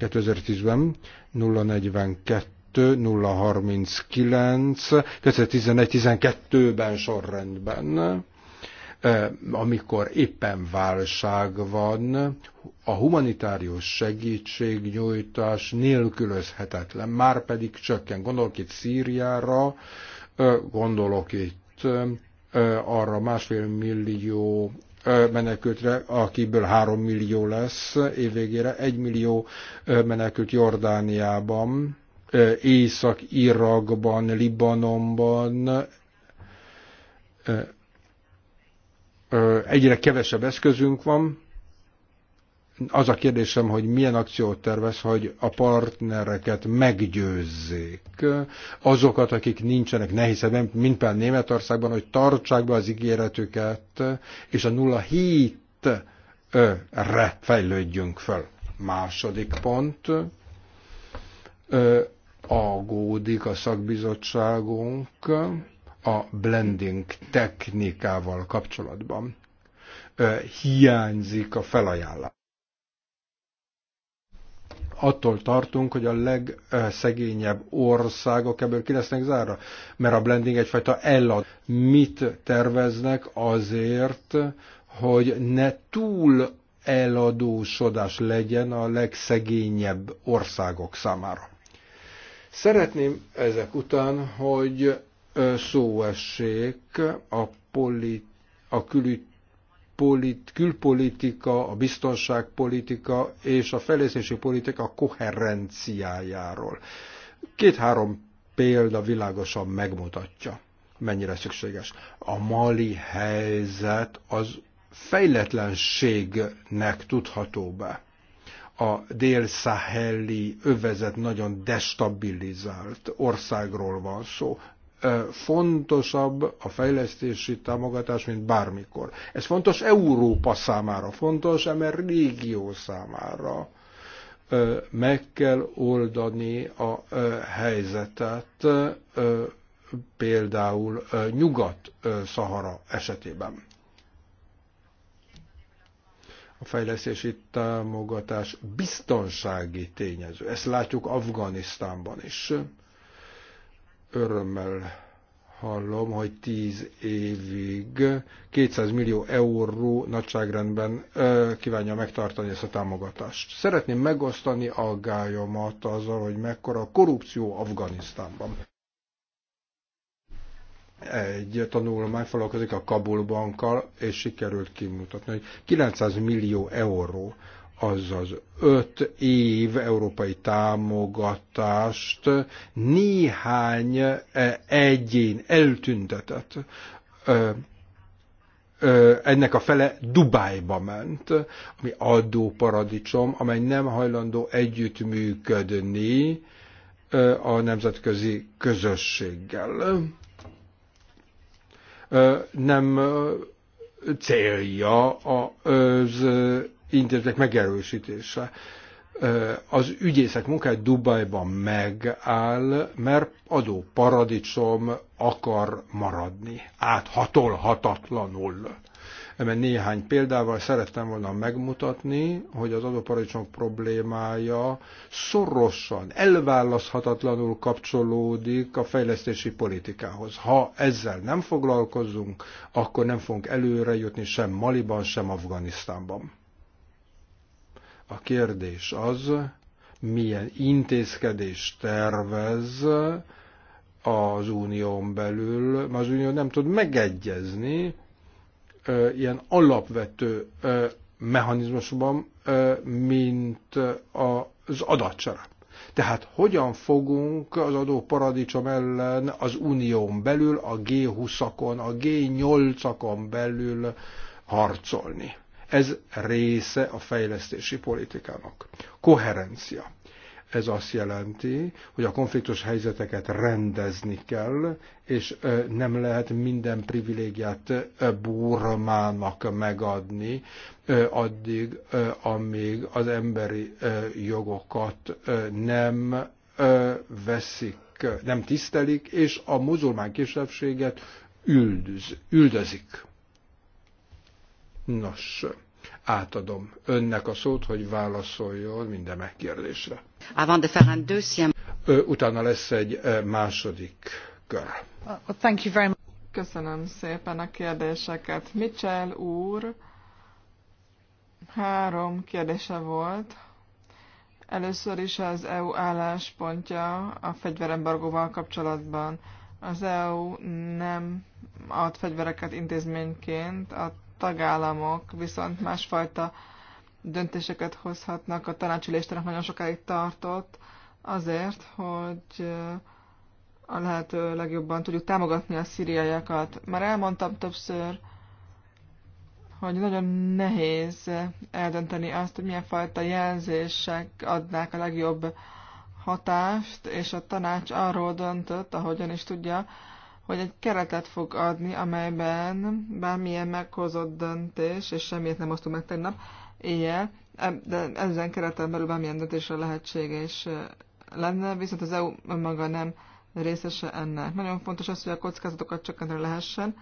2010-ben, 0,42 039, 2011-12-ben sorrendben amikor éppen válság van, a humanitárius segítségnyújtás nélkülözhetetlen, már pedig csökken. Gondolok itt Szíriára, gondolok itt arra másfél millió menekültre, akiből három millió lesz évvégére, egy millió menekült Jordániában, Észak-Irakban, Libanonban, egyre kevesebb eszközünk van. Az a kérdésem, hogy milyen akciót tervez, hogy a partnereket meggyőzzék, azokat, akik nincsenek nehéz, mint például Németországban, hogy tartsák be az ígéretüket, és a 0,7-re fejlődjünk föl. Második pont, aggódik a szakbizottságunk a blending technikával kapcsolatban. Hiányzik a felajánlás. Attól tartunk, hogy a legszegényebb országok ebből ki lesznek zárva, mert a blending egyfajta ellad. Mit terveznek azért, hogy ne túl eladósodás legyen a legszegényebb országok számára. Szeretném ezek után, hogy szó essék a, polit, a külügy polit, külpolitika, a biztonságpolitika és a fejlesztési politika koherenciájáról. Két-három példa világosan megmutatja, mennyire szükséges. A mali helyzet az fejletlenségnek tudható be. A dél-szaheli övezet nagyon destabilizált országról van szó fontosabb a fejlesztési támogatás, mint bármikor. Ez fontos Európa számára, fontos mert régió számára. Meg kell oldani a helyzetet például Nyugat-Szahara esetében. A fejlesztési támogatás biztonsági tényező. Ezt látjuk Afganisztánban is örömmel hallom, hogy 10 évig 200 millió euró nagyságrendben ö, kívánja megtartani ezt a támogatást. Szeretném megosztani aggályomat azzal, hogy mekkora a korrupció Afganisztánban. Egy tanulmány foglalkozik a Kabul bankkal, és sikerült kimutatni, hogy 900 millió euró az az öt év európai támogatást néhány e, egyén eltüntetett. Ennek a fele Dubájba ment, ami adóparadicsom, amely nem hajlandó együttműködni a nemzetközi közösséggel. Nem célja az intézmények megerősítése. Az ügyészek munkája Dubajban megáll, mert adó paradicsom akar maradni, áthatolhatatlanul. Mert néhány példával szerettem volna megmutatni, hogy az adóparadicsom problémája szorosan, elválaszthatatlanul kapcsolódik a fejlesztési politikához. Ha ezzel nem foglalkozunk, akkor nem fogunk előre jutni sem Maliban, sem Afganisztánban. A kérdés az, milyen intézkedést tervez az unión belül, mert az unió nem tud megegyezni ilyen alapvető mechanizmusban, mint az adatcsere. Tehát hogyan fogunk az adóparadicsom ellen az unión belül, a G20-akon, a G8-akon belül harcolni? Ez része a fejlesztési politikának. Koherencia. Ez azt jelenti, hogy a konfliktus helyzeteket rendezni kell, és nem lehet minden privilégiát Burmának megadni addig, amíg az emberi jogokat nem veszik, nem tisztelik, és a muzulmán kisebbséget üldöz, üldözik. Nos, átadom önnek a szót, hogy válaszoljon minden megkérdésre. Avant de faire un deuxième... Utána lesz egy második kör. Thank you very much. Köszönöm szépen a kérdéseket. Mitchell úr, három kérdése volt. Először is az EU álláspontja a fegyverembargóval kapcsolatban. Az EU nem ad fegyvereket intézményként a tagállamok viszont másfajta döntéseket hozhatnak. A tanácsülésterek nagyon sokáig tartott azért, hogy eh, a lehető legjobban tudjuk támogatni a szíriaiakat. Már elmondtam többször, hogy nagyon nehéz eldönteni azt, hogy milyen fajta jelzések adnák a legjobb hatást, és a tanács arról döntött, ahogyan is tudja, hogy egy keretet fog adni, amelyben bármilyen meghozott döntés, és semmit nem hoztunk meg tegnap éjjel, de ezen kereten belül bármilyen döntésre lehetséges lenne, viszont az EU maga nem részese ennek. Nagyon fontos az, hogy a kockázatokat csökkentre lehessen.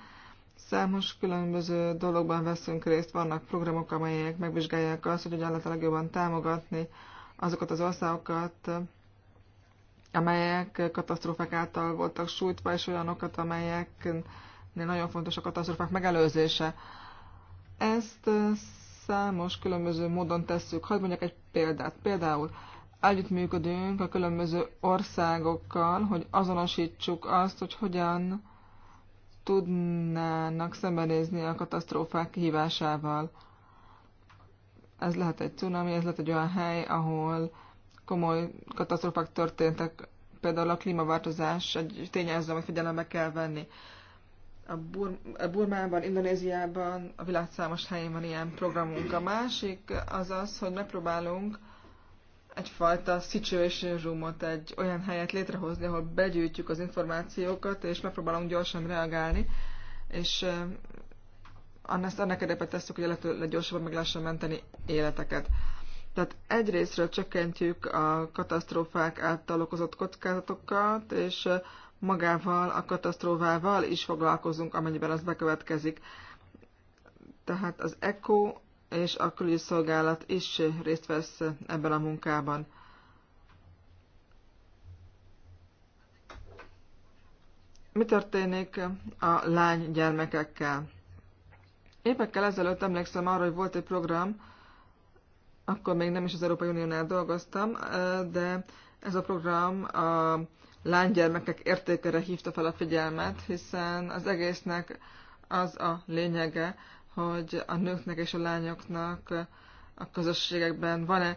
Számos különböző dologban veszünk részt, vannak programok, amelyek megvizsgálják azt, hogy hogyan lehet a legjobban támogatni azokat az országokat, amelyek katasztrófák által voltak sújtva, és olyanokat, amelyeknél nagyon fontos a katasztrófák megelőzése. Ezt számos különböző módon tesszük. Hadd mondjak egy példát. Például együttműködünk a különböző országokkal, hogy azonosítsuk azt, hogy hogyan tudnának szembenézni a katasztrófák kihívásával. Ez lehet egy cunami, ez lehet egy olyan hely, ahol komoly katasztrofák történtek, például a klímaváltozás egy tényező, amit figyelembe kell venni. A, Bur- a Burmában, Indonéziában, a világ számos helyén van ilyen programunk. A másik az az, hogy megpróbálunk egyfajta situation roomot, egy olyan helyet létrehozni, ahol begyűjtjük az információkat, és megpróbálunk gyorsan reagálni, és ezt annak érdekében tesszük, hogy a lehető leggyorsabban meg lehessen menteni életeket. Tehát egyrésztről csökkentjük a katasztrófák által okozott kockázatokat, és magával, a katasztrófával is foglalkozunk, amennyiben az bekövetkezik. Tehát az ECO és a külügyszolgálat is részt vesz ebben a munkában. Mi történik a lány gyermekekkel? Évekkel ezelőtt emlékszem arra, hogy volt egy program, akkor még nem is az Európai Uniónál dolgoztam, de ez a program a lánygyermekek értékére hívta fel a figyelmet, hiszen az egésznek az a lényege, hogy a nőknek és a lányoknak a közösségekben van-e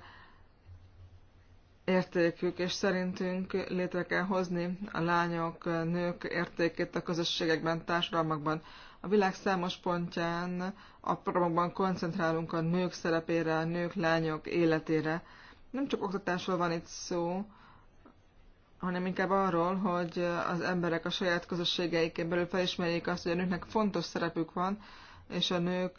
értékük, és szerintünk létre kell hozni a lányok, nők értékét a közösségekben, társadalmakban. A világ számos pontján a programokban koncentrálunk a nők szerepére, a nők, lányok életére. Nem csak oktatásról van itt szó, hanem inkább arról, hogy az emberek a saját közösségeiken belül felismerjék azt, hogy a nőknek fontos szerepük van, és a nők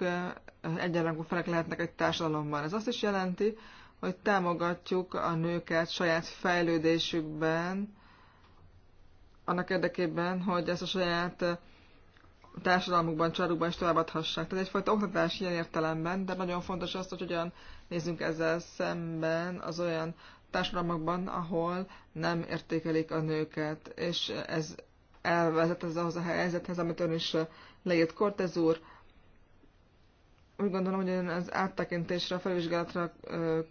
egyenrangú felek lehetnek egy társadalomban. Ez azt is jelenti, hogy támogatjuk a nőket saját fejlődésükben, annak érdekében, hogy ezt a saját társadalmukban, családukban is továbbadhassák. Tehát egyfajta oktatás ilyen értelemben, de nagyon fontos az, hogy hogyan nézzünk ezzel szemben az olyan társadalmakban, ahol nem értékelik a nőket, és ez elvezet ez ahhoz a helyzethez, amit ön is leírt Kortez úr, úgy gondolom, hogy az áttekintésre, a felvizsgálatra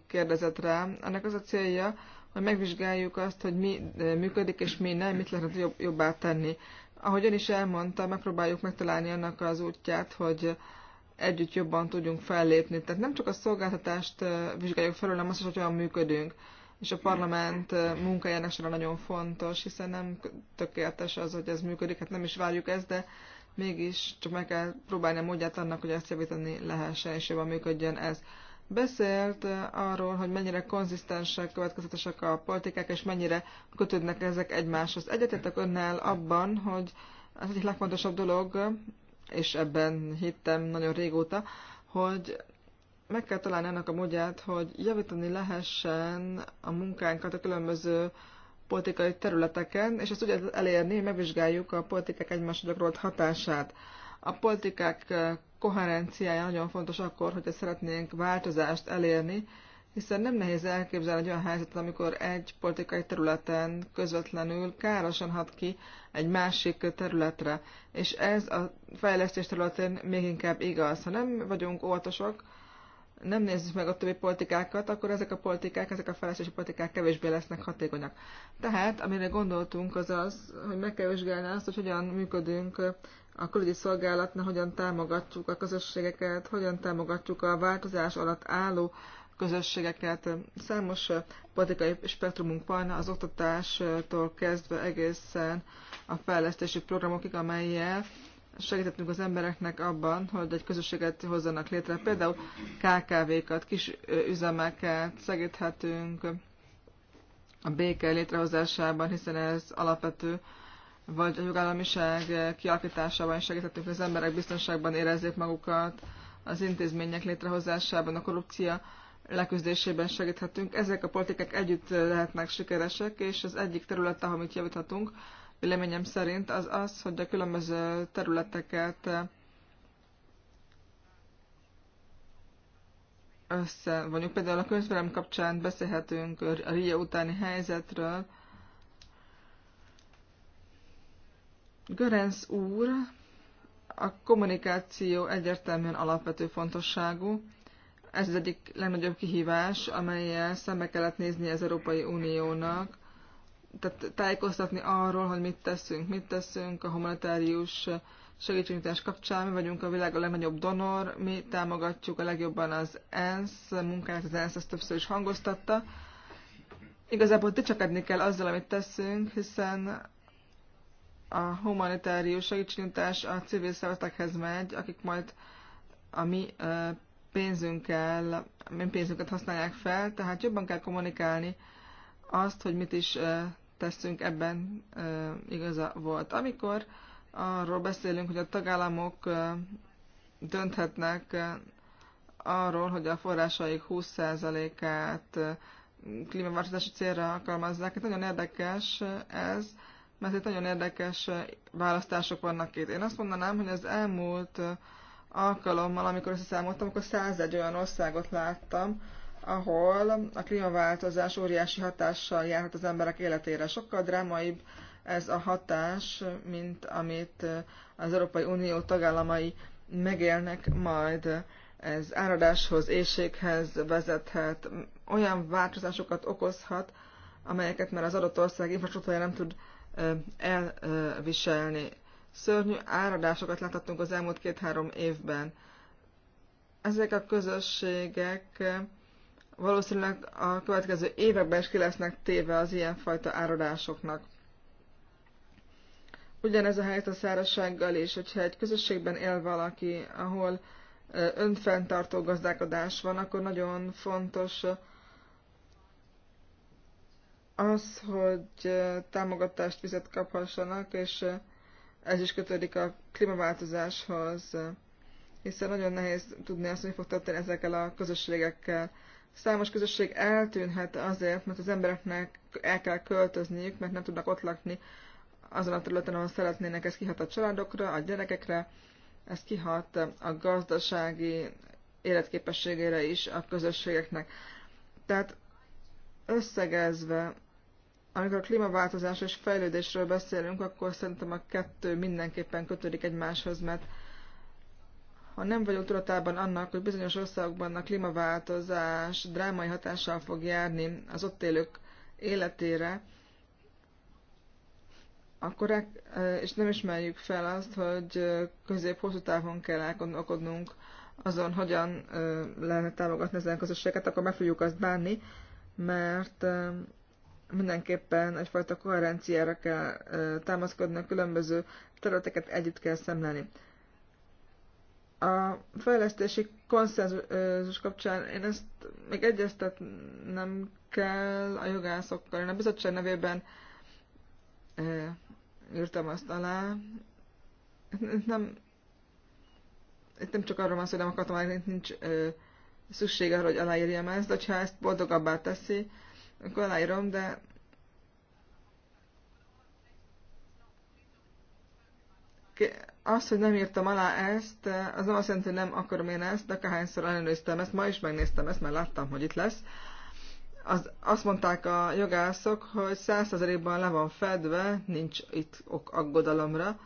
kérdezett rá. Ennek az a célja, hogy megvizsgáljuk azt, hogy mi működik és mi nem, mit lehet jobb, jobbá tenni. Ahogy ön is elmondta, megpróbáljuk megtalálni annak az útját, hogy együtt jobban tudjunk fellépni. Tehát nem csak a szolgáltatást vizsgáljuk felül, hanem azt is, hogy olyan működünk. És a parlament munkájának során nagyon fontos, hiszen nem tökéletes az, hogy ez működik, hát nem is várjuk ezt, de mégis csak meg kell próbálni a módját annak, hogy ezt javítani lehessen, és jobban működjön ez. Beszélt eh, arról, hogy mennyire konzisztensek, következetesek a politikák, és mennyire kötődnek ezek egymáshoz. Egyetértek önnel abban, hogy az egyik legfontosabb dolog, és ebben hittem nagyon régóta, hogy meg kell találni annak a módját, hogy javítani lehessen a munkánkat a különböző politikai területeken, és ezt úgy elérni, hogy megvizsgáljuk a politikák egymásra hatását. A politikák eh, koherenciája nagyon fontos akkor, hogyha szeretnénk változást elérni, hiszen nem nehéz elképzelni egy olyan helyzetet, amikor egy politikai területen közvetlenül károsan hat ki egy másik területre. És ez a fejlesztés területén még inkább igaz. Ha nem vagyunk óvatosak, nem nézzük meg a többi politikákat, akkor ezek a politikák, ezek a fejlesztési politikák kevésbé lesznek hatékonyak. Tehát, amire gondoltunk, az az, hogy meg kell vizsgálni azt, hogy hogyan működünk a külügyi szolgálatnál, hogyan támogatjuk a közösségeket, hogyan támogatjuk a változás alatt álló közösségeket. Számos politikai spektrumunk van, az oktatástól kezdve egészen a fejlesztési programokig, amelyel segítettünk az embereknek abban, hogy egy közösséget hozzanak létre, például KKV-kat, kis üzemeket segíthetünk a béke létrehozásában, hiszen ez alapvető, vagy a jogállamiság kialakításában segíthetünk, hogy az emberek biztonságban érezzék magukat, az intézmények létrehozásában, a korrupcia leküzdésében segíthetünk. Ezek a politikák együtt lehetnek sikeresek, és az egyik terület, ahol mit javíthatunk, véleményem szerint, az az, hogy a különböző területeket összevonjuk. Például a közvelem kapcsán beszélhetünk a Ria utáni helyzetről. Görenc úr, a kommunikáció egyértelműen alapvető fontosságú. Ez az egyik legnagyobb kihívás, amelyel szembe kellett nézni az Európai Uniónak tehát tájékoztatni arról, hogy mit teszünk, mit teszünk a humanitárius segítségnyújtás kapcsán. Mi vagyunk a világ a legnagyobb donor, mi támogatjuk a legjobban az ENSZ munkáját, az ENSZ ezt többször is hangoztatta. Igazából dicsekedni kell azzal, amit teszünk, hiszen a humanitárius segítségnyújtás a civil szervezetekhez megy, akik majd a mi pénzünkkel, mi pénzünket használják fel, tehát jobban kell kommunikálni azt, hogy mit is teszünk, ebben igaza volt. Amikor arról beszélünk, hogy a tagállamok dönthetnek arról, hogy a forrásaik 20%-át klímaváltozási célra alkalmazzák. Hát nagyon érdekes ez, mert itt nagyon érdekes választások vannak itt. Én azt mondanám, hogy az elmúlt alkalommal, amikor összeszámoltam, akkor 101 olyan országot láttam, ahol a klímaváltozás óriási hatással járhat az emberek életére. Sokkal drámaibb ez a hatás, mint amit az Európai Unió tagállamai megélnek majd. Ez áradáshoz, éjséghez vezethet, olyan változásokat okozhat, amelyeket már az adott ország infrastruktúrája nem tud elviselni. Szörnyű áradásokat láthattunk az elmúlt két-három évben. Ezek a közösségek valószínűleg a következő években is ki lesznek téve az ilyenfajta áradásoknak. Ugyanez a helyzet a szárazsággal is, hogyha egy közösségben él valaki, ahol önfenntartó gazdálkodás van, akkor nagyon fontos az, hogy támogatást, vizet kaphassanak, és ez is kötődik a klímaváltozáshoz, hiszen nagyon nehéz tudni azt, hogy fog történni ezekkel a közösségekkel. Számos közösség eltűnhet azért, mert az embereknek el kell költözniük, mert nem tudnak ott lakni azon a területen, ahol szeretnének. Ez kihat a családokra, a gyerekekre, ez kihat a gazdasági életképességére is a közösségeknek. Tehát összegezve, amikor a klímaváltozás és fejlődésről beszélünk, akkor szerintem a kettő mindenképpen kötődik egymáshoz, mert ha nem vagyunk tudatában annak, hogy bizonyos országokban a klímaváltozás drámai hatással fog járni az ott élők életére, akkor e- és nem ismerjük fel azt, hogy közép-hosszú távon kell elgondolkodnunk azon, hogyan lehetne támogatni ezen közösséget, akkor meg fogjuk azt bánni, mert mindenképpen egyfajta koherenciára kell támaszkodni, a különböző területeket együtt kell szemlelni. A fejlesztési konszenzus kapcsán én ezt még egyeztetnem kell a jogászokkal. Én a bizottság nevében e, írtam azt alá. Itt nem, itt nem csak arról van szó, hogy nem akartam, hogy nincs e, szükség arra, hogy aláírjam ezt, de ha ezt boldogabbá teszi, akkor aláírom, de az, hogy nem írtam alá ezt, az nem azt jelenti, hogy nem akarom én ezt, de akárhányszor ellenőriztem ezt, ma is megnéztem ezt, mert láttam, hogy itt lesz. Az, azt mondták a jogászok, hogy 100%-ban le van fedve, nincs itt ok aggodalomra.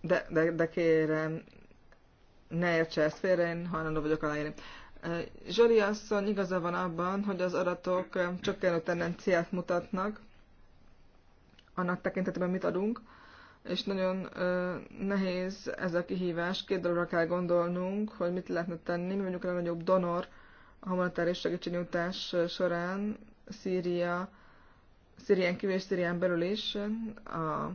De, de, de kérem, ne értse ezt félre, én hajlandó vagyok aláírni. Zsori asszony igaza van abban, hogy az adatok csökkenő tendenciát mutatnak, annak tekintetében mit adunk és nagyon ö, nehéz ez a kihívás. Két dologra kell gondolnunk, hogy mit lehetne tenni. Mi mondjuk a legnagyobb donor a humanitárius segítségnyújtás során Szíria, Szírián kívül és Szírián belül is. A,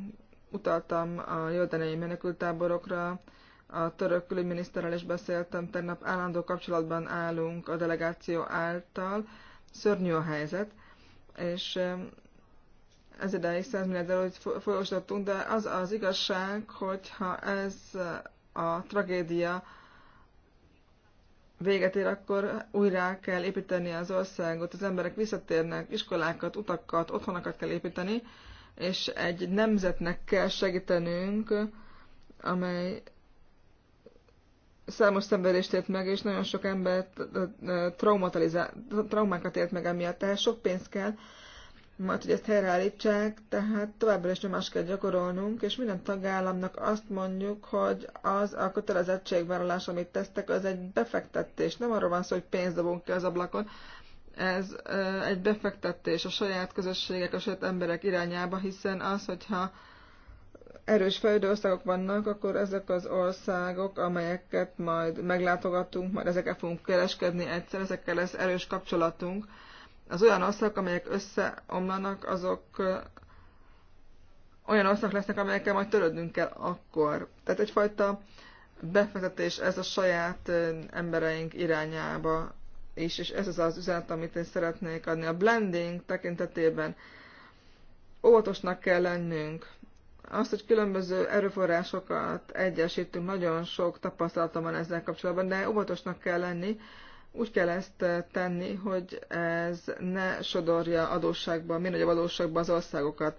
utaltam a jordániai menekültáborokra, a török külügyminiszterrel is beszéltem, tegnap állandó kapcsolatban állunk a delegáció által. Szörnyű a helyzet, és ez ideig 100 milliárd eurót folyósítottunk, de az az igazság, hogyha ez a tragédia véget ér, akkor újra kell építeni az országot, az emberek visszatérnek, iskolákat, utakat, otthonakat kell építeni, és egy nemzetnek kell segítenünk, amely számos szenvedést ért meg, és nagyon sok embert traumákat élt meg emiatt, tehát sok pénz kell, majd hogy ezt helyreállítsák, tehát továbbra is nyomást kell gyakorolnunk, és minden tagállamnak azt mondjuk, hogy az a kötelezettségvállalás, amit tesztek, az egy befektetés. Nem arról van szó, hogy pénzt dobunk ki az ablakon, ez egy befektetés a saját közösségek, a saját emberek irányába, hiszen az, hogyha erős fejlődő országok vannak, akkor ezek az országok, amelyeket majd meglátogatunk, majd ezekkel fogunk kereskedni egyszer, ezekkel lesz erős kapcsolatunk, az olyan oszlak, amelyek összeomlanak, azok olyan oszlak lesznek, amelyekkel majd törődnünk kell akkor. Tehát egyfajta befektetés ez a saját embereink irányába is, és ez az az üzenet, amit én szeretnék adni. A blending tekintetében óvatosnak kell lennünk. Azt, hogy különböző erőforrásokat egyesítünk, nagyon sok tapasztalatom van ezzel kapcsolatban, de óvatosnak kell lenni, úgy kell ezt eh, tenni, hogy ez ne sodorja adósságba, minél nagyobb adósságba az országokat.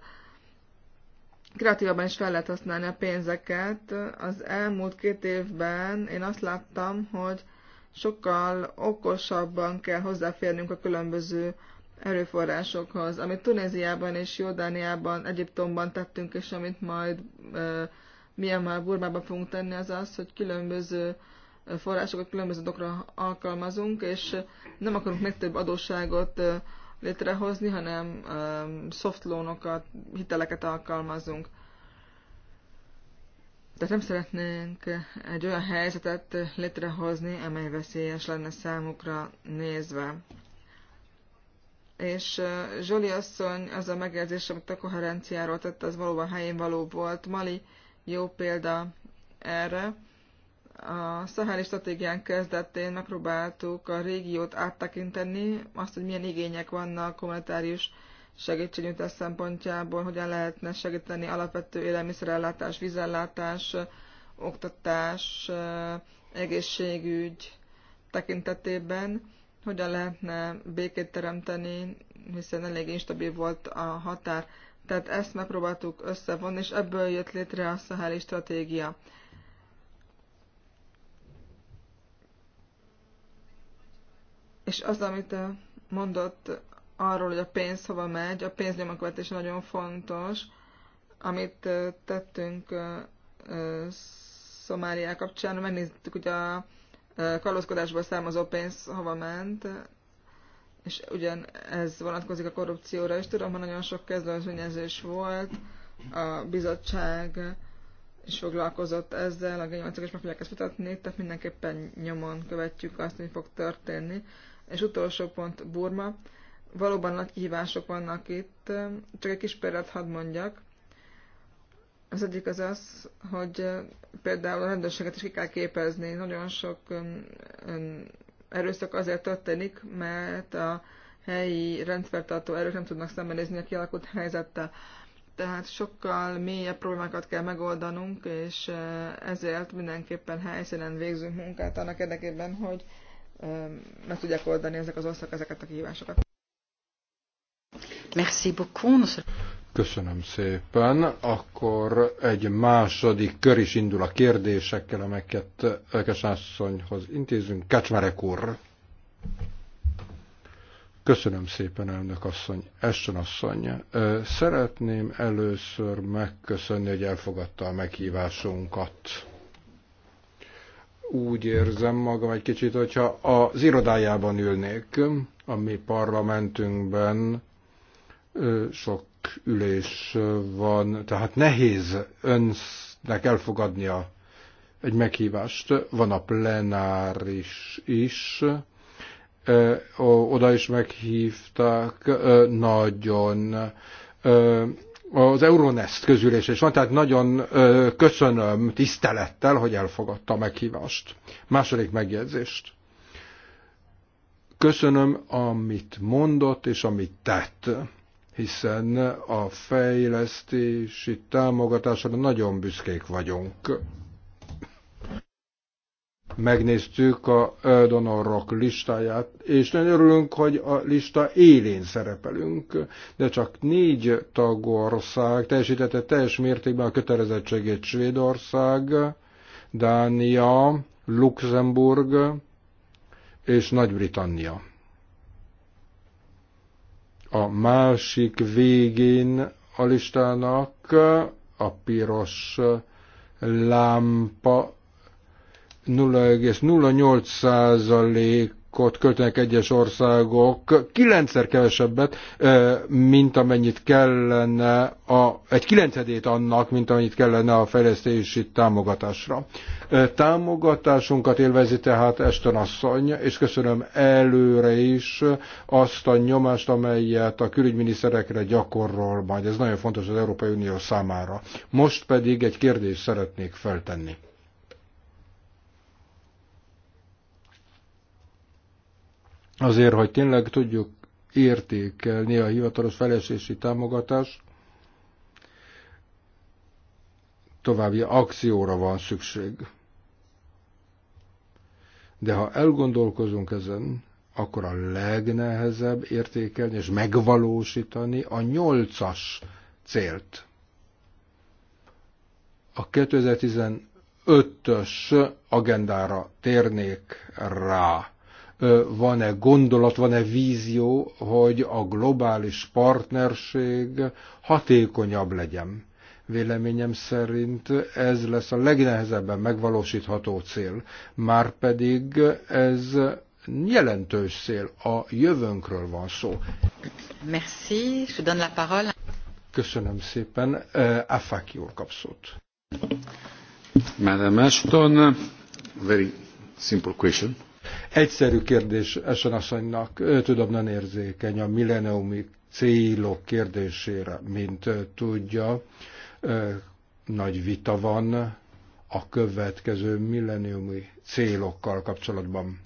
Kreatívabban is fel lehet használni a pénzeket. Az elmúlt két évben én azt láttam, hogy sokkal okosabban kell hozzáférnünk a különböző erőforrásokhoz, amit Tunéziában és Jordániában, Egyiptomban tettünk, és amit majd e, eh, már Burmában fogunk tenni, az az, hogy különböző forrásokat különböző dokra alkalmazunk, és nem akarunk még több adósságot létrehozni, hanem soft loanokat, hiteleket alkalmazunk. Tehát nem szeretnénk egy olyan helyzetet létrehozni, amely veszélyes lenne számukra nézve. És Zsoli asszony, az a megjegyzés, amit a koherenciáról tett, az valóban helyén való volt. Mali jó példa erre a szaháli stratégián kezdetén megpróbáltuk a régiót áttekinteni, azt, hogy milyen igények vannak kommunitárius segítségnyújtás szempontjából, hogyan lehetne segíteni alapvető élelmiszerellátás, vízellátás, oktatás, egészségügy tekintetében, hogyan lehetne békét teremteni, hiszen elég instabil volt a határ. Tehát ezt megpróbáltuk összevonni, és ebből jött létre a szaháli stratégia. és az, amit mondott arról, hogy a pénz hova megy, a pénznyomakövetése nagyon fontos, amit tettünk Szomáliá kapcsán, megnéztük, hogy a kalózkodásból származó pénz hova ment, és ugyan ez vonatkozik a korrupcióra is. Tudom, hogy nagyon sok kezdeményezés volt, a bizottság is foglalkozott ezzel, a genyomacok is meg fogják ezt mutatni, tehát mindenképpen nyomon követjük azt, hogy fog történni. És utolsó pont Burma. Valóban nagy kihívások vannak itt. Csak egy kis példát hadd mondjak. Az egyik az az, hogy például a rendőrséget is ki kell képezni. Nagyon sok um, um, erőszak azért történik, mert a helyi rendszertartó erők nem tudnak szembenézni a kialakult helyzettel. Tehát sokkal mélyebb problémákat kell megoldanunk, és uh, ezért mindenképpen helyszínen végzünk munkát annak érdekében, hogy meg tudják oldani ezek az országok ezeket a kihívásokat. Merci beaucoup. Köszönöm szépen. Akkor egy második kör is indul a kérdésekkel, amelyeket Elkes asszonyhoz intézünk. Kacsmarek úr. Köszönöm szépen, elnök asszony, Eston asszony. Szeretném először megköszönni, hogy elfogadta a meghívásunkat úgy érzem magam egy kicsit, hogyha az irodájában ülnék, a mi parlamentünkben sok ülés van, tehát nehéz önnek elfogadnia egy meghívást. Van a plenáris is, oda is meghívták, nagyon az Euronest közülés is van, tehát nagyon köszönöm tisztelettel, hogy elfogadta a meghívást. Második megjegyzést. Köszönöm, amit mondott és amit tett, hiszen a fejlesztési támogatásra nagyon büszkék vagyunk megnéztük a donorok listáját, és nagyon örülünk, hogy a lista élén szerepelünk, de csak négy tagország teljesítette teljes mértékben a kötelezettségét Svédország, Dánia, Luxemburg és Nagy-Britannia. A másik végén a listának a piros lámpa 0,08%-ot költenek egyes országok, kilencszer kevesebbet, mint amennyit kellene, a, egy kilencedét annak, mint amennyit kellene a fejlesztési támogatásra. Támogatásunkat élvezi tehát Eston asszony, és köszönöm előre is azt a nyomást, amelyet a külügyminiszterekre gyakorol majd. Ez nagyon fontos az Európai Unió számára. Most pedig egy kérdést szeretnék feltenni. azért, hogy tényleg tudjuk értékelni a hivatalos felesési támogatást, további akcióra van szükség. De ha elgondolkozunk ezen, akkor a legnehezebb értékelni és megvalósítani a nyolcas célt. A 2015-ös agendára térnék rá van-e gondolat, van-e vízió, hogy a globális partnerség hatékonyabb legyen. Véleményem szerint ez lesz a legnehezebben megvalósítható cél, márpedig ez jelentős cél, a jövőnkről van szó. Merci, je donne la parole. Köszönöm szépen, Afaki úr kap szót. Madame Ashton, very simple question. Egyszerű kérdés Esen asszonynak, tudom, nem érzékeny a milleniumi célok kérdésére, mint tudja. Nagy vita van a következő milleniumi célokkal kapcsolatban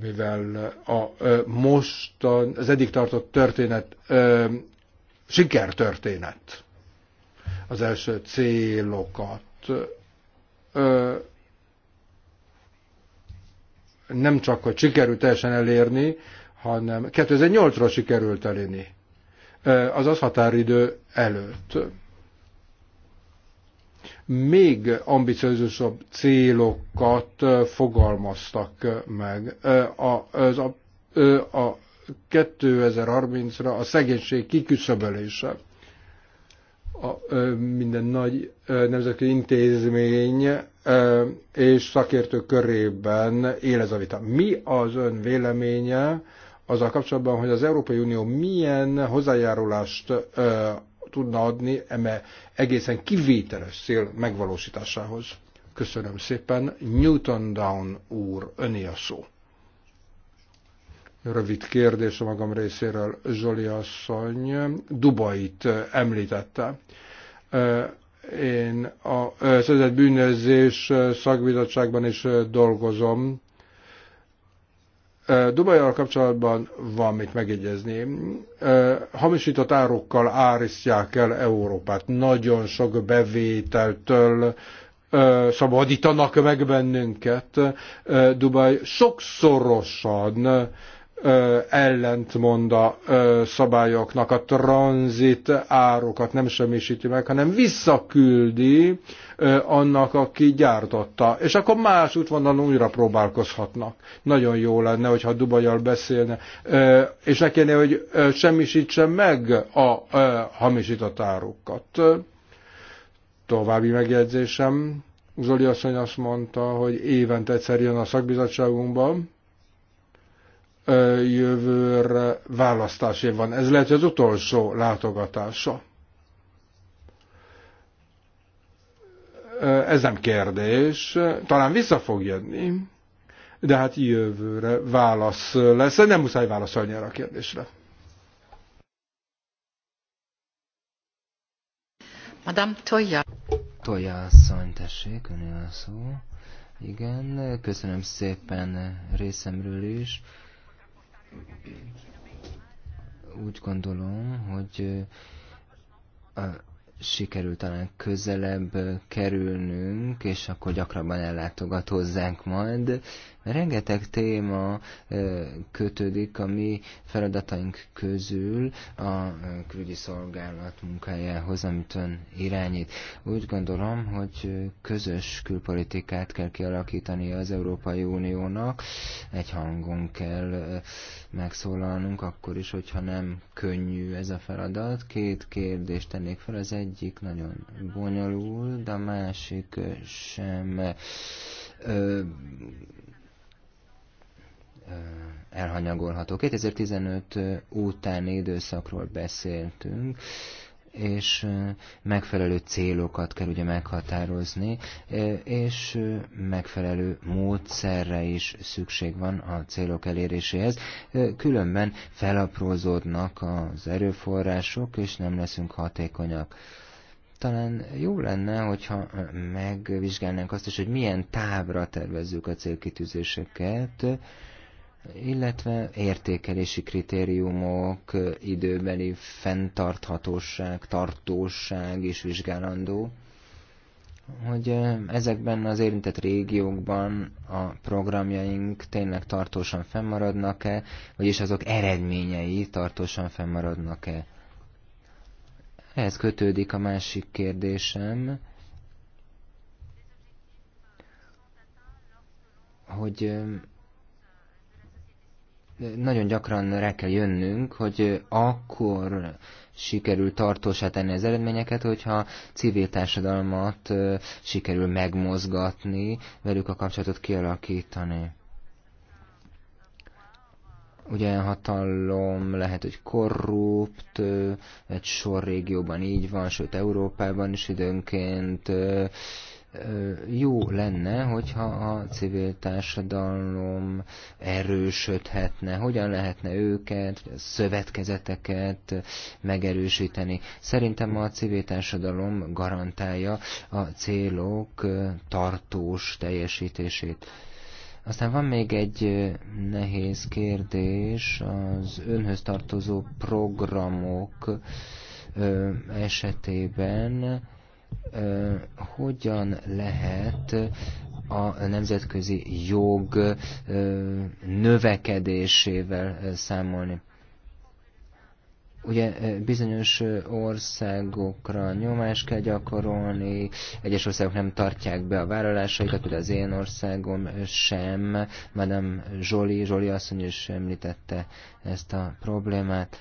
mivel a most az eddig tartott történet sikertörténet. Az első célokat nem csak, hogy sikerült teljesen elérni, hanem 2008-ra sikerült elérni, azaz határidő előtt. Még ambiciózusabb célokat fogalmaztak meg. A, az, a, a 2030-ra a szegénység kiküszöbölése. A, minden nagy nemzetközi intézmény és szakértők körében él ez a vita. Mi az ön véleménye azzal kapcsolatban, hogy az Európai Unió milyen hozzájárulást tudna adni eme egészen kivételes cél megvalósításához? Köszönöm szépen. Newton Down úr, öné a szó. Rövid kérdés a magam részéről. Zsoli asszony Dubait említette én a szövetett bűnözés szakbizottságban is dolgozom. Dubajjal kapcsolatban van mit megjegyezni. Hamisított árukkal árisztják el Európát. Nagyon sok bevételtől szabadítanak meg bennünket. Dubaj sokszorosan ellentmond a szabályoknak, a tranzit árokat nem semmisíti meg, hanem visszaküldi annak, aki gyártotta. És akkor más útvonalon újra próbálkozhatnak. Nagyon jó lenne, hogyha Dubajjal beszélne, és ne kéne, hogy semmisítse meg a hamisított árukat. További megjegyzésem. Zoli asszony azt mondta, hogy évente egyszer jön a szakbizottságunkban, jövőre választás év van. Ez lehet, hogy az utolsó látogatása. Ez nem kérdés. Talán vissza fog jönni, de hát jövőre válasz lesz. Nem muszáj válaszolni erre a kérdésre. Madame Toya. Toya asszony, tessék, önél a szó. Igen, köszönöm szépen részemről is. Úgy gondolom, hogy sikerült talán közelebb kerülnünk, és akkor gyakrabban ellátogat hozzánk majd, Rengeteg téma kötődik a mi feladataink közül a külügyi szolgálat munkájához, amit ön irányít. Úgy gondolom, hogy közös külpolitikát kell kialakítani az Európai Uniónak, egy hangon kell megszólalnunk, akkor is, hogyha nem könnyű ez a feladat. Két kérdést tennék fel, az egyik nagyon bonyolult, de a másik sem elhanyagolható. 2015 utáni időszakról beszéltünk, és megfelelő célokat kell ugye meghatározni, és megfelelő módszerre is szükség van a célok eléréséhez. Különben felaprózódnak az erőforrások, és nem leszünk hatékonyak talán jó lenne, hogyha megvizsgálnánk azt is, hogy milyen távra tervezzük a célkitűzéseket, illetve értékelési kritériumok, időbeli fenntarthatóság, tartóság is vizsgálandó, hogy ezekben az érintett régiókban a programjaink tényleg tartósan fennmaradnak-e, vagyis azok eredményei tartósan fennmaradnak-e. Ehhez kötődik a másik kérdésem, hogy nagyon gyakran rá kell jönnünk, hogy akkor sikerül tartósá tenni az eredményeket, hogyha civil társadalmat sikerül megmozgatni, velük a kapcsolatot kialakítani. Ugye hatalom lehet, hogy korrupt, egy sor régióban így van, sőt Európában is időnként jó lenne, hogyha a civil társadalom erősödhetne, hogyan lehetne őket, szövetkezeteket megerősíteni. Szerintem a civil társadalom garantálja a célok tartós teljesítését. Aztán van még egy nehéz kérdés, az önhöz tartozó programok esetében hogyan lehet a nemzetközi jog növekedésével számolni. Ugye bizonyos országokra nyomást kell gyakorolni, egyes országok nem tartják be a vállalásaikat, például az én országom sem, Madame Zsoli, Zsoli asszony is említette ezt a problémát.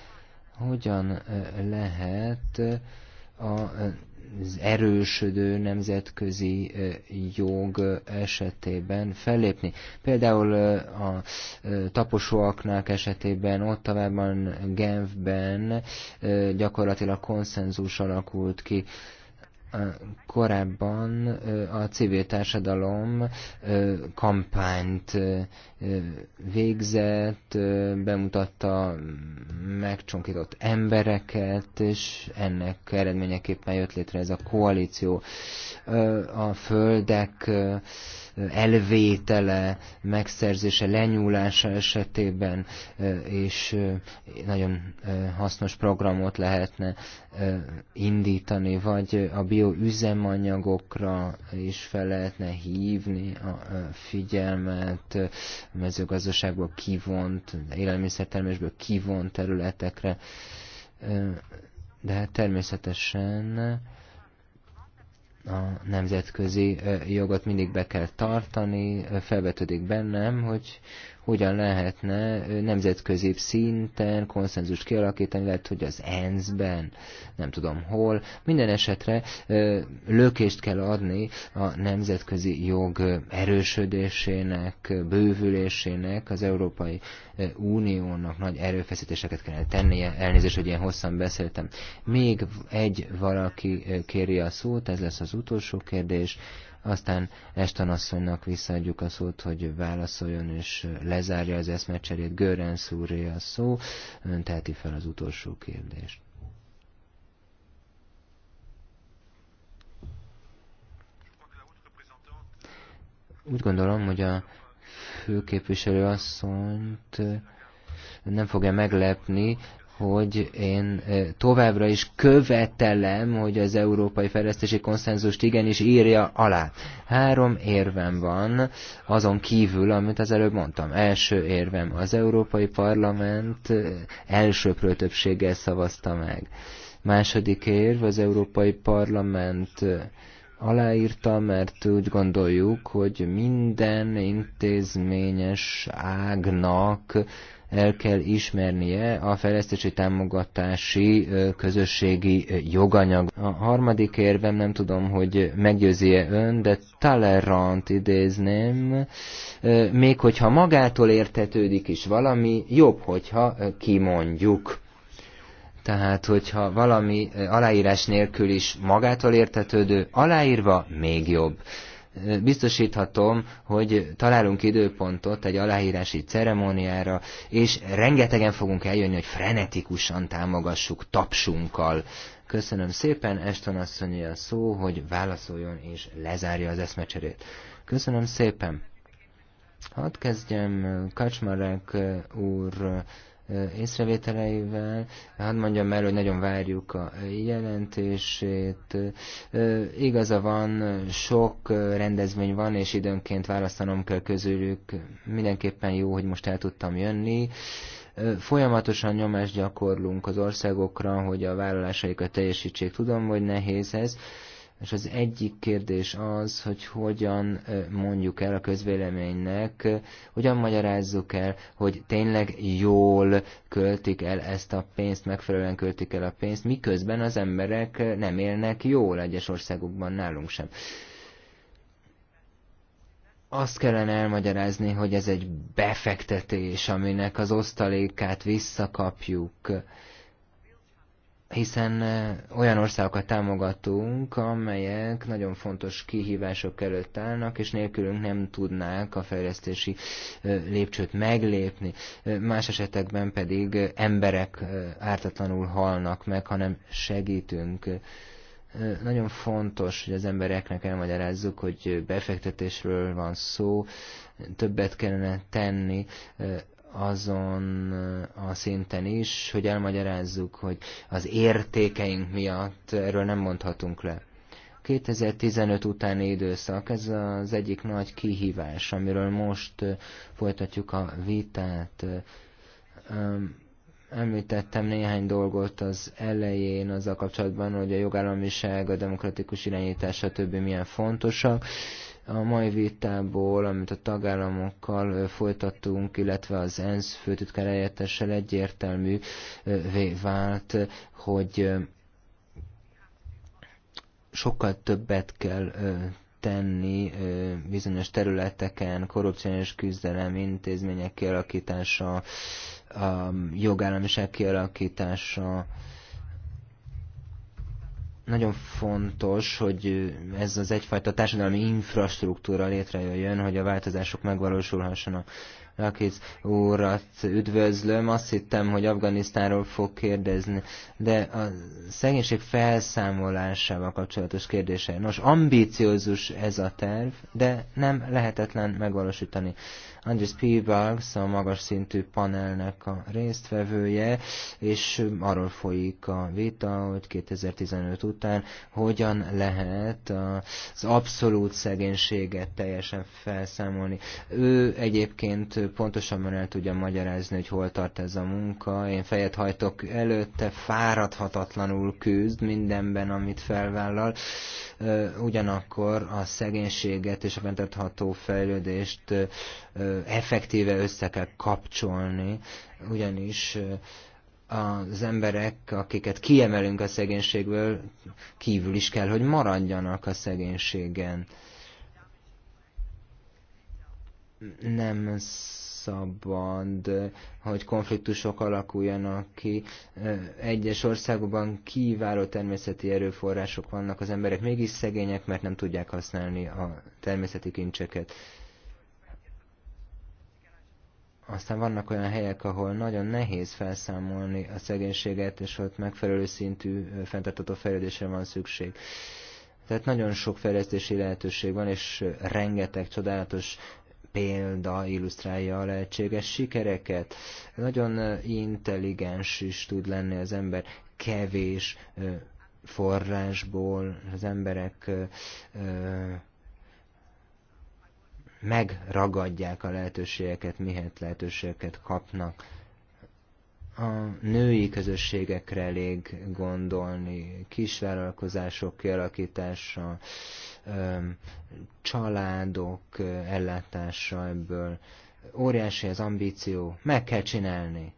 Hogyan lehet a az erősödő nemzetközi jog esetében fellépni. Például a taposóaknak esetében ott továbbban Genfben gyakorlatilag konszenzus alakult ki korábban a civil társadalom kampányt végzett, bemutatta megcsonkított embereket, és ennek eredményeképpen jött létre ez a koalíció. A földek elvétele, megszerzése, lenyúlása esetében és nagyon hasznos programot lehetne indítani, vagy a bioüzemanyagokra is fel lehetne hívni a figyelmet a mezőgazdaságból kivont, élelmiszertermésből kivont területekre. De hát természetesen a nemzetközi jogot mindig be kell tartani, felvetődik bennem, hogy hogyan lehetne nemzetközi szinten konszenzust kialakítani, lehet, hogy az ENSZ-ben, nem tudom hol. Minden esetre lökést kell adni a nemzetközi jog erősödésének, bővülésének, az Európai Uniónak nagy erőfeszítéseket kellene tennie. Elnézést, hogy ilyen hosszan beszéltem. Még egy valaki kéri a szót, ez lesz az utolsó kérdés. Aztán Eston asszonynak visszaadjuk a szót, hogy válaszoljon és lezárja az eszmecserét. Gören szúrja a szó, ön teheti fel az utolsó kérdést. Úgy gondolom, hogy a főképviselő asszonyt nem fogja meglepni, hogy én továbbra is követelem, hogy az Európai Fejlesztési Konszenzust igenis írja alá. Három érvem van, azon kívül, amit az előbb mondtam. Első érvem, az Európai Parlament elsőprő többséggel szavazta meg. Második érv, az Európai Parlament aláírta, mert úgy gondoljuk, hogy minden intézményes ágnak el kell ismernie a fejlesztési támogatási közösségi joganyag. A harmadik érvem nem tudom, hogy meggyőzi-e ön, de Talleyrand idézném, még hogyha magától értetődik is valami, jobb, hogyha kimondjuk. Tehát, hogyha valami aláírás nélkül is magától értetődő, aláírva még jobb biztosíthatom, hogy találunk időpontot egy aláírási ceremóniára, és rengetegen fogunk eljönni, hogy frenetikusan támogassuk tapsunkkal. Köszönöm szépen, Eston asszonyi a szó, hogy válaszoljon és lezárja az eszmecserét. Köszönöm szépen! Hadd kezdjem Kacsmarek eh, úr észrevételeivel. Hát mondjam el, hogy nagyon várjuk a jelentését. Igaza van, sok rendezvény van, és időnként választanom kell közülük. Mindenképpen jó, hogy most el tudtam jönni folyamatosan nyomást gyakorlunk az országokra, hogy a vállalásaikat teljesítsék. Tudom, hogy nehéz ez, és az egyik kérdés az, hogy hogyan mondjuk el a közvéleménynek, hogyan magyarázzuk el, hogy tényleg jól költik el ezt a pénzt, megfelelően költik el a pénzt, miközben az emberek nem élnek jól egyes országokban, nálunk sem. Azt kellene elmagyarázni, hogy ez egy befektetés, aminek az osztalékát visszakapjuk hiszen olyan országokat támogatunk, amelyek nagyon fontos kihívások előtt állnak, és nélkülünk nem tudnák a fejlesztési lépcsőt meglépni. Más esetekben pedig emberek ártatlanul halnak meg, hanem segítünk. Nagyon fontos, hogy az embereknek elmagyarázzuk, hogy befektetésről van szó, többet kellene tenni azon eh, a szinten is, hogy elmagyarázzuk, hogy az értékeink miatt erről nem mondhatunk le. 2015 utáni időszak, ez az egyik nagy kihívás, amiről most eh, folytatjuk a vitát. Eh, említettem néhány dolgot az elején azzal kapcsolatban, hogy a jogállamiság, a demokratikus irányítás, stb. milyen fontosak a mai vitából, amit a tagállamokkal folytattunk, illetve az ENSZ főtitkár helyettessel egyértelmű vált, hogy sokkal többet kell tenni bizonyos területeken, korrupciós küzdelem, intézmények kialakítása, a jogállamiság kialakítása, nagyon fontos, hogy ez az egyfajta társadalmi infrastruktúra létrejöjjön, hogy a változások megvalósulhassanak. Rakic úrat üdvözlöm, azt hittem, hogy Afganisztánról fog kérdezni, de a szegénység felszámolásával kapcsolatos kérdése. Nos, ambíciózus ez a terv, de nem lehetetlen megvalósítani. Andrew Spielberg, a magas szintű panelnek a résztvevője, és arról folyik a vita, hogy 2015 után hogyan lehet az abszolút szegénységet teljesen felszámolni. Ő egyébként pontosan már el tudja magyarázni, hogy hol tart ez a munka. Én fejet hajtok előtte, fáradhatatlanul küzd mindenben, amit felvállal, ugyanakkor a szegénységet és a fenntartható fejlődést effektíve össze kell kapcsolni, ugyanis az emberek, akiket kiemelünk a szegénységből, kívül is kell, hogy maradjanak a szegénységen. Nem szabad, hogy konfliktusok alakuljanak ki. Egyes országokban kiváló természeti erőforrások vannak, az emberek mégis szegények, mert nem tudják használni a természeti kincseket. Aztán vannak olyan helyek, ahol nagyon nehéz felszámolni a szegénységet, és ott megfelelő szintű fenntartató fejlődésre van szükség. Tehát nagyon sok fejlesztési lehetőség van, és rengeteg csodálatos példa illusztrálja a lehetséges sikereket. Nagyon intelligens is tud lenni az ember, kevés forrásból az emberek megragadják a lehetőségeket, mihet lehetőségeket kapnak. A női közösségekre elég gondolni, kisvállalkozások kialakítása, családok ellátása ebből. Óriási az ambíció, meg kell csinálni.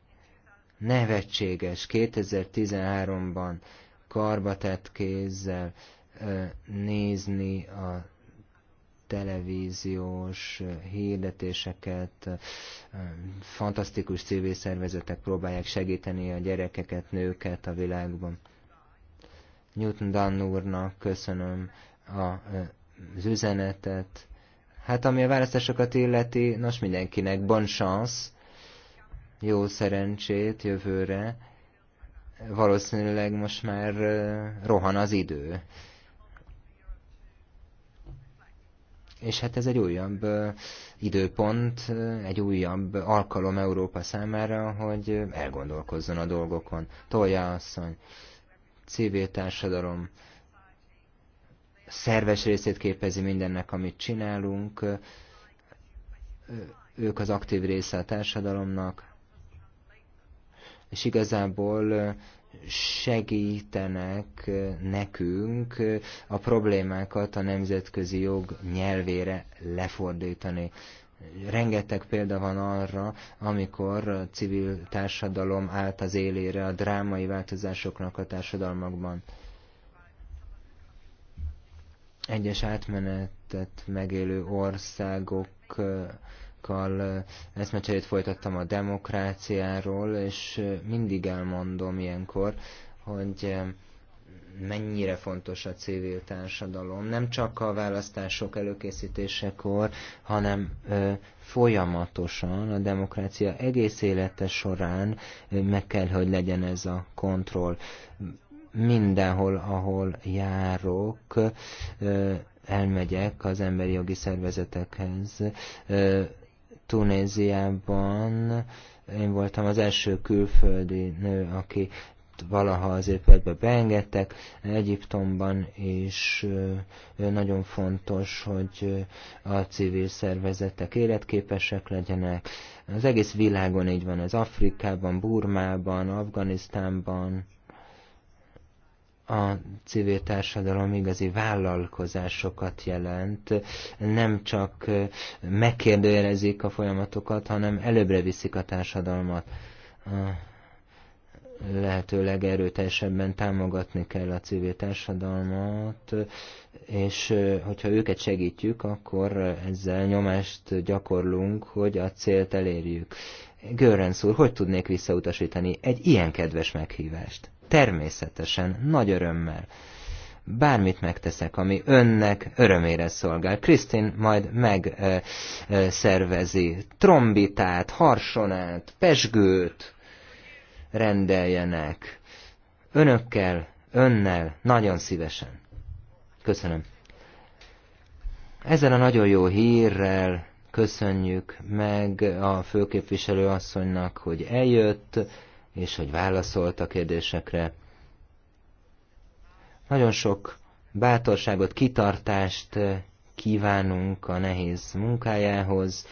Nevetséges, 2013-ban karbatett kézzel nézni a televíziós hirdetéseket, fantasztikus civil szervezetek próbálják segíteni a gyerekeket, nőket a világban. Newton Dunn úrnak köszönöm az üzenetet. Hát ami a választásokat illeti, nos mindenkinek bon chance, jó szerencsét jövőre. Valószínűleg most már rohan az idő. És hát ez egy újabb időpont, egy újabb alkalom Európa számára, hogy elgondolkozzon a dolgokon. Tolja asszony, civil társadalom, szerves részét képezi mindennek, amit csinálunk, ők az aktív része a társadalomnak, és igazából segítenek nekünk a problémákat a nemzetközi jog nyelvére lefordítani. Rengeteg példa van arra, amikor a civil társadalom állt az élére a drámai változásoknak a társadalmakban egyes átmenetet megélő országokkal eh, eszmecserét folytattam a demokráciáról, és eh, mindig elmondom ilyenkor, hogy eh, mennyire fontos a civil társadalom, nem csak a választások előkészítésekor, hanem ö, folyamatosan a demokrácia egész élete során ö, meg kell, hogy legyen ez a kontroll mindenhol, ahol járok, elmegyek az emberi jogi szervezetekhez. Tunéziában én voltam az első külföldi nő, aki valaha az épületbe beengedtek. Egyiptomban is nagyon fontos, hogy a civil szervezetek életképesek legyenek. Az egész világon így van, ez Afrikában, Burmában, Afganisztánban, a civil társadalom igazi vállalkozásokat jelent. Nem csak megkérdőjelezik a folyamatokat, hanem előbbre viszik a társadalmat. Lehetőleg erőteljesebben támogatni kell a civil társadalmat, és hogyha őket segítjük, akkor ezzel nyomást gyakorlunk, hogy a célt elérjük. Görrensz úr, hogy tudnék visszautasítani egy ilyen kedves meghívást? Természetesen, nagy örömmel. Bármit megteszek, ami önnek örömére szolgál. Krisztin majd megszervezi trombitát, harsonát, pesgőt rendeljenek. Önökkel, önnel, nagyon szívesen. Köszönöm. Ezzel a nagyon jó hírrel köszönjük meg a főképviselő asszonynak, hogy eljött, és hogy válaszolt a kérdésekre. Nagyon sok bátorságot, kitartást eh, kívánunk a nehéz munkájához,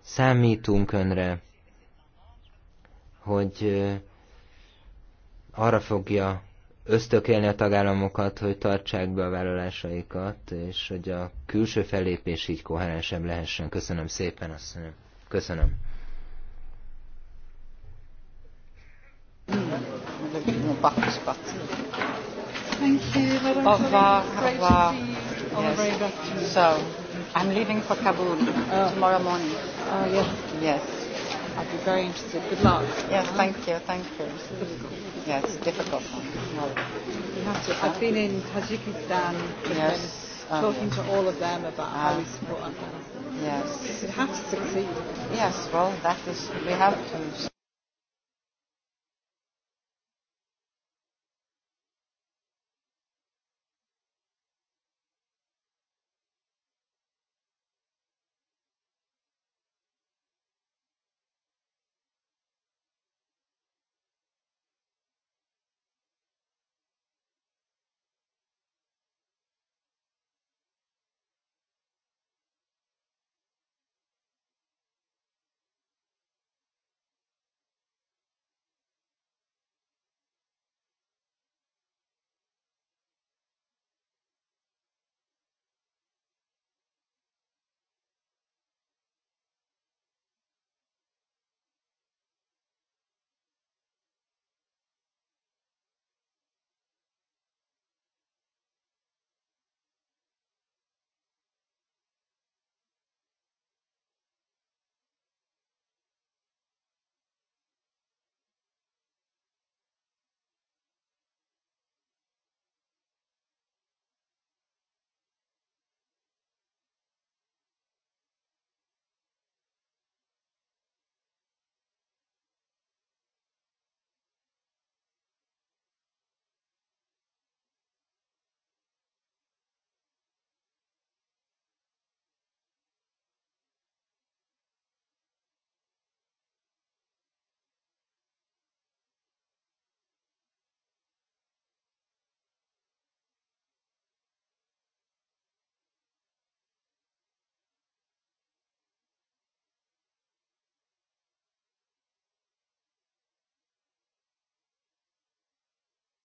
számítunk önre, hogy eh, arra fogja ösztökélni a tagállamokat, hogy tartsák be a vállalásaikat, és hogy a külső fellépés így koherensebb lehessen. Köszönöm szépen, mondjam. Köszönöm. Non pas, c'est pas. Thank you, Madam Au revoir, au revoir. Yes. So, I'm leaving for Kabul oh. tomorrow morning. Oh, yes. Yes. I'd be very interested. Good luck. Yes, uh-huh. thank you, thank you. It's difficult. Yeah, it's difficult. Well, you have to. I've been in Tajikistan. Yes. Um, talking to all of them about uh, how we uh, support Afghanistan. Yes. We have to succeed. Yes, well, that is, we have to